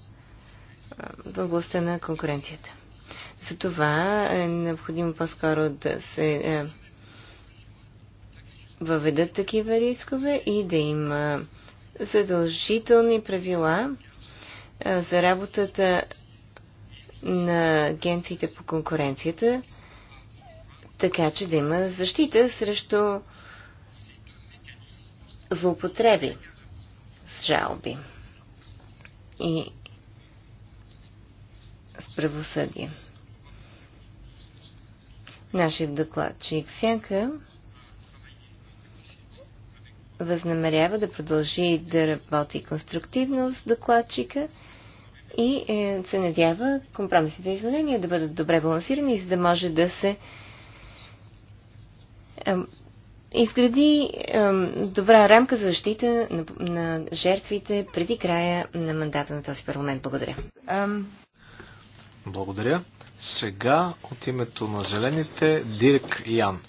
Speaker 2: в областта на конкуренцията. Затова е необходимо по-скоро да се е, въведат такива рискове и да има задължителни правила е, за работата на агенциите по конкуренцията, така че да има защита срещу злоупотреби жалби и с правосъдие. Нашият докладчик Сянка възнамерява да продължи да работи конструктивно с докладчика и е, се надява компромисите и изменения да бъдат добре балансирани, за да може да се изгради е, добра рамка за защита на, на жертвите преди края на мандата на този парламент. Благодаря.
Speaker 3: Благодаря. Сега от името на зелените Дирк Ян.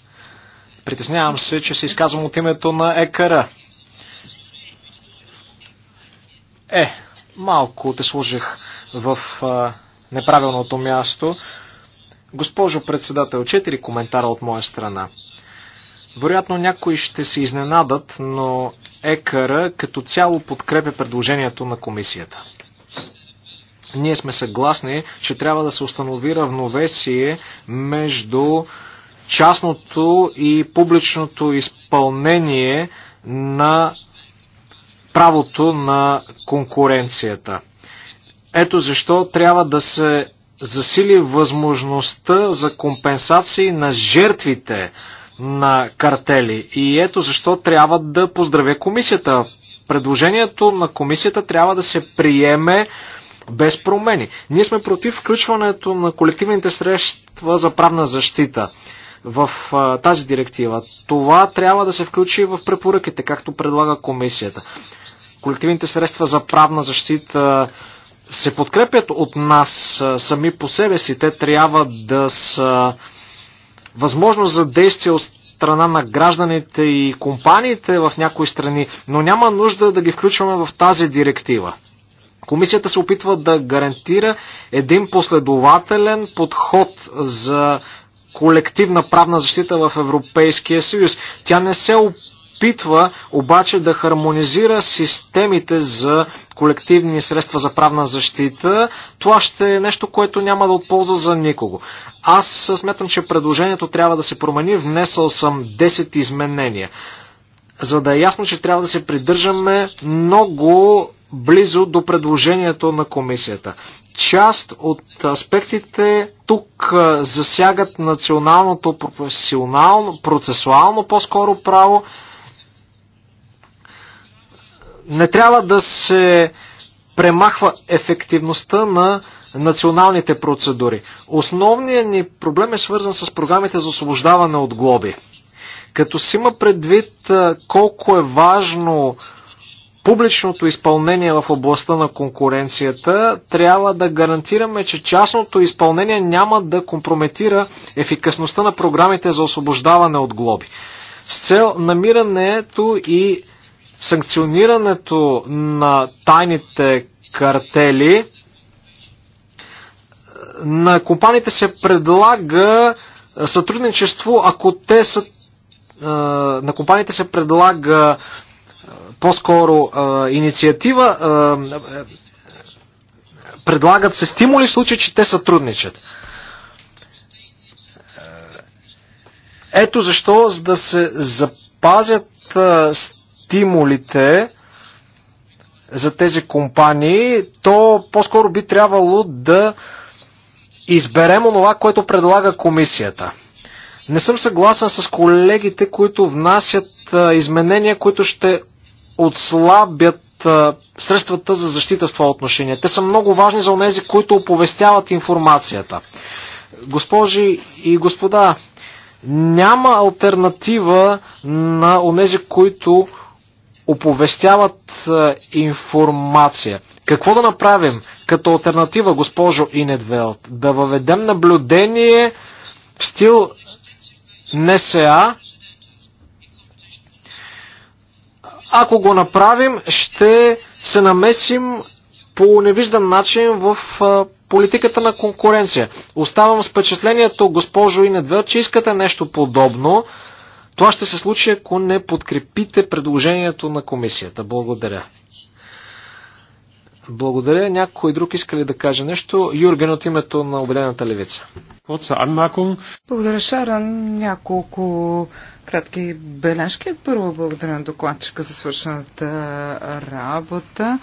Speaker 3: Притеснявам се, че се изказвам от името на ЕКР. Е, малко те служих в а, неправилното място. Госпожо председател, четири коментара от моя страна. Вероятно някои ще се изненадат, но ЕКР като цяло подкрепя предложението на комисията. Ние сме съгласни, че трябва да се установи равновесие между частното и публичното изпълнение на правото на конкуренцията. Ето защо трябва да се засили възможността за компенсации на жертвите на картели. И ето защо трябва да поздравя комисията. Предложението на комисията трябва да се приеме без промени. Ние сме против включването на колективните средства за правна защита в а, тази директива. Това трябва да се включи в препоръките, както предлага комисията. Колективните средства за правна защита се подкрепят от нас а, сами по себе си. Те трябва да са а, възможност за действие от страна на гражданите и компаниите в някои страни, но няма нужда да ги включваме в тази директива. Комисията се опитва да гарантира един последователен подход за колективна правна защита в Европейския съюз. Тя не се опитва опитва обаче да хармонизира системите за колективни средства за правна защита, това ще е нещо, което няма да отполза за никого. Аз смятам, че предложението трябва да се промени. Внесъл съм 10 изменения. За да е ясно, че трябва да се придържаме много близо до предложението на комисията. Част от аспектите тук засягат националното професионално, процесуално по-скоро право, не трябва да се премахва ефективността на националните процедури. Основният ни проблем е свързан с програмите за освобождаване от глоби. Като си има предвид колко е важно публичното изпълнение в областта на конкуренцията, трябва да гарантираме, че частното изпълнение няма да компрометира ефикасността на програмите за освобождаване от глоби. С цел намирането и санкционирането на тайните картели е, на компаниите се предлага сътрудничество, ако те са е, на компаниите се предлага е, по-скоро инициатива, предлагат се стимули в случай, че те сътрудничат. Ето защо, за да се запазят стимулите за тези компании, то по-скоро би трябвало да изберем онова, което предлага комисията. Не съм съгласен с колегите, които внасят изменения, които ще отслабят средствата за защита в това отношение. Те са много важни за онези, които оповестяват информацията. Госпожи и господа, няма альтернатива на онези, които оповестяват е, информация. Какво да направим като альтернатива, госпожо Инедвелт? Да въведем наблюдение в стил НСА. Ако го направим, ще се намесим по невиждан начин в е, политиката на конкуренция. Оставам с впечатлението, госпожо Инедвел, че искате нещо подобно. Това ще се случи, ако не подкрепите предложението на комисията. Благодаря. Благодаря. Някой друг иска ли да каже нещо? Юрген от името на Обедената левица.
Speaker 4: Благодаря, Шаран. Няколко кратки бележки. Първо, благодаря на докладчика за свършената работа.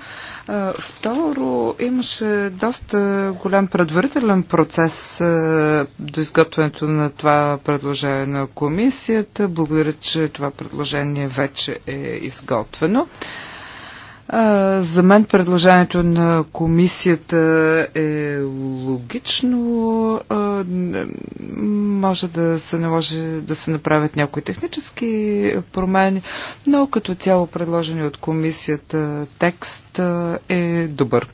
Speaker 4: Второ, имаше доста голям предварителен процес до изготвянето на това предложение на комисията. Благодаря, че това предложение вече е изготвено. За мен предложението на комисията е логично. Може да се наложи да се направят някои технически промени, но като цяло предложение от комисията текст е добър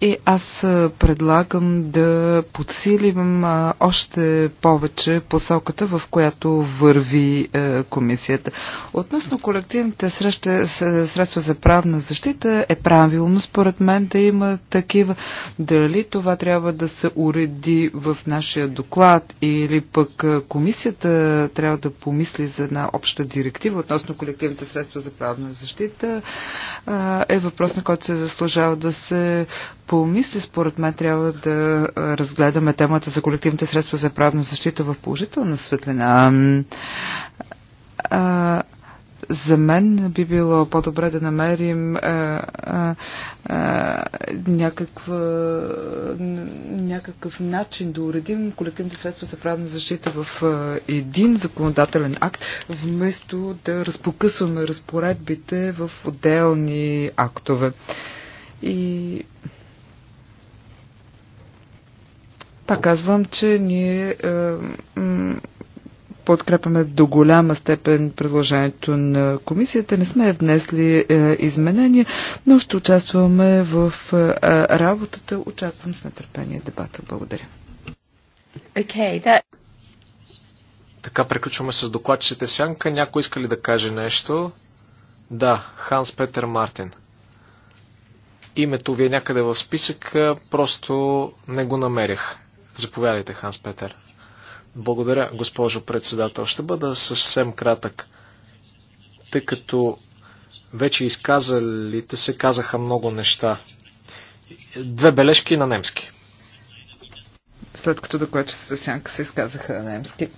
Speaker 4: и аз предлагам да подсилим още повече посоката, в която върви е, комисията. Относно колективните среща, средства за правна защита е правилно според мен да има такива. Дали това трябва да се уреди в нашия доклад или пък комисията трябва да помисли за една обща директива относно колективните средства за правна защита е въпрос, на който се заслужава да се помисли, според мен трябва да разгледаме темата за колективните средства за правна защита в положителна светлина. А, за мен би било по-добре да намерим а, а, някаква, някакъв начин да уредим колективните средства за правна защита в а, един законодателен акт, вместо да разпокъсваме разпоредбите в отделни актове. А, и пак казвам, че ние е, подкрепяме до голяма степен предложението на комисията. Не сме внесли е, изменения, но ще участваме в е, работата. Очаквам с нетърпение дебата. Благодаря.
Speaker 2: Okay, that...
Speaker 3: Така приключваме с докладчите Сянка. Някой иска ли да каже нещо? Да, Ханс Петър Мартин. Името ви е някъде в списък, просто не го намерих. Заповядайте, Ханс Петър. Благодаря, госпожо председател. Ще бъда съвсем кратък, тъй като вече изказалите се казаха много неща. Две бележки на немски. След като се Сянка
Speaker 4: се изказаха на немски.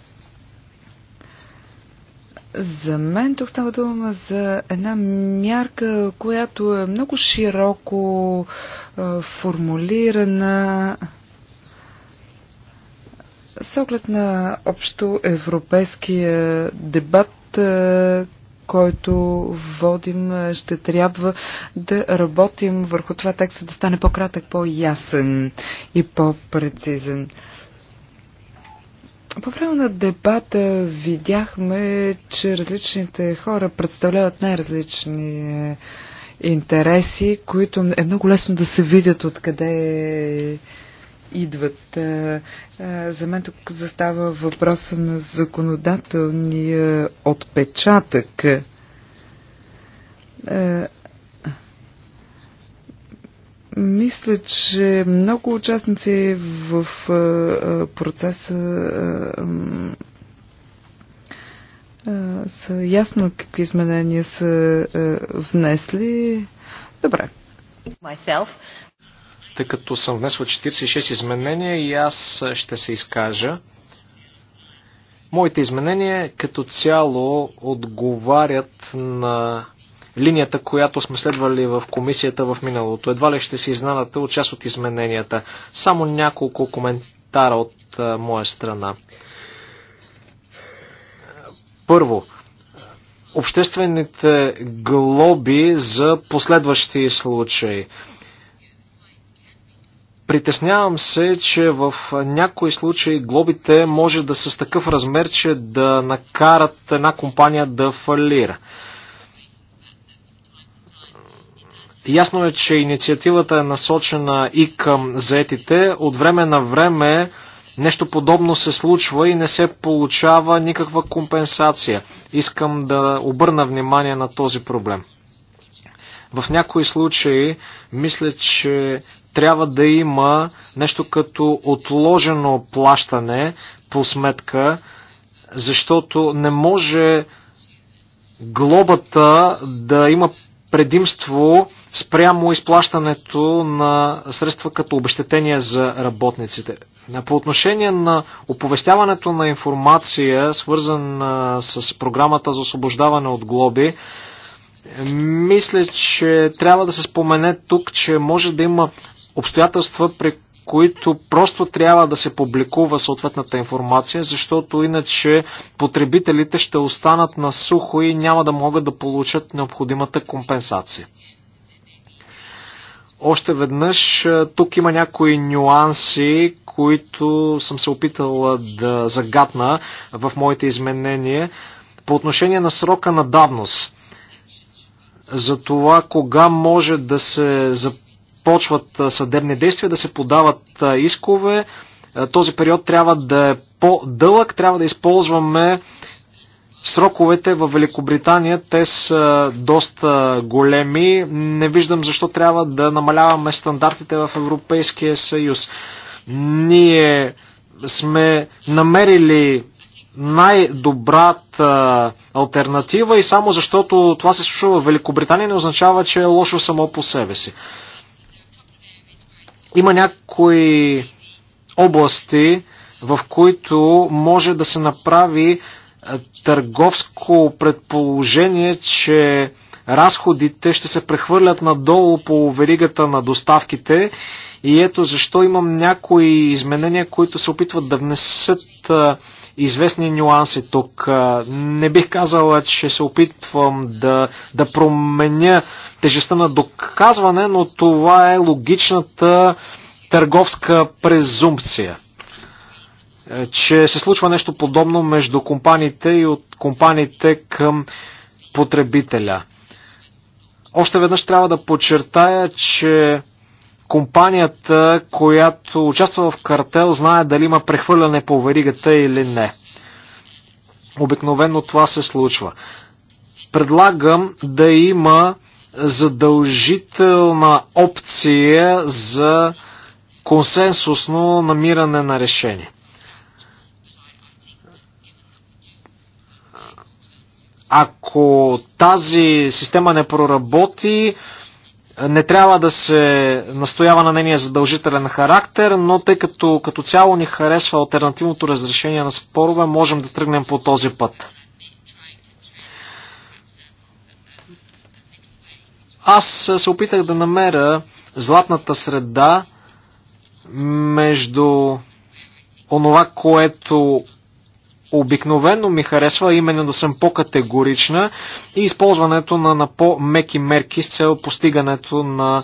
Speaker 4: За мен тук става дума за една мярка, която е много широко е, формулирана с оглед на общо европейския дебат, е, който водим, ще трябва да работим върху това текста да стане по-кратък, по-ясен и по-прецизен. По време на дебата видяхме, че различните хора представляват най-различни интереси, които е много лесно да се видят откъде идват. Е, е, за мен тук застава въпроса на законодателния отпечатък е, мисля, че много участници в процеса са ясно какви изменения са внесли. Добре.
Speaker 1: Myself.
Speaker 3: Тъй като съм внесла 46 изменения и аз ще се изкажа. Моите изменения като цяло отговарят на линията, която сме следвали в комисията в миналото. Едва ли ще се изненадате от част от измененията. Само няколко коментара от а, моя страна. Първо, обществените глоби за последващи случаи. Притеснявам се, че в някои случаи глобите може да са с такъв размер, че да накарат една компания да фалира. Ясно е, че инициативата е насочена и към заетите. От време на време нещо подобно се случва и не се получава никаква компенсация. Искам да обърна внимание на този проблем. В някои случаи мисля, че трябва да има нещо като отложено плащане по сметка, защото не може глобата да има предимство спрямо изплащането на средства като обещетение за работниците. По отношение на оповестяването на информация, свързана с програмата за освобождаване от глоби, мисля, че трябва да се спомене тук, че може да има обстоятелства, при които просто трябва да се публикува съответната информация, защото иначе потребителите ще останат на сухо и няма да могат да получат необходимата компенсация. Още веднъж, е, тук има някои нюанси, които съм се опитал е, да загадна в моите изменения по отношение на срока на давност. За това кога може да се запише започват съдебни действия, да се подават искове. Този период трябва да е по-дълъг, трябва да използваме Сроковете в Великобритания те са доста големи. Не виждам защо трябва да намаляваме стандартите в Европейския съюз. Ние сме намерили най-добрата альтернатива и само защото това се случва в Великобритания не означава, че е лошо само по себе си. Има някои области, в които може да се направи е, търговско предположение, че разходите ще се прехвърлят надолу по веригата на доставките и ето защо имам някои изменения, които се опитват да внесат е, известни нюанси тук. Не бих казала, че се опитвам да, да променя тежестта на доказване, но това е логичната търговска презумпция е, че се случва нещо подобно между компаниите и от компаниите към потребителя. Още веднъж трябва да подчертая, че компанията, която участва в картел, знае дали има прехвърляне по веригата или не. Обикновено това се случва. Предлагам да има задължителна опция за консенсусно намиране на решение. Ако тази система не проработи, не трябва да се настоява на нейния задължителен характер, но тъй като като цяло ни харесва альтернативното разрешение на спорове, можем да тръгнем по този път. Аз се опитах да намеря златната среда между онова, което обикновено ми харесва, именно да съм по-категорична и използването на, на по-меки мерки с цел постигането на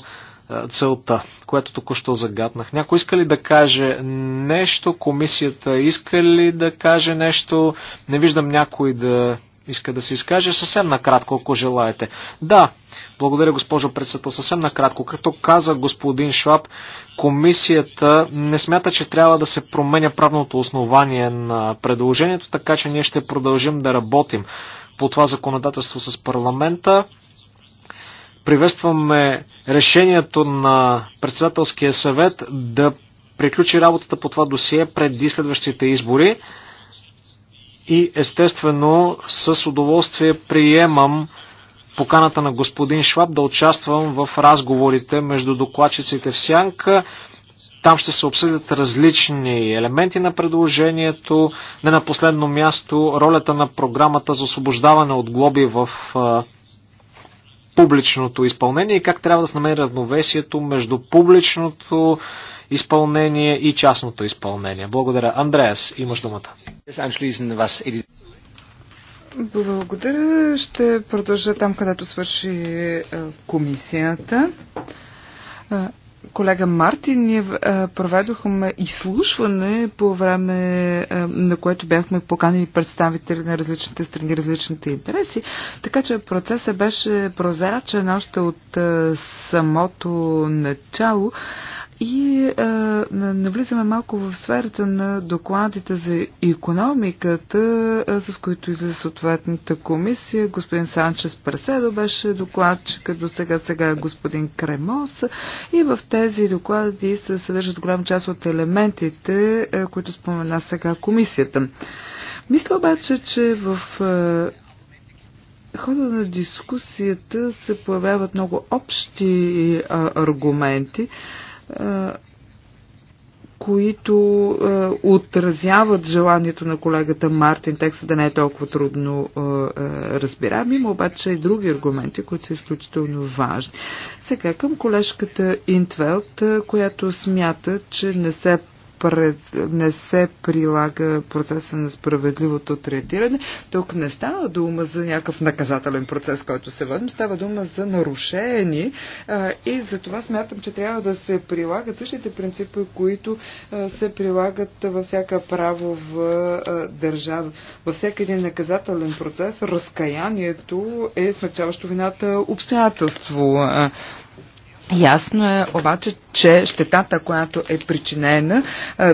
Speaker 3: е, целта, което току-що загаднах. Някой иска ли да каже нещо? Комисията иска ли да каже нещо? Не виждам някой да иска да се изкаже. Съвсем накратко, ако желаете. Да, благодаря, госпожо председател. Съвсем накратко. Като каза господин Шваб, комисията не смята, че трябва да се променя правното основание на предложението, така че ние ще продължим да работим по това законодателство с парламента. Приветстваме решението на председателския съвет да приключи работата по това досие преди следващите избори. И естествено, с удоволствие приемам поканата на господин Шваб да участвам в разговорите между докладчиците в Сянка. Там ще се обсъдят различни елементи на предложението. Не на последно място ролята на програмата за освобождаване от глоби в публичното изпълнение и как трябва да се намери равновесието между публичното изпълнение и частното изпълнение. Благодаря. Андреас, имаш думата.
Speaker 4: Благодаря. Ще продължа там, където свърши е, комисията. Е, колега Мартин, ние е, проведохме изслушване по време на което бяхме поканени представители на различните страни, различните интереси, така че процесът беше прозрачен още от самото начало. И е, а, навлизаме малко в сферата на докладите за економиката, а, е, с които излиза съответната комисия. Господин Санчес Преседо беше докладчик до сега сега е господин Кремос. И в тези доклади се съдържат голяма част от елементите, а, които спомена сега комисията. Мисля обаче, че в а, хода на дискусията се появяват много общи а, аргументи които е, отразяват желанието на колегата Мартин текста да не е толкова трудно е, разбираем. Има обаче и други аргументи, които са изключително важни. Сега към колежката Интвелт, която смята, че не се пред, не се прилага процеса на справедливото третиране. Тук не става дума за някакъв наказателен процес, който се водим, става дума за нарушени а, и за това смятам, че трябва да се прилагат същите принципи, които а, се прилагат във всяка в а, държава. Във всеки един наказателен процес разкаянието е смягчаващо вината обстоятелство. А, Ясно е обаче, че щетата, която е причинена,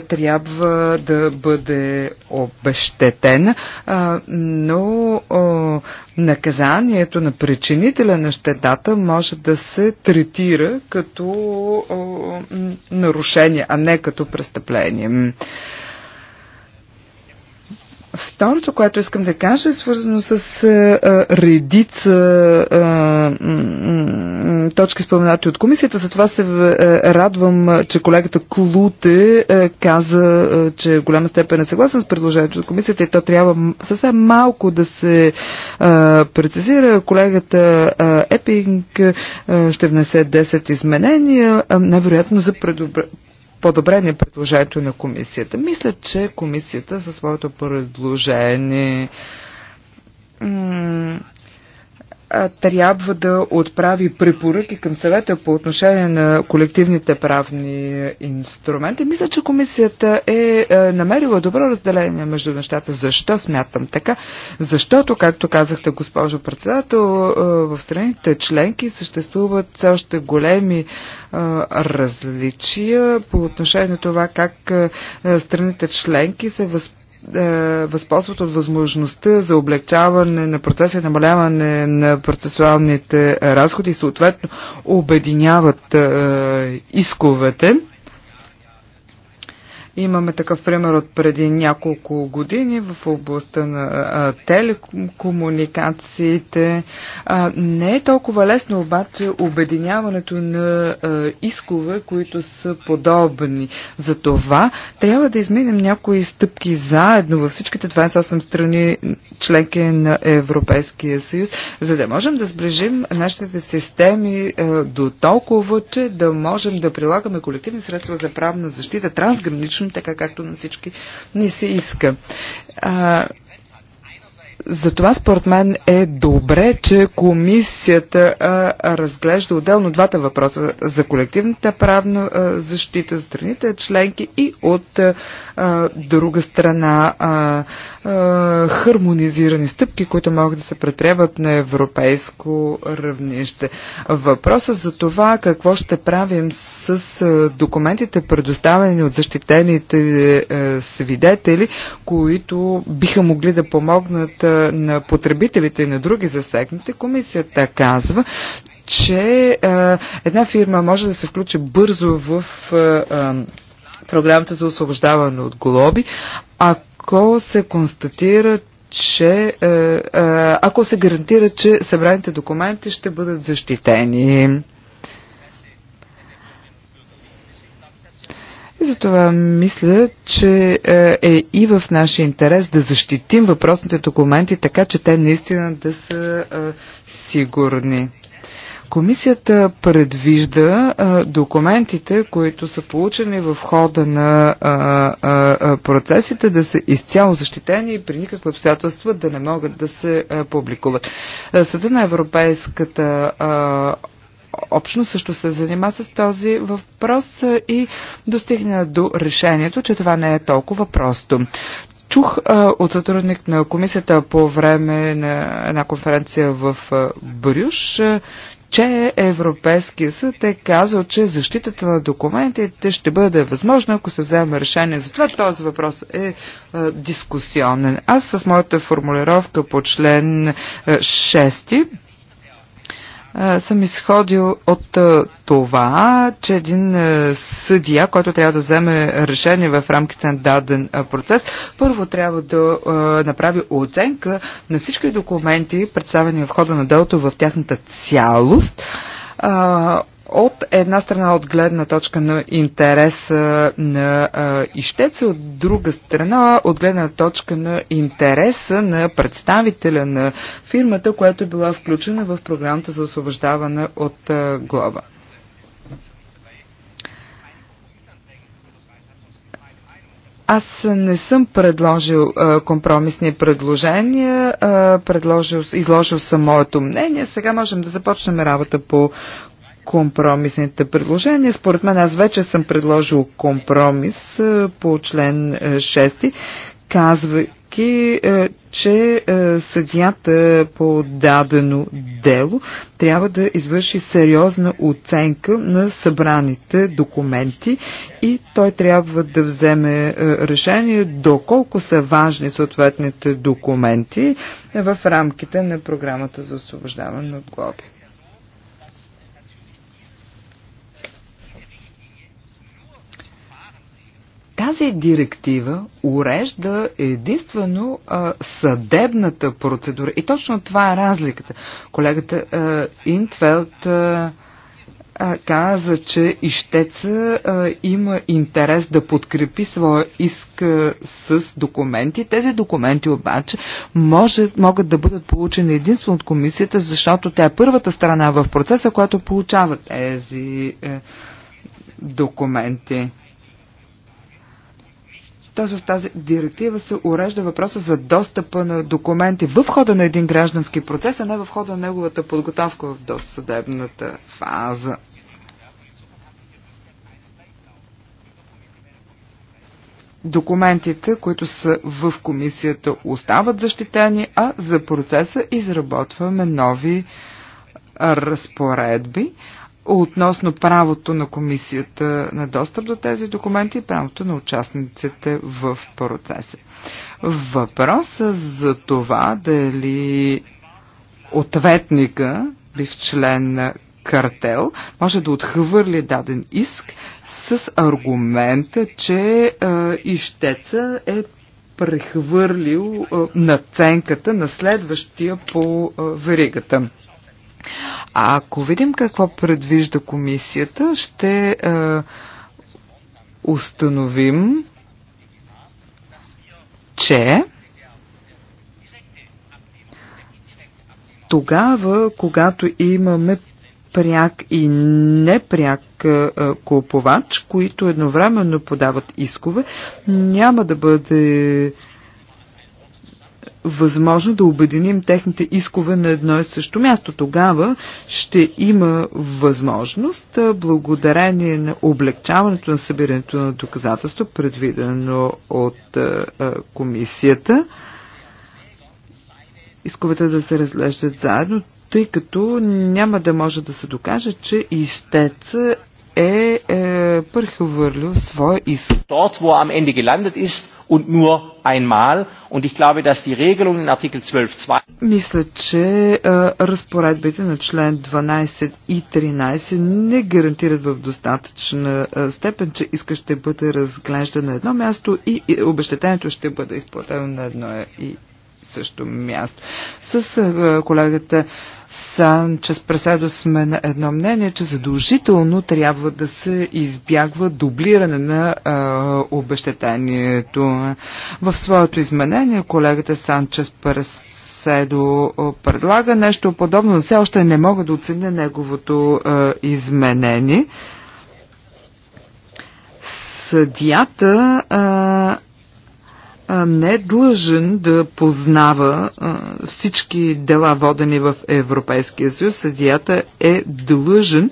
Speaker 4: трябва да бъде обещетена, но наказанието на причинителя на щетата може да се третира като нарушение, а не като престъпление. Второто, което искам да кажа, е свързано с а, е, е, редица а, е, точки споменати от комисията. Затова се а, радвам, че колегата Клуте а, каза, а, че голяма степен е съгласен с предложението от комисията и то трябва съвсем малко да се а, прецизира. Колегата а, Епинг а, ще внесе 10 изменения, а, невероятно за предупреждение подобрение предложението на комисията. Мисля, че комисията със своето предложение трябва да отправи препоръки към съвета по отношение на колективните правни инструменти. Мисля, че комисията е, е намерила добро разделение между нещата. Защо смятам така? Защото, както казахте, госпожо председател, е, в страните членки съществуват все още големи е, различия по отношение на това как страните членки се възприемат е, възползват от възможността за облегчаване на процеса и намаляване на процесуалните разходи и съответно обединяват е, исковете. Имаме такъв пример от преди няколко години в областта на телекомуникациите. не е толкова лесно обаче обединяването на искове, които са подобни. За това трябва да изминем някои стъпки заедно във всичките 28 страни членки на Европейския съюз, за да можем да сближим нашите системи до толкова, че да можем да прилагаме колективни средства за правна защита трансгранично точно така, както на всички ни се иска. А, затова според мен е добре, че комисията а, разглежда отделно двата въпроса за колективната правна а, защита за страните членки и от а, друга страна а, а, хармонизирани стъпки, които могат да се предприемат на европейско равнище. Въпросът за това какво ще правим с а, документите, предоставени от защитените а, свидетели, които биха могли да помогнат е, на потребителите и на други засегнати, комисията казва, че а, е, една фирма може да се включи бързо в а, е, а, програмата за освобождаване от глоби, ако се констатира, че а, ако се гарантира, че събраните документи ще бъдат защитени. И затова мисля, че е, е и в наш интерес да защитим въпросните документи, така че те наистина да са е, сигурни. Комисията предвижда е, документите, които са получени в хода на процесите, да са изцяло защитени и при никакви обстоятелства да не могат да се публикуват. Съда на Европейската общност също се занима с този въпрос и достигна до решението, че това не е толкова просто. Чух а, от сътрудник на комисията по време на една конференция в а, Брюш, а, че Европейския съд е казал, че защитата на документите ще бъде възможна, ако се вземе решение Затова Този въпрос е а, дискусионен. Аз с моята формулировка по член а, 6 съм изходил от това, че един съдия, който трябва да вземе решение в рамките на даден процес, първо трябва да направи оценка на всички документи, представени в хода на делото в тяхната цялост, от една страна от гледна точка на интерес на ищеца, от друга страна от гледна точка на интереса на представителя на фирмата, която е била включена в програмата за освобождаване от глоба. Аз не съм предложил а, компромисни предложения, а, предложил, изложил съм моето мнение. Сега можем да започнем работа по компромисните предложения. Според мен аз вече съм предложил компромис е, по член 6, е, казвайки, е, че съдията по дадено дело трябва да извърши сериозна оценка на събраните документи и той трябва да вземе решение доколко са важни съответните документи в рамките на програмата за освобождаване от глоби. Тази директива урежда единствено а, съдебната процедура. И точно това е разликата. Колегата а, Интфелд а, а, каза, че ищеца а, има интерес да подкрепи своя иск а, с документи. Тези документи обаче може, могат да бъдат получени единствено от комисията, защото тя е първата страна в процеса, която получава тези а, е, документи. Тоест в тази директива се урежда въпроса за достъпа на документи в хода на един граждански процес, а не в хода на неговата подготовка в досъдебната фаза. Документите, които са в комисията, остават защитени, а за процеса изработваме нови разпоредби относно правото на комисията на достъп до тези документи и правото на участниците в процеса. Въпрос за това дали ответника, бив член на картел, може да отхвърли даден иск с аргумента, че е, ищеца е прехвърлил е, наценката на следващия по е, веригата. А ако видим какво предвижда комисията, ще е, установим, че тогава, когато имаме пряк и непряк е, е, купувач, които едновременно подават искове, няма да бъде възможно да обединим техните искове на едно и също място. Тогава ще има възможност, благодарение на облегчаването на събирането на доказателство, предвидено от комисията, исковете да се разглеждат заедно, тъй като няма да може да се докаже, че истец е, е прехвърлил своя
Speaker 3: иск. Dort, wo er am Ende gelandet ist und nur einmal. Und ich glaube, dass die Regelung in Artikel 12.2...
Speaker 4: Мисля, че е, разпоредбите на член 12 и 13 не гарантират в достатъчна е, степен, че иска ще бъде разглеждан на едно място и, и обещетението ще бъде изплатено на едно и също място. С е, колегата Санчес преседа сме на едно мнение, че задължително трябва да се избягва дублиране на а, обещетението. В своето изменение колегата Санчес Преседо Седо предлага нещо подобно, но все още не мога да оценя неговото а, изменение. Съдията а, не е длъжен да познава всички дела водени в Европейския съюз. Съдията е длъжен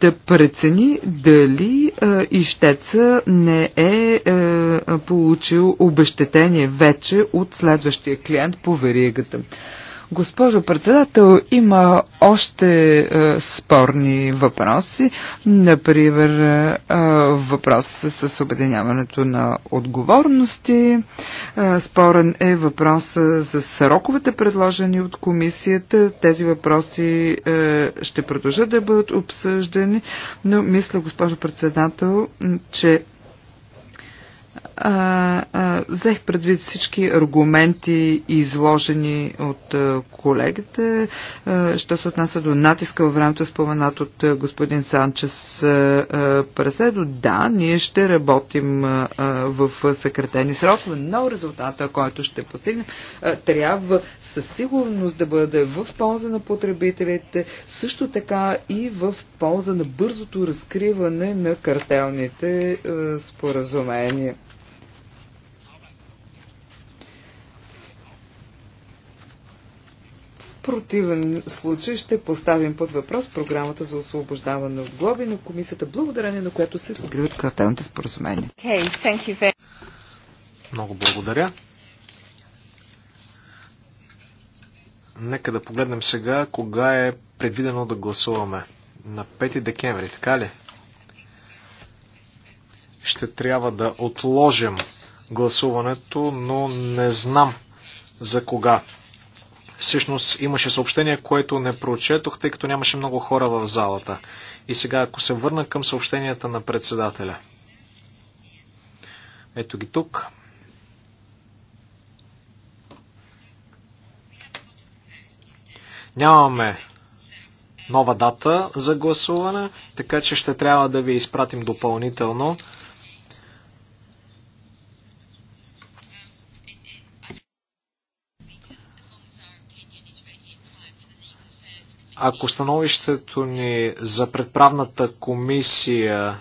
Speaker 4: да прецени дали ищеца не е, е получил обещетение вече от следващия клиент по веригата. Госпожо председател, има още е, спорни въпроси, например е, е, въпрос с обединяването на отговорности, е, спорен е въпрос за сроковете предложени от комисията. Тези въпроси е, ще продължат да бъдат обсъждани, но мисля, госпожо председател, че а, а, взех предвид всички аргументи, изложени от а, колегите, а, що се отнася до натиска във времето, споменат от а, господин Санчес а, Преседо. Да, ние ще работим а, а, в съкратени срокове, но резултата, който ще постигнем, а, трябва със сигурност да бъде в полза на потребителите, също така и в полза на бързото разкриване на картелните а, споразумения. противен случай ще поставим под въпрос програмата за освобождаване от глоби на комисията, благодарение на която се разкриват картелните споразумения. Okay, thank you very...
Speaker 3: Много благодаря. Нека да погледнем сега кога е предвидено да гласуваме. На 5 декември, така ли? Ще трябва да отложим гласуването, но не знам за кога. Всъщност имаше съобщение, което не прочетох, тъй като нямаше много хора в залата. И сега, ако се върна към съобщенията на председателя. Ето ги тук. Нямаме нова дата за гласуване, така че ще трябва да ви изпратим допълнително Ако становището ни за предправната комисия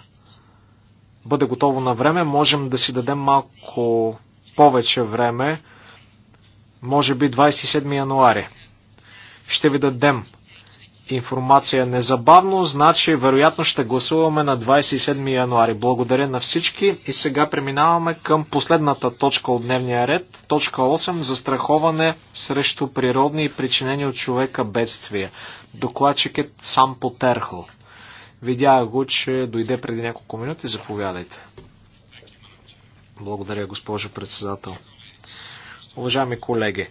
Speaker 3: бъде готово на време, можем да си дадем малко повече време, може би 27 януари. Ще ви дадем информация незабавно, значи вероятно ще гласуваме на 27 януари. Благодаря на всички и сега преминаваме към последната точка от дневния ред, точка 8, застраховане срещу природни и причинени от човека бедствия. Докладчик е сам потерхо. Видях го, че дойде преди няколко минути. Заповядайте. Благодаря, госпожо председател. Уважаеми колеги,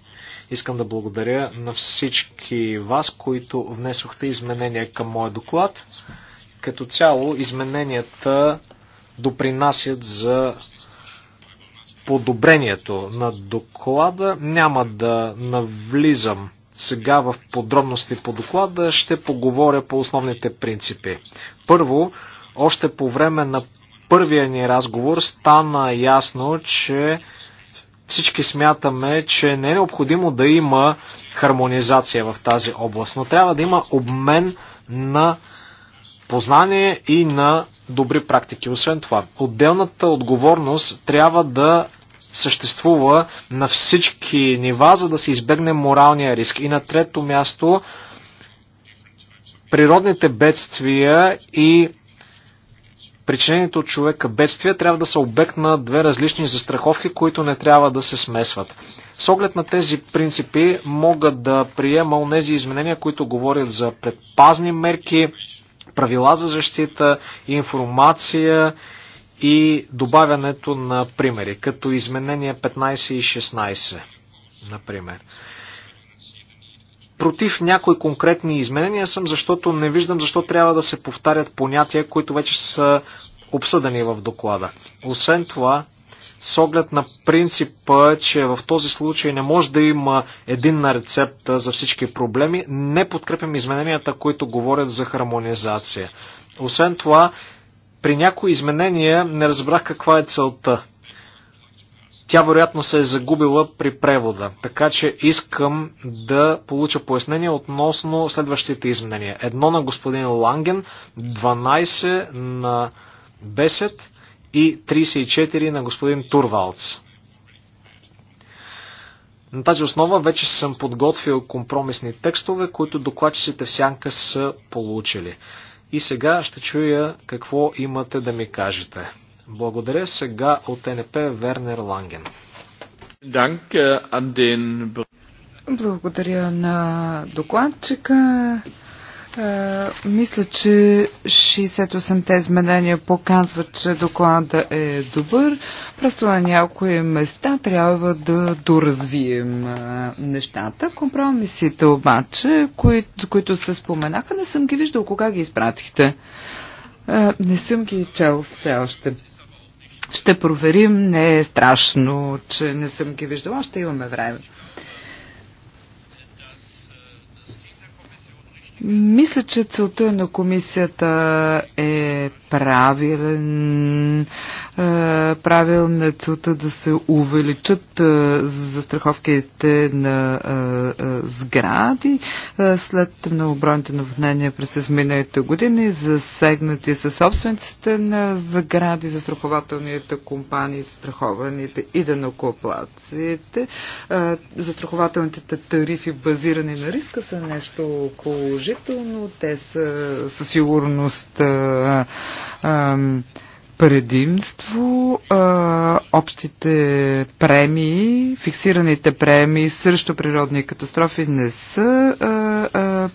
Speaker 3: Искам да благодаря на всички вас, които внесохте изменения към моя доклад. Като цяло, измененията допринасят за подобрението на доклада. Няма да навлизам сега в подробности по доклада, ще поговоря по основните принципи. Първо, още по време на първия ни разговор стана ясно, че всички смятаме, че не е необходимо да има хармонизация в тази област, но трябва да има обмен на познание и на добри практики. Освен това, отделната отговорност трябва да съществува на всички нива, за да се избегне моралния риск. И на трето място, природните бедствия и причинените от човека бедствия трябва да са обект на две различни застраховки, които не трябва да се смесват. С оглед на тези принципи мога да приема онези изменения, които говорят за предпазни мерки, правила за защита, информация и добавянето на примери, като изменения 15 и 16, например против някои конкретни изменения съм, защото не виждам защо трябва да се повтарят понятия, които вече са обсъдени в доклада. Освен това, с оглед на принципа, че в този случай не може да има единна рецепта за всички проблеми, не подкрепям измененията, които говорят за хармонизация. Освен това, при някои изменения не разбрах каква е целта. Тя вероятно се е загубила при превода, така че искам да получа пояснение относно следващите изменения. Едно на господин Ланген, 12 на Бесет и 34 на господин Турвалц. На тази основа вече съм подготвил компромисни текстове, които докладчиците в сянка са получили. И сега ще чуя какво имате да ми кажете. Благодаря сега от НП Вернер Ланген. Е,
Speaker 4: Благодаря на докладчика. Е, мисля, че 68-те изменения показват, че доклада е добър. Просто на някои места трябва да доразвием е, нещата. Компромисите обаче, които, които се споменаха, не съм ги виждал. Кога ги изпратихте? Не съм ги чел все още. Ще проверим. Не е страшно, че не съм ги виждала. Ще имаме време. Мисля, че целта на комисията е правилен е, Правил на целта да се увеличат е, застраховките на е, сгради след многобройните наводнения през изминалите години, засегнати са собствениците на сгради, застрахователните компании, застрахованите и данокоплаците. Застрахователните тарифи, базирани на риска, са нещо положително. Те са със сигурност а, а, предимство а, общите премии, фиксираните премии срещу природни катастрофи не са а,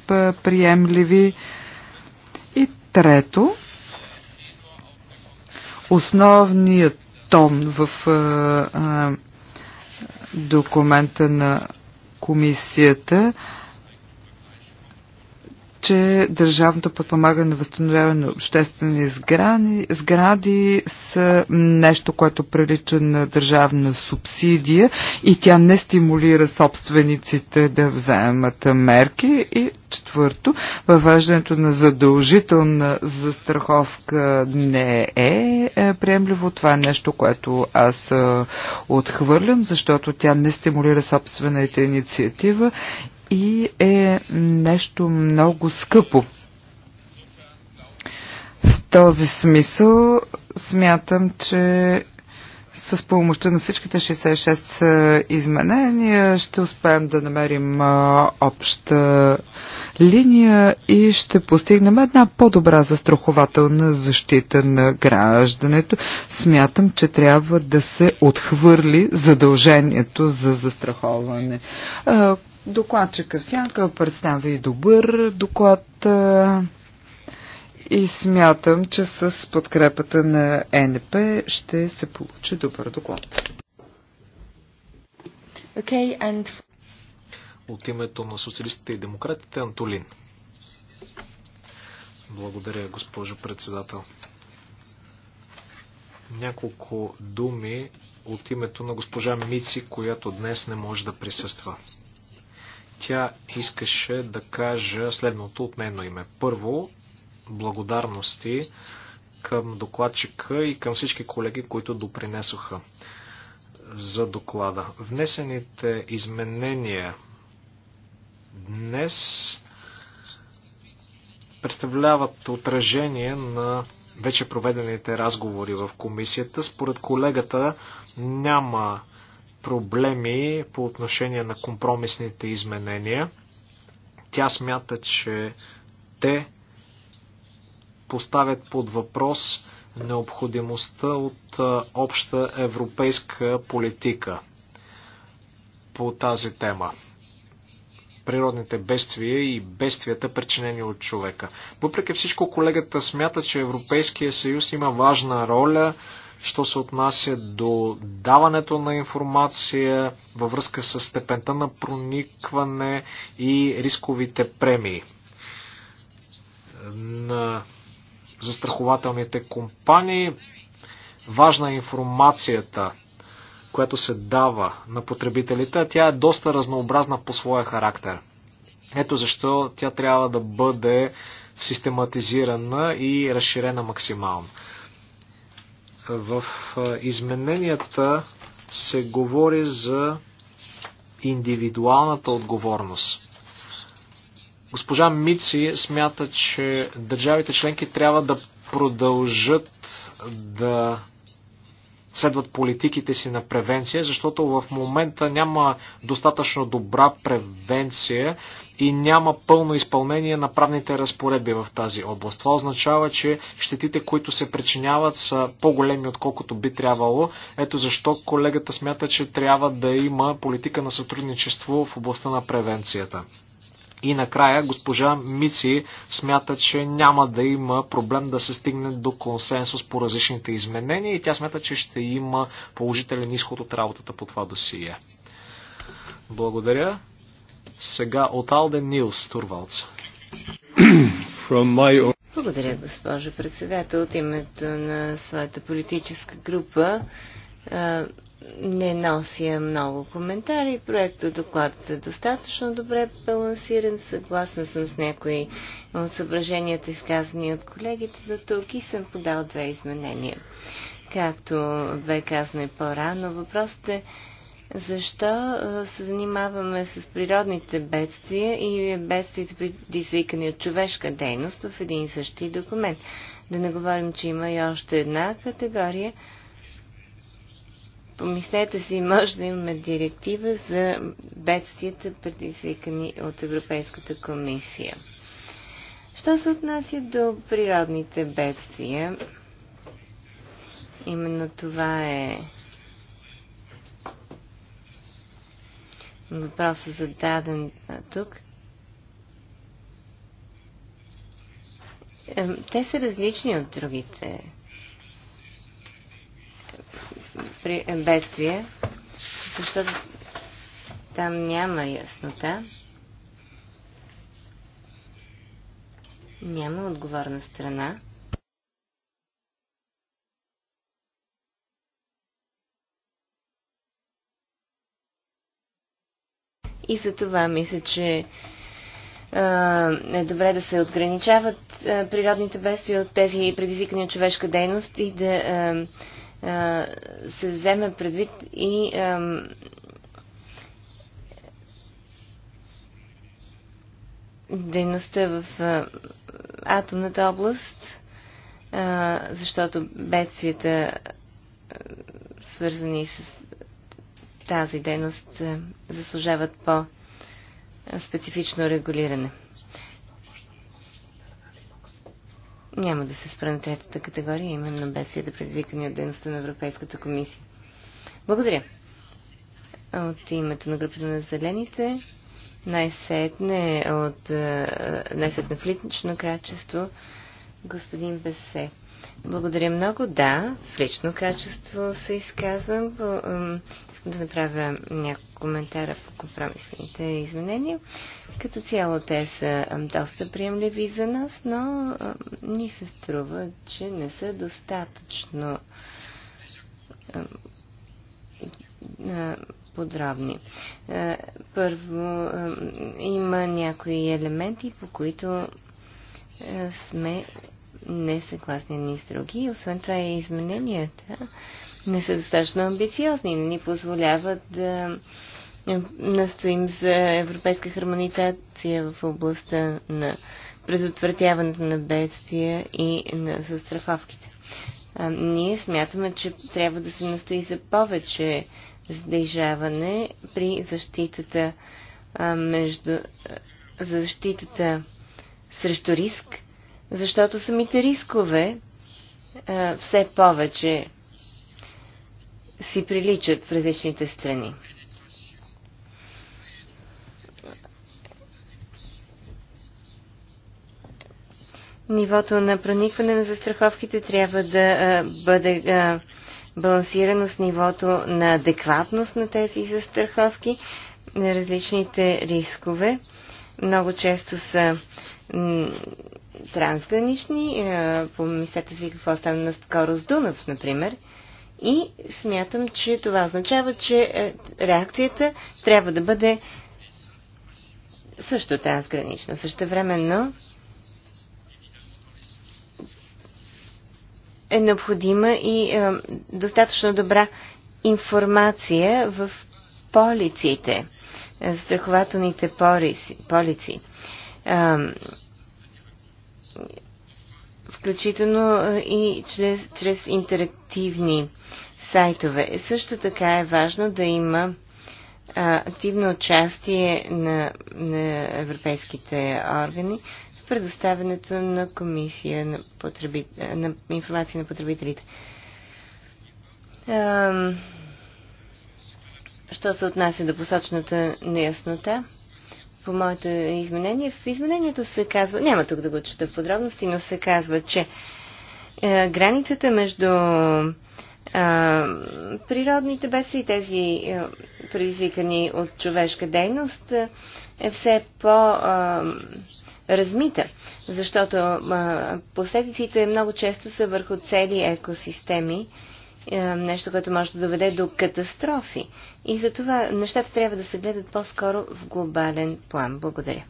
Speaker 4: а, приемливи. И трето, основният тон в а, а, документа на комисията а, че държавното подпомагане на възстановяване на обществени сгради, сгради са нещо, което прилича на държавна субсидия и тя не стимулира собствениците да вземат мерки. И четвърто, въвеждането на задължителна застраховка не е, е приемливо. Това е нещо, което аз отхвърлям, защото тя не стимулира собствената инициатива и е нещо много скъпо. В този смисъл смятам, че с помощта на всичките 66 изменения ще успеем да намерим обща линия и ще постигнем една по-добра застрахователна защита на граждането. Смятам, че трябва да се отхвърли задължението за застраховане. Докладчика всяка представи добър доклад и смятам, че с подкрепата на НП ще се получи добър доклад. Okay, and...
Speaker 3: От името на социалистите и демократите Антолин. Благодаря, госпожо председател. Няколко думи от името на госпожа Мици, която днес не може да присъства. Тя искаше да каже следното от нейно име. Първо, благодарности към докладчика и към всички колеги, които допринесоха за доклада. Внесените изменения днес представляват отражение на вече проведените разговори в комисията. Според колегата няма проблеми по отношение на компромисните изменения. Тя смята, че те поставят под въпрос необходимостта от обща европейска политика по тази тема. Природните бедствия и бедствията, причинени от човека. Въпреки всичко, колегата смята, че Европейския съюз има важна роля що се отнася до даването на информация във връзка с степента на проникване и рисковите премии на застрахователните компании. Важна е информацията, която се дава на потребителите, тя е доста разнообразна по своя характер. Ето защо тя трябва да бъде систематизирана и разширена максимално. В измененията се говори за индивидуалната отговорност. Госпожа Мици смята, че държавите членки трябва да продължат да следват политиките си на превенция, защото в момента няма достатъчно добра превенция и няма пълно изпълнение на правните разпоредби в тази област. Това означава, че щетите, които се причиняват, са по-големи, отколкото би трябвало. Ето защо колегата смята, че трябва да има политика на сътрудничество в областта на превенцията. И накрая госпожа Мици смята, че няма да има проблем да се стигне до консенсус по различните изменения и тя смята, че ще има положителен изход от работата по това досие. Благодаря. Сега от Алден Нилс Турвалц.
Speaker 2: Благодаря, госпожо председател. От името на своята политическа група не нося много коментари. Проектът докладът е достатъчно добре балансиран. Съгласна съм с някои от съображенията, изказани от колегите до тук и съм подал две изменения. Както бе казано и по-рано, въпросът е защо се занимаваме с природните бедствия и бедствията предизвикани от човешка дейност в един и същи документ. Да не говорим, че има и още една категория – Помислете си, може да имаме директива за бедствията, предизвикани от Европейската комисия. Що се отнася до природните бедствия, именно това е въпросът зададен тук. Е, те са различни от другите при бедствие, защото там няма яснота. Няма отговорна страна. И за това мисля, че е добре да се отграничават природните бедствия от тези предизвикани от човешка дейност и да се вземе предвид и дейността в атомната област, защото бедствията, свързани с тази дейност, заслужават по-специфично регулиране. Няма да се спра на третата категория, именно бедствията, да предизвикани от дейността на Европейската комисия. Благодаря. От името на групата на зелените, най-сетне, от, най-сетне в лично качество, господин Бесе. Благодаря много. Да, в лично качество се изказвам. Искам да направя няколко коментара по компромисните изменения. Като цяло те са доста приемливи за нас, но ни се струва, че не са достатъчно е, подробни. Е, първо, има някои елементи, по които е, сме не ни с други. Освен това и измененията не са достатъчно амбициозни не ни позволяват да настоим за европейска хармонизация в областта на предотвратяването на бедствия и на застраховките. А, ние смятаме, че трябва да се настои за повече сближаване при защитата а, между а, защитата срещу риск защото самите рискове а, все повече си приличат в различните страни. Нивото на проникване на застраховките трябва да а, бъде а, балансирано с нивото на адекватност на тези застраховки, на различните рискове. Много често са трансгранични. Е, помислете си какво стана на скорост Дунав, например. И смятам, че това означава, че е, реакцията трябва да бъде също трансгранична. Също времено е необходима и е, достатъчно добра информация в полиците, е, страхователните полици. полици включително и чрез, чрез интерактивни сайтове. Също така е важно да има а, активно участие на, на европейските органи в предоставянето на комисия на, потребит, на информация на потребителите. що се отнася до посочната неяснота? по моето изменение. В изменението се казва, няма тук да го чета в подробности, но се казва, че е, границата между е, природните бедствия и тези е, предизвикани от човешка дейност е, е все по- е, размита, защото е, последиците много често са върху цели екосистеми е, нещо, което може да доведе до катастрофи. И за това нещата трябва да се гледат по-скоро в глобален план. Благодаря.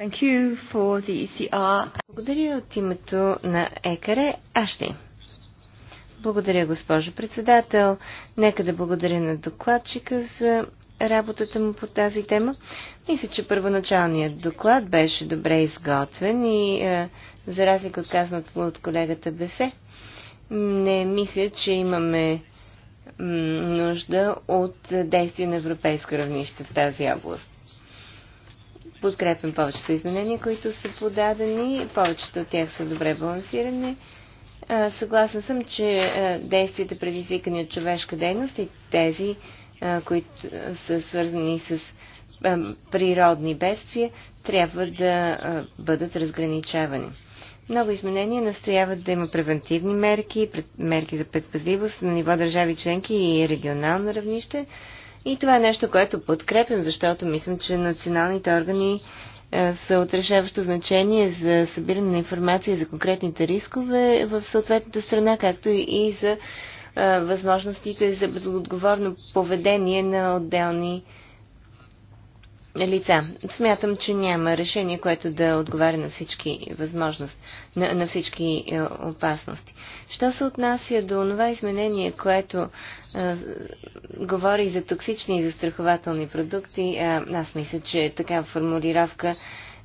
Speaker 2: Thank you for the ECR. Благодаря от името на ЕКАРЕ. Ашли. Благодаря, госпожо председател. Нека да благодаря на докладчика за работата му по тази тема. Мисля, че първоначалният доклад беше добре изготвен и е, за разлика от казаното от колегата Бесе, не мисля, че имаме нужда от действие на европейско равнище в тази област. Подкрепям повечето изменения, които са подадени. Повечето от тях са добре балансирани. Съгласна съм, че действията предизвикани от човешка дейност и тези, които са свързани с природни бедствия, трябва да бъдат разграничавани. Много изменения настояват да има превентивни мерки, мерки за предпазливост на ниво държави членки и регионално равнище. И това е нещо, което подкрепям, защото мислям, че националните органи е, са отрешаващо значение за събиране на информация за конкретните рискове в съответната страна, както и за е, възможностите за безотговорно поведение на отделни лица. Смятам, че няма решение, което да отговаря на всички възможности, на, на всички е, опасности. Що се отнася до това изменение, което а, е, говори за токсични и застрахователни продукти, а, е, аз мисля, че такава формулировка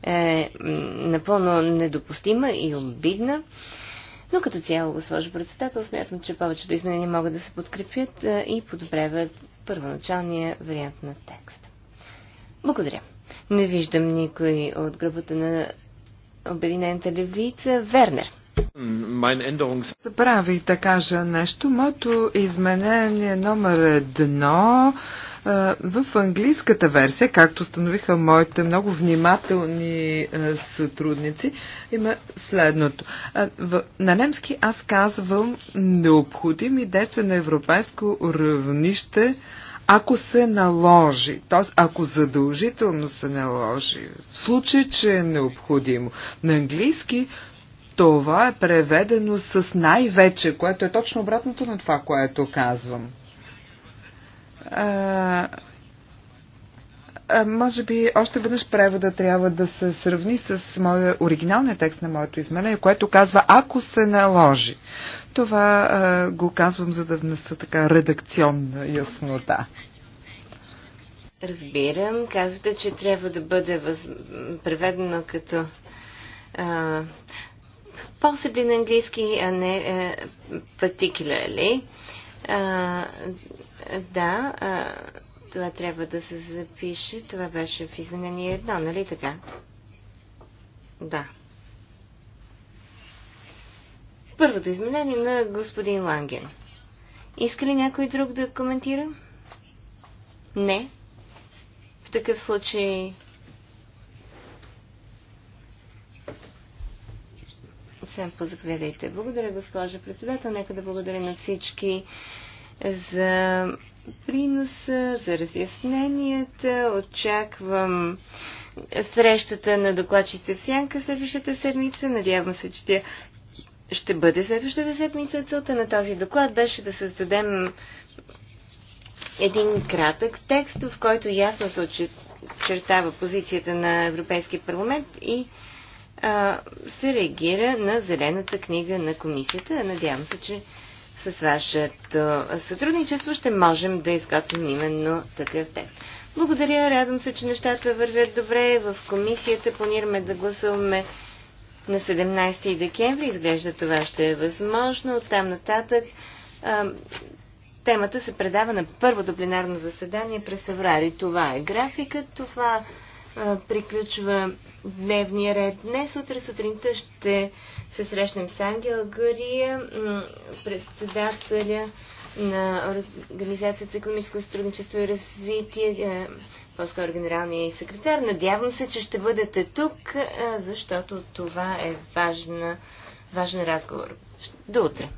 Speaker 2: е напълно недопустима и обидна. Но като цяло, госпожо председател, смятам, че повечето изменения могат да се подкрепят и подобряват първоначалния вариант на текст. Благодаря. Не виждам никой от групата на Обединената левица. Вернер.
Speaker 4: Забравих да кажа нещо. Моето изменение е номер едно в английската версия, както становиха моите много внимателни сътрудници, има следното. На немски аз казвам необходими действия на европейско равнище ако се наложи, т.е. ако задължително се наложи, в случай, че е необходимо. На английски това е преведено с най-вече, което е точно обратното на това, което казвам. А, може би още веднъж превода трябва да се сравни с моя, оригиналния текст на моето изменение, което казва «ако се наложи». Това а, го казвам, за да внеса така редакционна яснота.
Speaker 2: Разбирам. Казвате, че трябва да бъде въз... преведено като а... по английски, а не а... Е, particularly. А... Да. А това трябва да се запише. Това беше в изменение едно, нали така? Да. Първото изменение на господин Ланген. Иска ли някой друг да коментира? Не. В такъв случай Сам позаповядайте. Благодаря, госпожа председател. Нека да благодаря на всички за приноса, за разясненията. Очаквам срещата на докладчите в Сянка следващата седмица. Надявам се, че тя ще бъде следващата седмица. Целта на този доклад беше да създадем един кратък текст, в който ясно се очертава позицията на Европейския парламент и а, се реагира на зелената книга на комисията. Надявам се, че с вашето сътрудничество ще можем да изготвим именно такъв текст. Благодаря, радвам се, че нещата вървят добре. В комисията планираме да гласуваме на 17 декември. Изглежда това ще е възможно. Оттам нататък а, темата се предава на първото пленарно заседание през феврари. Това е графика, това приключва дневния ред. Днес утре сутринта ще се срещнем с Ангел Гария, председателя на Организацията за економическо сътрудничество и развитие, е, по-скоро генералния секретар. Надявам се, че ще бъдете тук, е, защото това е важна, важен разговор. До утре!